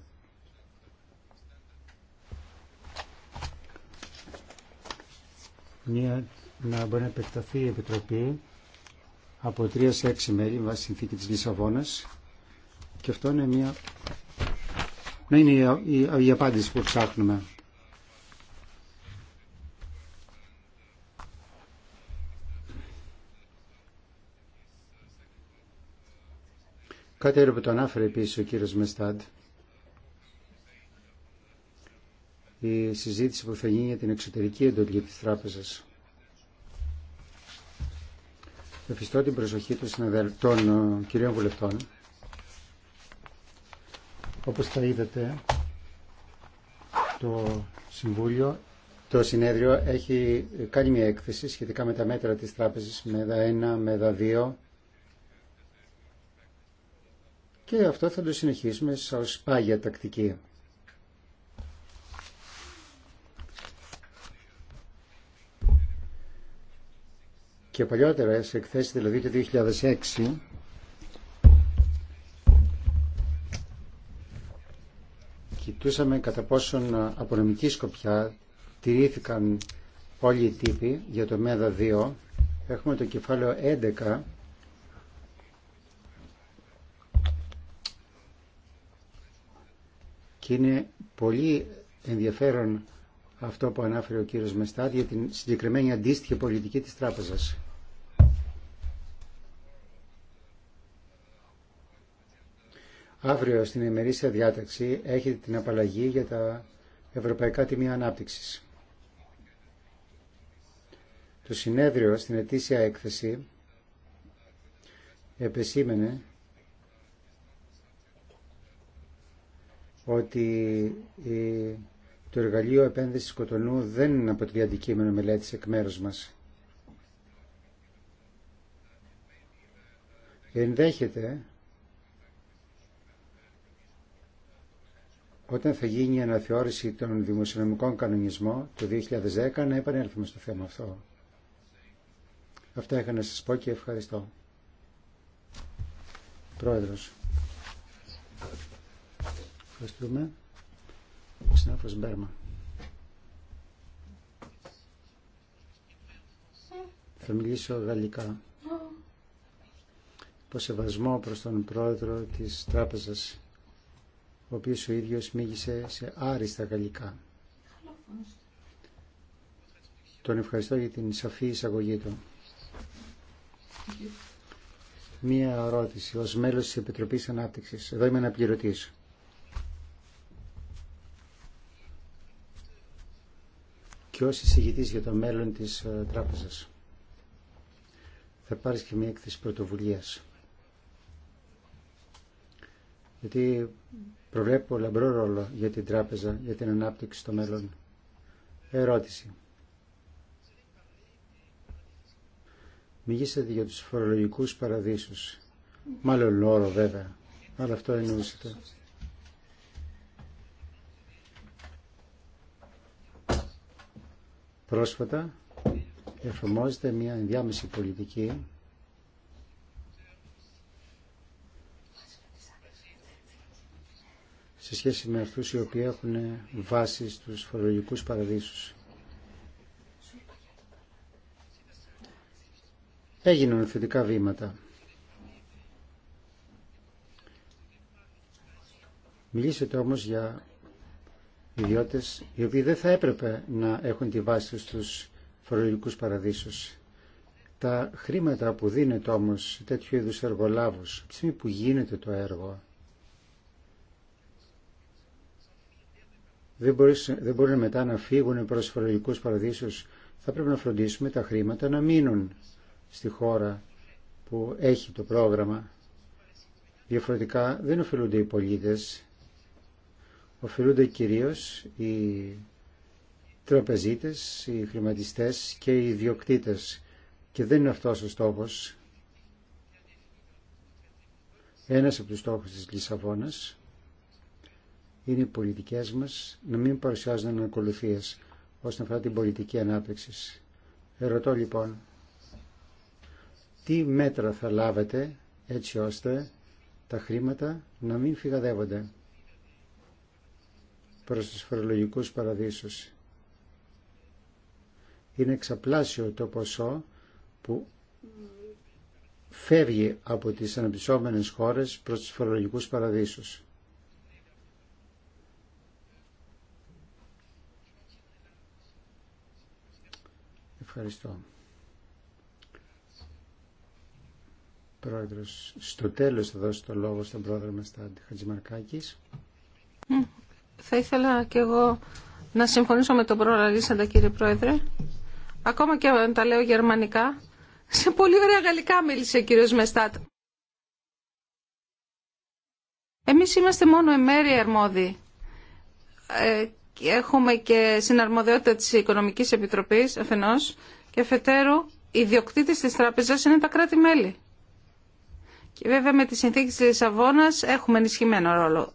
Μια, να μπορεί να επεκταθεί η Επιτροπή από 3 σε 6 μέλη βάσει συνθήκη της Λισαβόνας και αυτό είναι μια να είναι η, η, η απάντηση που ψάχνουμε. Κάτι άλλο που το ανάφερε επίσης ο κύριος Μεστάντ, η συζήτηση που θα γίνει για την εξωτερική εντολή της τράπεζας. Ευχαριστώ την προσοχή των ε, κυρίων βουλευτών. Όπως θα είδατε, το Συμβούλιο, το Συνέδριο έχει κάνει μια έκθεση σχετικά με τα μέτρα της τράπεζας ΜΕΔΑ 1, ΜΕΔΑ 2, και αυτό θα το συνεχίσουμε σαν σπάγια τακτική. Και παλιότερα σε εκθέσει δηλαδή το 2006 κοιτούσαμε κατά πόσον από νομική σκοπιά τηρήθηκαν όλοι οι τύποι για το ΜΕΔΑ 2. Έχουμε το κεφάλαιο 11 και είναι πολύ ενδιαφέρον αυτό που ανάφερε ο κύριος Μεστάτ για την συγκεκριμένη αντίστοιχη πολιτική της τράπεζας. Αύριο στην ημερήσια διάταξη έχετε την απαλλαγή για τα Ευρωπαϊκά Τιμή Ανάπτυξης. Το συνέδριο στην ετήσια έκθεση επεσήμενε ότι το εργαλείο επένδυσης κοτονού δεν τη αντικείμενο μελέτης εκ μέρους μας. Ενδέχεται όταν θα γίνει η αναθεώρηση των δημοσιονομικών κανονισμών το 2010 να επανέλθουμε στο θέμα αυτό. Αυτά είχα να σας πω και ευχαριστώ. Πρόεδρος. Ευχαριστούμε. Ο Μπέρμα. Θα μιλήσω γαλλικά. σεβασμό προς τον πρόεδρο της τράπεζας, ο οποίος ο ίδιος μίγησε σε άριστα γαλλικά. Τον ευχαριστώ για την σαφή εισαγωγή του. Μία ερώτηση ως μέλος της Επιτροπής Ανάπτυξης. Εδώ είμαι να πληρωτήσω. και για το μέλλον της ε, Τράπεζα. Θα πάρει και μια έκθεση πρωτοβουλία. Γιατί προβλέπω λαμπρό ρόλο για την τράπεζα, για την ανάπτυξη στο μέλλον. Ερώτηση. Μιλήσατε για τους φορολογικούς παραδείσους. Μάλλον όρο βέβαια, αλλά αυτό εννοούσατε. Πρόσφατα εφαρμόζεται μια ενδιάμεση πολιτική σε σχέση με αυτούς οι οποίοι έχουν βάση στους φορολογικούς παραδείσους. Έγιναν θετικά βήματα. Μιλήσετε όμως για ιδιώτες οι οποίοι δεν θα έπρεπε να έχουν τη βάση στους φορολογικούς παραδείσους. Τα χρήματα που δίνεται όμως σε τέτοιου είδους εργολάβους, από τη στιγμή που γίνεται το έργο, δεν, μπορείς, δεν μπορούν μετά να φύγουν προς φορολογικούς παραδείσους. Θα πρέπει να φροντίσουμε τα χρήματα να μείνουν στη χώρα που έχει το πρόγραμμα. Διαφορετικά δεν ωφελούνται οι πολίτες Οφειλούνται κυρίως οι τραπεζίτες, οι χρηματιστές και οι ιδιοκτήτες και δεν είναι αυτός ο στόχος. Ένας από τους στόχους της Λισαβόνας είναι οι πολιτικές μας να μην παρουσιάζουν ανακολουθίες όσον αφορά την πολιτική ανάπτυξη. Ερωτώ λοιπόν, τι μέτρα θα λάβετε έτσι ώστε τα χρήματα να μην φυγαδεύονται προς τους φορολογικούς παραδείσους. Είναι εξαπλάσιο το ποσό που φεύγει από τις αναπτυσσόμενες χώρες προς τους φορολογικούς παραδείσους. Ευχαριστώ. Πρόεδρος, στο τέλος θα δώσω το λόγο στον πρόεδρο μας Τάντη Χατζημαρκάκης. Θα ήθελα και εγώ να συμφωνήσω με τον προλαλήσαντα κύριε Πρόεδρε. Ακόμα και όταν τα λέω γερμανικά, σε πολύ ωραία γαλλικά μίλησε ο κύριος Μεστάτ. Εμείς είμαστε μόνο εμέρια αρμόδιοι. Ε, έχουμε και συναρμοδιότητα της Οικονομικής Επιτροπής αφενός και αφετέρου οι διοκτήτες της τράπεζας είναι τα κράτη-μέλη. Και βέβαια με τη συνθήκη της Λισαβόνας έχουμε ενισχυμένο ρόλο.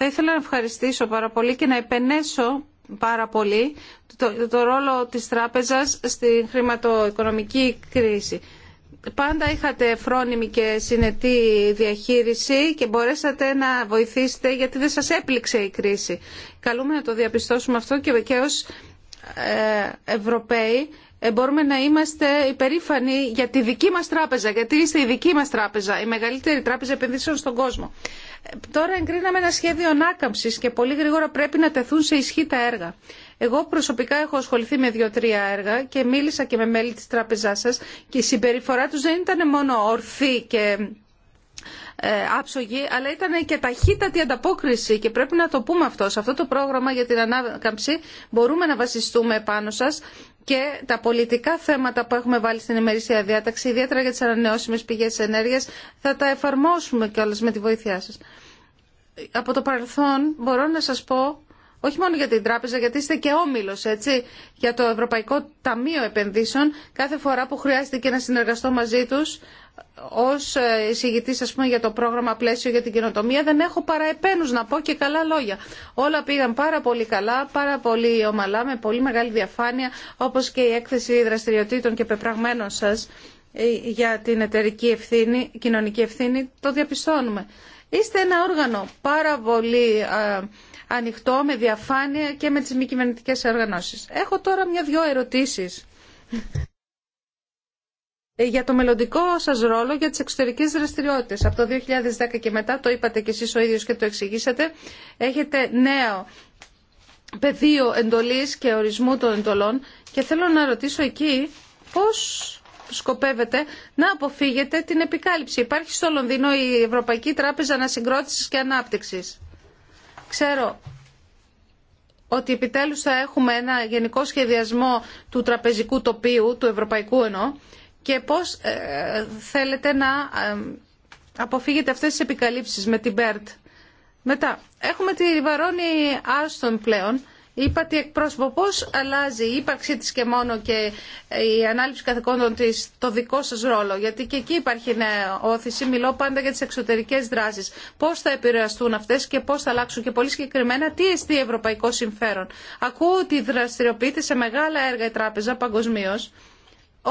Θα ήθελα να ευχαριστήσω πάρα πολύ και να επενέσω πάρα πολύ το, το ρόλο της τράπεζας στην χρηματοοικονομική κρίση. Πάντα είχατε φρόνιμη και συνετή διαχείριση και μπορέσατε να βοηθήσετε γιατί δεν σας έπληξε η κρίση. Καλούμε να το διαπιστώσουμε αυτό και, και ε, Ευρωπαίοι ε, μπορούμε να είμαστε υπερήφανοι για τη δική μας τράπεζα, γιατί είστε η δική μας τράπεζα, η μεγαλύτερη τράπεζα επενδύσεων στον κόσμο. Τώρα εγκρίναμε ένα σχέδιο ανάκαμψη και πολύ γρήγορα πρέπει να τεθούν σε ισχύ τα έργα. Εγώ προσωπικά έχω ασχοληθεί με δύο-τρία έργα και μίλησα και με μέλη τη Τράπεζά σα και η συμπεριφορά του δεν ήταν μόνο ορθή και ε, άψογη, αλλά ήταν και ταχύτατη ανταπόκριση και πρέπει να το πούμε αυτό. Σε αυτό το πρόγραμμα για την ανάκαμψη μπορούμε να βασιστούμε πάνω σας και τα πολιτικά θέματα που έχουμε βάλει στην ημερήσια διάταξη, ιδιαίτερα για τις ανανεώσιμες πηγές ενέργειας, θα τα εφαρμόσουμε κιόλας με τη βοήθειά σας. Από το παρελθόν μπορώ να σας πω, όχι μόνο για την τράπεζα, γιατί είστε και όμιλος, έτσι, για το Ευρωπαϊκό Ταμείο Επενδύσεων, κάθε φορά που χρειάστηκε να συνεργαστώ μαζί τους, ω εισηγητή, για το πρόγραμμα πλαίσιο για την κοινοτομία δεν έχω παρά επένους να πω και καλά λόγια. Όλα πήγαν πάρα πολύ καλά, πάρα πολύ ομαλά, με πολύ μεγάλη διαφάνεια όπω και η έκθεση δραστηριοτήτων και πεπραγμένων σα ε, για την εταιρική ευθύνη, κοινωνική ευθύνη, το διαπιστώνουμε. Είστε ένα όργανο πάρα πολύ ανοιχτό, με διαφάνεια και με τις μη κυβερνητικέ οργανώσεις. Έχω τώρα μια-δυο ερωτήσεις ε, για το μελλοντικό σα ρόλο για τις εξωτερικές δραστηριότητε. Από το 2010 και μετά, το είπατε κι εσείς ο ίδιος και το εξηγήσατε, έχετε νέο πεδίο εντολής και ορισμού των εντολών και θέλω να ρωτήσω εκεί πώς σκοπεύετε να αποφύγετε την επικάλυψη. Υπάρχει στο Λονδίνο η Ευρωπαϊκή Τράπεζα Ανασυγκρότηση και ανάπτυξη. Ξέρω ότι επιτέλους θα έχουμε ένα γενικό σχεδιασμό του τραπεζικού τοπίου, του ευρωπαϊκού εννοώ, και πώς ε, θέλετε να ε, αποφύγετε αυτές τις επικαλύψεις με την BERT. Μετά, έχουμε τη Βαρόνη Άρστον πλέον. Είπα ότι εκπρόσωπο πώς αλλάζει η ύπαρξή της και μόνο και η ανάληψη καθηκόντων της το δικό σας ρόλο. Γιατί και εκεί υπάρχει νέα όθηση. Μιλώ πάντα για τις εξωτερικές δράσεις. Πώς θα επηρεαστούν αυτές και πώς θα αλλάξουν και πολύ συγκεκριμένα τι εστί ευρωπαϊκό συμφέρον. Ακούω ότι δραστηριοποιείται σε μεγάλα έργα η τράπεζα παγκοσμίω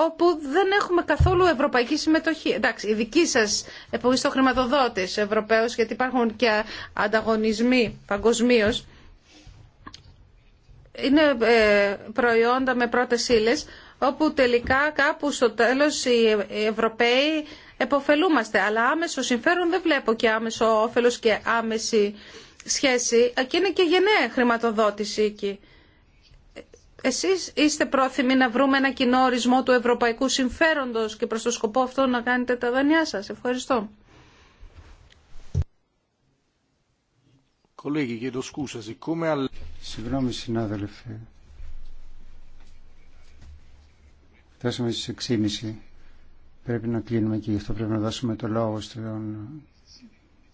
όπου δεν έχουμε καθόλου ευρωπαϊκή συμμετοχή. Εντάξει, η δική σας εποχή στο γιατί υπάρχουν και ανταγωνισμοί παγκοσμίω. Είναι ε, προϊόντα με πρώτε ύλε, όπου τελικά κάπου στο τέλος οι Ευρωπαίοι εποφελούμαστε. Αλλά άμεσο συμφέρον δεν βλέπω και άμεσο όφελο και άμεση σχέση. Και είναι και γενναία χρηματοδότηση εκεί. Εσείς είστε πρόθυμοι να βρούμε ένα κοινό ορισμό του ευρωπαϊκού συμφέροντος και προς το σκοπό αυτό να κάνετε τα δανειά σας. Ευχαριστώ. Συγγνώμη συνάδελφε. Φτάσαμε στις 6.30. Πρέπει να κλείνουμε και γι' αυτό πρέπει να δώσουμε το λόγο στον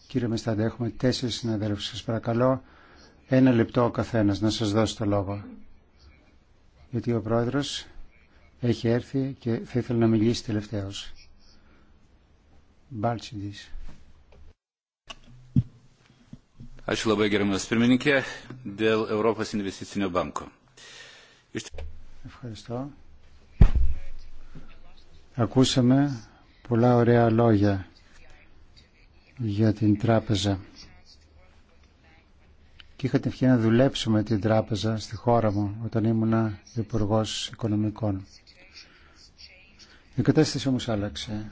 κύριο Μεσταντέ. Έχουμε τέσσερις συναδέλφους. Σας παρακαλώ ένα λεπτό ο καθένας να σας δώσει το λόγο γιατί ο πρόεδρος έχει έρθει και θα ήθελα να μιλήσει τελευταίος. Μπάλτσιντης. Ačiū labai gerimas pirmininkė dėl Europos investicinio banko. Ευχαριστώ. Ακούσαμε πολλά ωραία λόγια για την τράπεζα και είχα την ευκαιρία να με την τράπεζα στη χώρα μου όταν ήμουνα υπουργό Οικονομικών. Η κατάσταση όμως άλλαξε.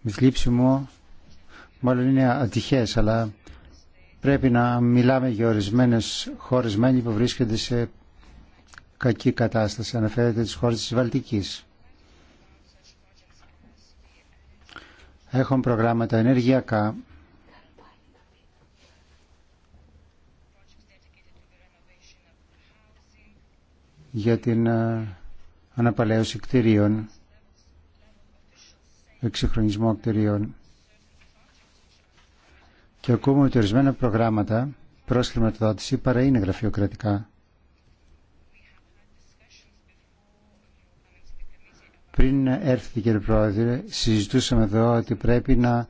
Μη θλίψη μου, μάλλον είναι ατυχές, αλλά πρέπει να μιλάμε για ορισμένες χώρες μέλη που βρίσκονται σε κακή κατάσταση. Αναφέρεται τις χώρες της Βαλτικής. Έχουν προγράμματα ενεργειακά για την ε, αναπαλαίωση κτηρίων, εξυγχρονισμό κτηρίων. Και ακούμε ότι ορισμένα προγράμματα προς χρηματοδότηση παρά είναι γραφειοκρατικά. Πριν έρθει κύριε Πρόεδρε, συζητούσαμε εδώ ότι πρέπει να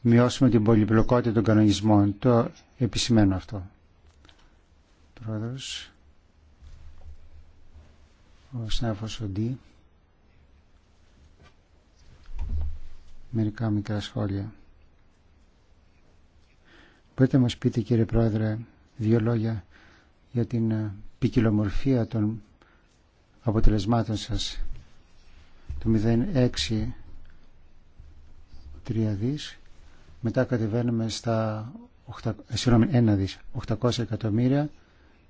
μειώσουμε την πολυπλοκότητα των κανονισμών. Το επισημαίνω αυτό. Πρόεδρος ο ο Ντί. Μερικά μικρά σχόλια. Μπορείτε να μας πείτε κύριε Πρόεδρε δύο λόγια για την ε, ποικιλομορφία των αποτελεσμάτων σας το 06 3 δις μετά κατεβαίνουμε στα 8, ε, συγνώμη, 1 δις, 800 εκατομμύρια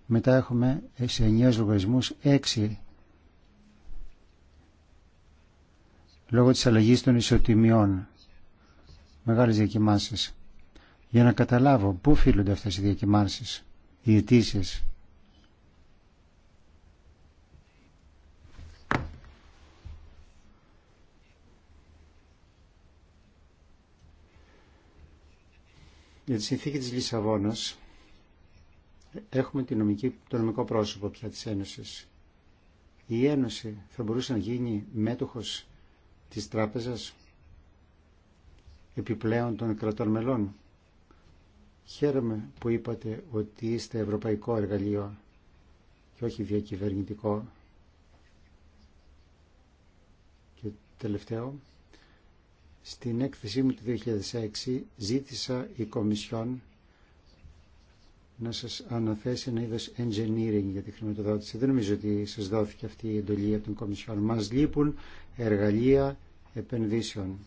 μετά έχουμε ε, σε 9 λογαριασμού 6 λόγω της αλλαγής των ισοτιμιών. Μεγάλες διακοιμάνσεις. Για να καταλάβω πού φύλλονται αυτές οι διακοιμάνσεις, οι αιτήσει. Για τη συνθήκη της Λισαβόνας έχουμε την νομική, το νομικό πρόσωπο πια της Ένωσης. Η Ένωση θα μπορούσε να γίνει μέτοχος της τράπεζας επιπλέον των κρατών μελών. Χαίρομαι που είπατε ότι είστε ευρωπαϊκό εργαλείο και όχι διακυβερνητικό. Και τελευταίο, στην έκθεσή μου του 2006 ζήτησα η Κομισιόν να σας αναθέσει ένα είδος engineering για τη χρηματοδότηση. Δεν νομίζω ότι σας δόθηκε αυτή η εντολή από την Κομισιόν. Μας λείπουν εργαλεία επενδύσεων.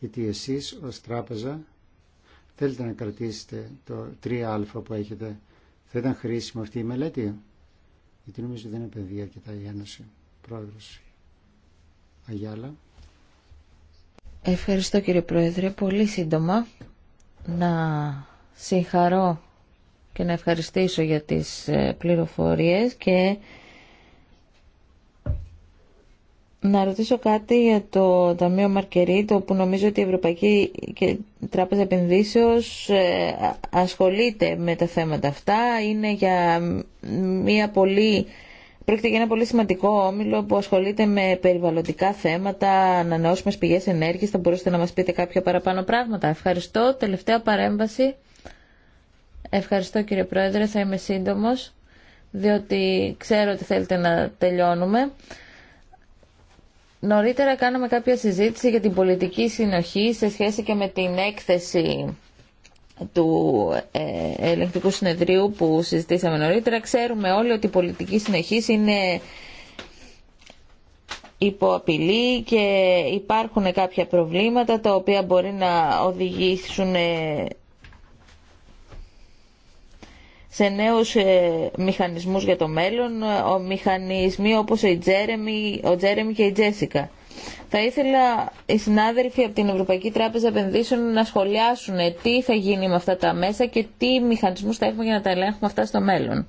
Γιατί εσείς ως τράπεζα θέλετε να κρατήσετε το 3α που έχετε. Θα ήταν χρήσιμο αυτή η μελέτη. Γιατί νομίζω δεν επενδύει αρκετά η Ένωση. Πρόεδρος Αγιάλα. Ευχαριστώ κύριε Πρόεδρε. Πολύ σύντομα να συγχαρώ και να ευχαριστήσω για τις ε, πληροφορίες και να ρωτήσω κάτι για το Ταμείο Μαρκερίτο που νομίζω ότι η Ευρωπαϊκή Τράπεζα Επενδύσεως ε, ασχολείται με τα θέματα αυτά. Είναι για μια πολύ... Πρόκειται για ένα πολύ σημαντικό όμιλο που ασχολείται με περιβαλλοντικά θέματα, ανανεώσιμε πηγέ ενέργεια. Θα μπορούσατε να μα πείτε κάποια παραπάνω πράγματα. Ευχαριστώ. Τελευταία παρέμβαση. Ευχαριστώ κύριε Πρόεδρε. Θα είμαι σύντομο, διότι ξέρω ότι θέλετε να τελειώνουμε. Νωρίτερα κάναμε κάποια συζήτηση για την πολιτική συνοχή σε σχέση και με την έκθεση του ε, ελεγκτικού συνεδρίου που συζητήσαμε νωρίτερα. Ξέρουμε όλοι ότι η πολιτική συνοχή είναι υπό απειλή και υπάρχουν κάποια προβλήματα τα οποία μπορεί να οδηγήσουν ε, σε νέους ε, μηχανισμούς για το μέλλον, ε, ο μηχανισμοί όπως ο Τζέρεμι, ο Τζέρεμι και η Τζέσικα. Θα ήθελα οι συνάδελφοι από την Ευρωπαϊκή Τράπεζα Επενδύσεων να σχολιάσουν ε, τι θα γίνει με αυτά τα μέσα και τι μηχανισμούς θα έχουμε για να τα ελέγχουμε αυτά στο μέλλον.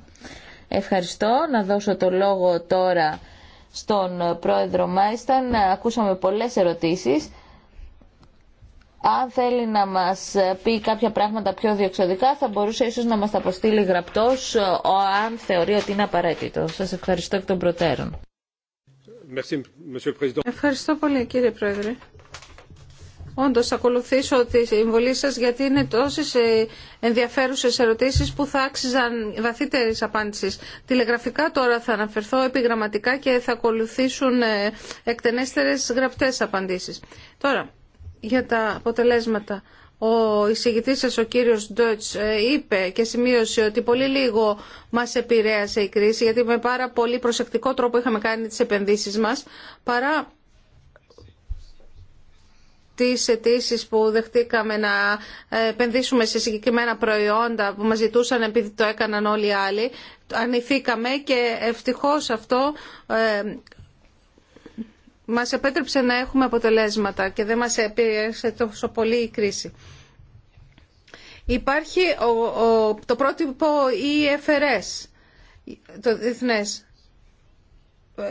Ευχαριστώ. Να δώσω το λόγο τώρα στον πρόεδρο Μάισταν. Ακούσαμε πολλές ερωτήσεις. Αν θέλει να μας πει κάποια πράγματα πιο διεξοδικά θα μπορούσε ίσως να μας τα αποστείλει γραπτός αν θεωρεί ότι είναι απαραίτητο. Σας ευχαριστώ εκ των προτέρων. Ευχαριστώ πολύ κύριε Πρόεδρε. Όντω, ακολουθήσω τη συμβολή σα γιατί είναι τόσε ενδιαφέρουσε ερωτήσει που θα άξιζαν βαθύτερη απάντηση. Τηλεγραφικά τώρα θα αναφερθώ επιγραμματικά και θα ακολουθήσουν ε, εκτενέστερε γραπτέ απαντήσει. Τώρα, για τα αποτελέσματα. Ο εισηγητής σας, ο κύριος Ντότς, ε, είπε και σημείωσε ότι πολύ λίγο μας επηρέασε η κρίση, γιατί με πάρα πολύ προσεκτικό τρόπο είχαμε κάνει τις επενδύσεις μας, παρά τις αιτήσει που δεχτήκαμε να ε, επενδύσουμε σε συγκεκριμένα προϊόντα που μας ζητούσαν επειδή το έκαναν όλοι οι άλλοι. Ανηθήκαμε και ευτυχώς αυτό ε, μας επέτρεψε να έχουμε αποτελέσματα και δεν μας επηρέασε τόσο πολύ η κρίση. Υπάρχει το πρότυπο EFRS, το διεθνέ.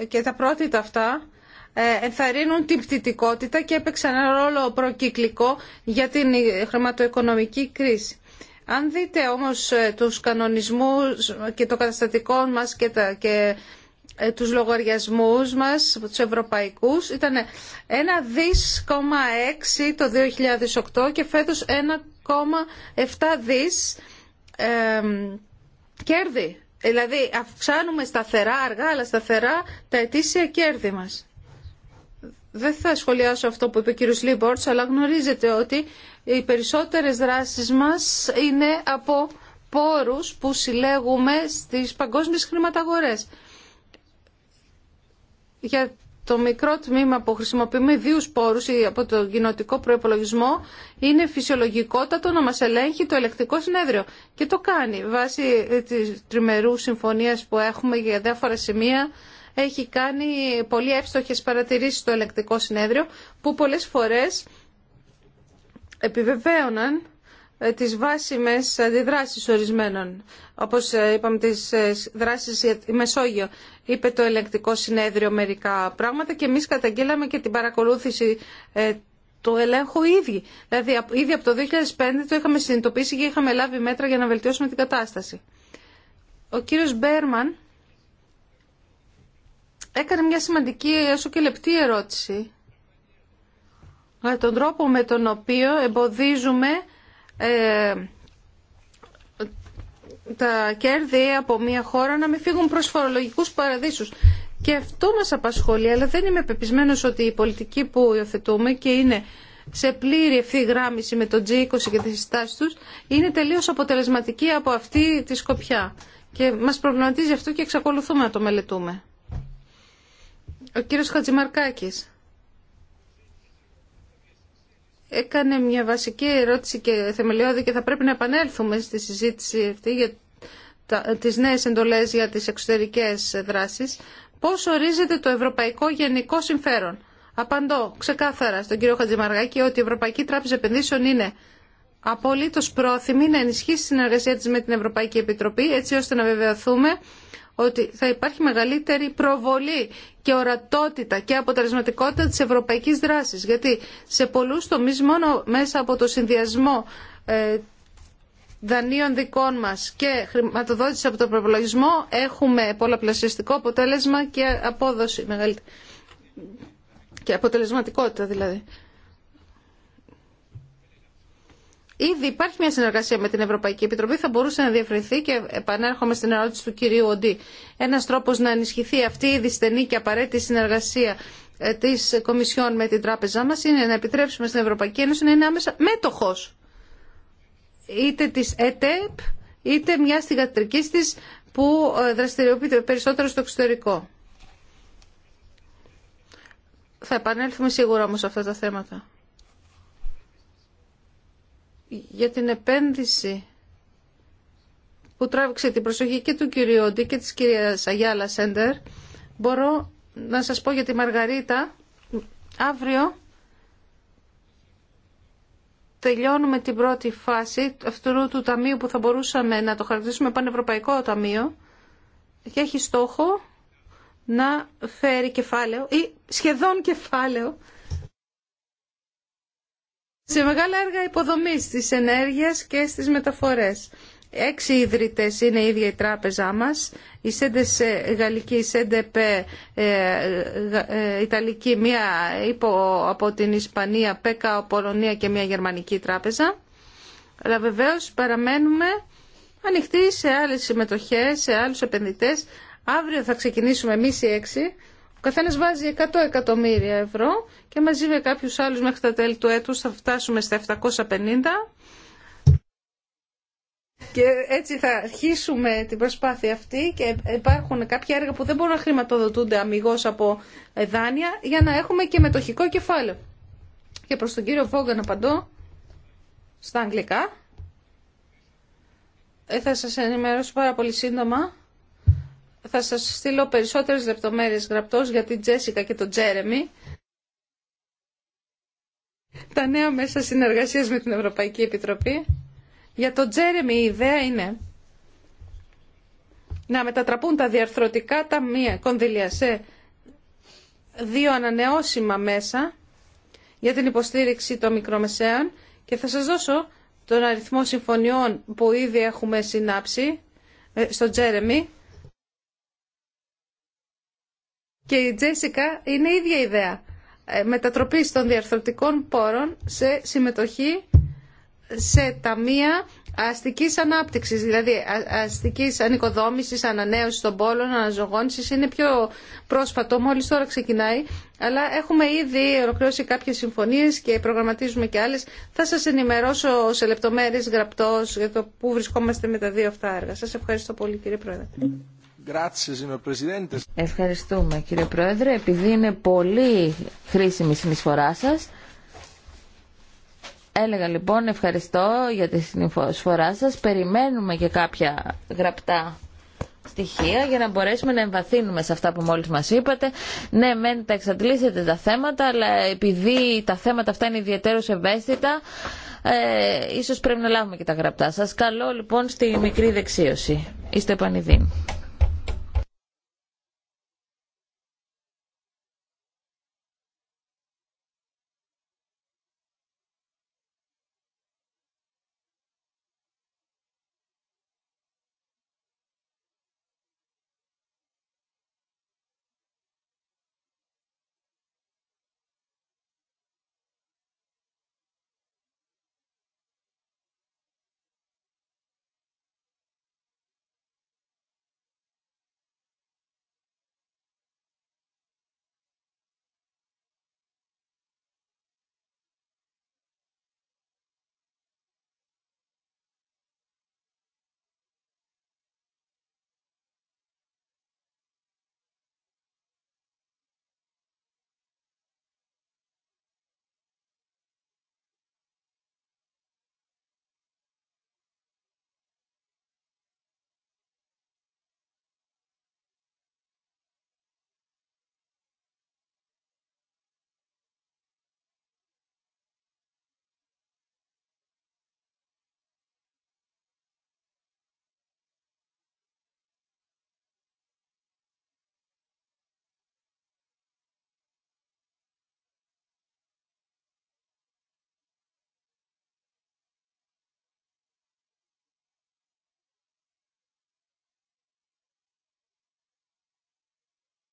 και τα πρότυπα αυτά ε, ενθαρρύνουν την πτυτικότητα και έπαιξαν ένα ρόλο προκυκλικό για την χρηματοοικονομική κρίση. Αν δείτε όμως ε, τους κανονισμούς και το καταστατικό μας και, τα, και ε, τους λογαριασμούς μας, τους ευρωπαϊκούς, ήταν 1 δις το 2008 και φέτος 1,7 δις ε, κέρδη. Δηλαδή αυξάνουμε σταθερά, αργά αλλά σταθερά τα ετήσια κέρδη μας. Δεν θα σχολιάσω αυτό που είπε ο κύριος Λίμπορτς, αλλά γνωρίζετε ότι οι περισσότερες δράσεις μας είναι από πόρους που συλλέγουμε στις παγκόσμιες χρηματαγορές για το μικρό τμήμα που χρησιμοποιούμε δύο σπόρους ή από το κοινοτικό προπολογισμό είναι φυσιολογικότατο να μας ελέγχει το ελεκτικό συνέδριο. Και το κάνει. Βάσει ε, της τριμερού συμφωνίας που έχουμε για διάφορα σημεία έχει κάνει πολύ εύστοχες παρατηρήσεις στο ελεκτικό συνέδριο που πολλές φορές επιβεβαίωναν ε, τις βάσιμες αντιδράσεις ορισμένων, όπως ε, είπαμε τις ε, δράσεις για τη Μεσόγειο. Είπε το ελεγκτικό συνέδριο μερικά πράγματα και εμείς καταγγείλαμε και την παρακολούθηση του ελέγχου ήδη. Δηλαδή ήδη από το 2005 το είχαμε συνειδητοποιήσει και είχαμε λάβει μέτρα για να βελτιώσουμε την κατάσταση. Ο κύριος Μπέρμαν έκανε μια σημαντική όσο και λεπτή ερώτηση για τον τρόπο με τον οποίο εμποδίζουμε ε, τα κέρδη από μια χώρα να μην φύγουν προς φορολογικούς παραδείσους. Και αυτό μας απασχολεί, αλλά δεν είμαι πεπισμένος ότι η πολιτική που υιοθετούμε και είναι σε πλήρη ευθυγράμμιση με τον G20 και τις συστάσεις τους, είναι τελείως αποτελεσματική από αυτή τη σκοπιά. Και μας προβληματίζει αυτό και εξακολουθούμε να το μελετούμε. Ο κύριος Χατζημαρκάκης έκανε μια βασική ερώτηση και θεμελιώδη και θα πρέπει να επανέλθουμε στη συζήτηση αυτή για τις νέες εντολές για τις εξωτερικές δράσεις. Πώς ορίζεται το ευρωπαϊκό γενικό συμφέρον. Απαντώ ξεκάθαρα στον κύριο Χατζημαργάκη ότι η Ευρωπαϊκή Τράπεζα Επενδύσεων είναι απολύτως πρόθυμη να ενισχύσει τη συνεργασία της με την Ευρωπαϊκή Επιτροπή έτσι ώστε να βεβαιωθούμε ότι θα υπάρχει μεγαλύτερη προβολή και ορατότητα και αποτελεσματικότητα της ευρωπαϊκής δράσης. Γιατί σε πολλούς τομείς μόνο μέσα από το συνδυασμό ε, δανείων δικών μας και χρηματοδότηση από τον προπολογισμό έχουμε πολλαπλασιαστικό αποτέλεσμα και απόδοση μεγαλύτερη. Και αποτελεσματικότητα δηλαδή. Ήδη υπάρχει μια συνεργασία με την Ευρωπαϊκή Επιτροπή, θα μπορούσε να διευρυνθεί και επανέρχομαι στην ερώτηση του κυρίου Οντή. Ένα τρόπο να ενισχυθεί αυτή η δυστενή και απαραίτητη συνεργασία ε, τη Κομισιόν με την τράπεζά μα είναι να επιτρέψουμε στην Ευρωπαϊκή Ένωση να είναι άμεσα μέτοχο είτε τη ΕΤΕΠ είτε μια θηγατρική τη που ε, δραστηριοποιείται περισσότερο στο εξωτερικό. Θα επανέλθουμε σίγουρα όμω σε αυτά τα θέματα για την επένδυση που τράβηξε την προσοχή και του κυρίου και της κυρίας Αγιάλα Σέντερ μπορώ να σας πω για τη Μαργαρίτα αύριο τελειώνουμε την πρώτη φάση αυτού του ταμείου που θα μπορούσαμε να το χαρακτηρίσουμε πανευρωπαϊκό ταμείο και έχει στόχο να φέρει κεφάλαιο ή σχεδόν κεφάλαιο σε μεγάλα έργα υποδομής τη ενέργεια και στι μεταφορές. Έξι ίδρυτες είναι η ίδια η τράπεζά μα, η ΣΕΝΤΕΣ γαλλική, η ε, ε, ιταλική, μία υπό, από την Ισπανία, ΠΕΚΑ, Πολωνία και μία γερμανική τράπεζα. Αλλά βεβαίως παραμένουμε ανοιχτοί σε άλλες συμμετοχές, σε άλλους επενδυτέ, Αύριο θα ξεκινήσουμε εμεί. οι έξι καθένα βάζει 100 εκατομμύρια ευρώ και μαζί με κάποιου άλλους μέχρι τα τέλη του έτου θα φτάσουμε στα 750 και έτσι θα αρχίσουμε την προσπάθεια αυτή και υπάρχουν κάποια έργα που δεν μπορούν να χρηματοδοτούνται αμυγός από ε, δάνεια για να έχουμε και μετοχικό κεφάλαιο. Και προς τον κύριο Βόγκα να απαντώ στα αγγλικά. Ε, θα σας ενημερώσω πάρα πολύ σύντομα θα σας στείλω περισσότερες λεπτομέρειες γραπτός για την Τζέσικα και τον Τζέρεμι. Τα νέα μέσα συνεργασίας με την Ευρωπαϊκή Επιτροπή. Για τον Τζέρεμι η ιδέα είναι να μετατραπούν τα διαρθρωτικά ταμεία κονδυλία σε δύο ανανεώσιμα μέσα για την υποστήριξη των μικρομεσαίων και θα σας δώσω τον αριθμό συμφωνιών που ήδη έχουμε συνάψει ε, στο Τζέρεμι και η Τζέσικα είναι η ίδια ιδέα. Ε, μετατροπή των διαρθρωτικών πόρων σε συμμετοχή σε ταμεία αστική ανάπτυξη, δηλαδή αστική ανοικοδόμηση, ανανέωση των πόλων, αναζωγόνησης. Είναι πιο πρόσφατο, μόλι τώρα ξεκινάει, αλλά έχουμε ήδη ολοκληρώσει κάποιε συμφωνίε και προγραμματίζουμε και άλλε. Θα σα ενημερώσω σε λεπτομέρειε γραπτός για το πού βρισκόμαστε με τα δύο αυτά έργα. Σας ευχαριστώ πολύ κύριε Πρόεδρε. Ευχαριστούμε κύριε Πρόεδρε. Επειδή είναι πολύ χρήσιμη η συνεισφορά σας, έλεγα λοιπόν ευχαριστώ για τη συνεισφορά σας. Περιμένουμε και κάποια γραπτά στοιχεία για να μπορέσουμε να εμβαθύνουμε σε αυτά που μόλις μας είπατε. Ναι, μεν τα εξαντλήσετε τα θέματα, αλλά επειδή τα θέματα αυτά είναι ιδιαίτερως ευαίσθητα, ε, ίσως πρέπει να λάβουμε και τα γραπτά σας. Καλό λοιπόν στη μικρή δεξίωση. Είστε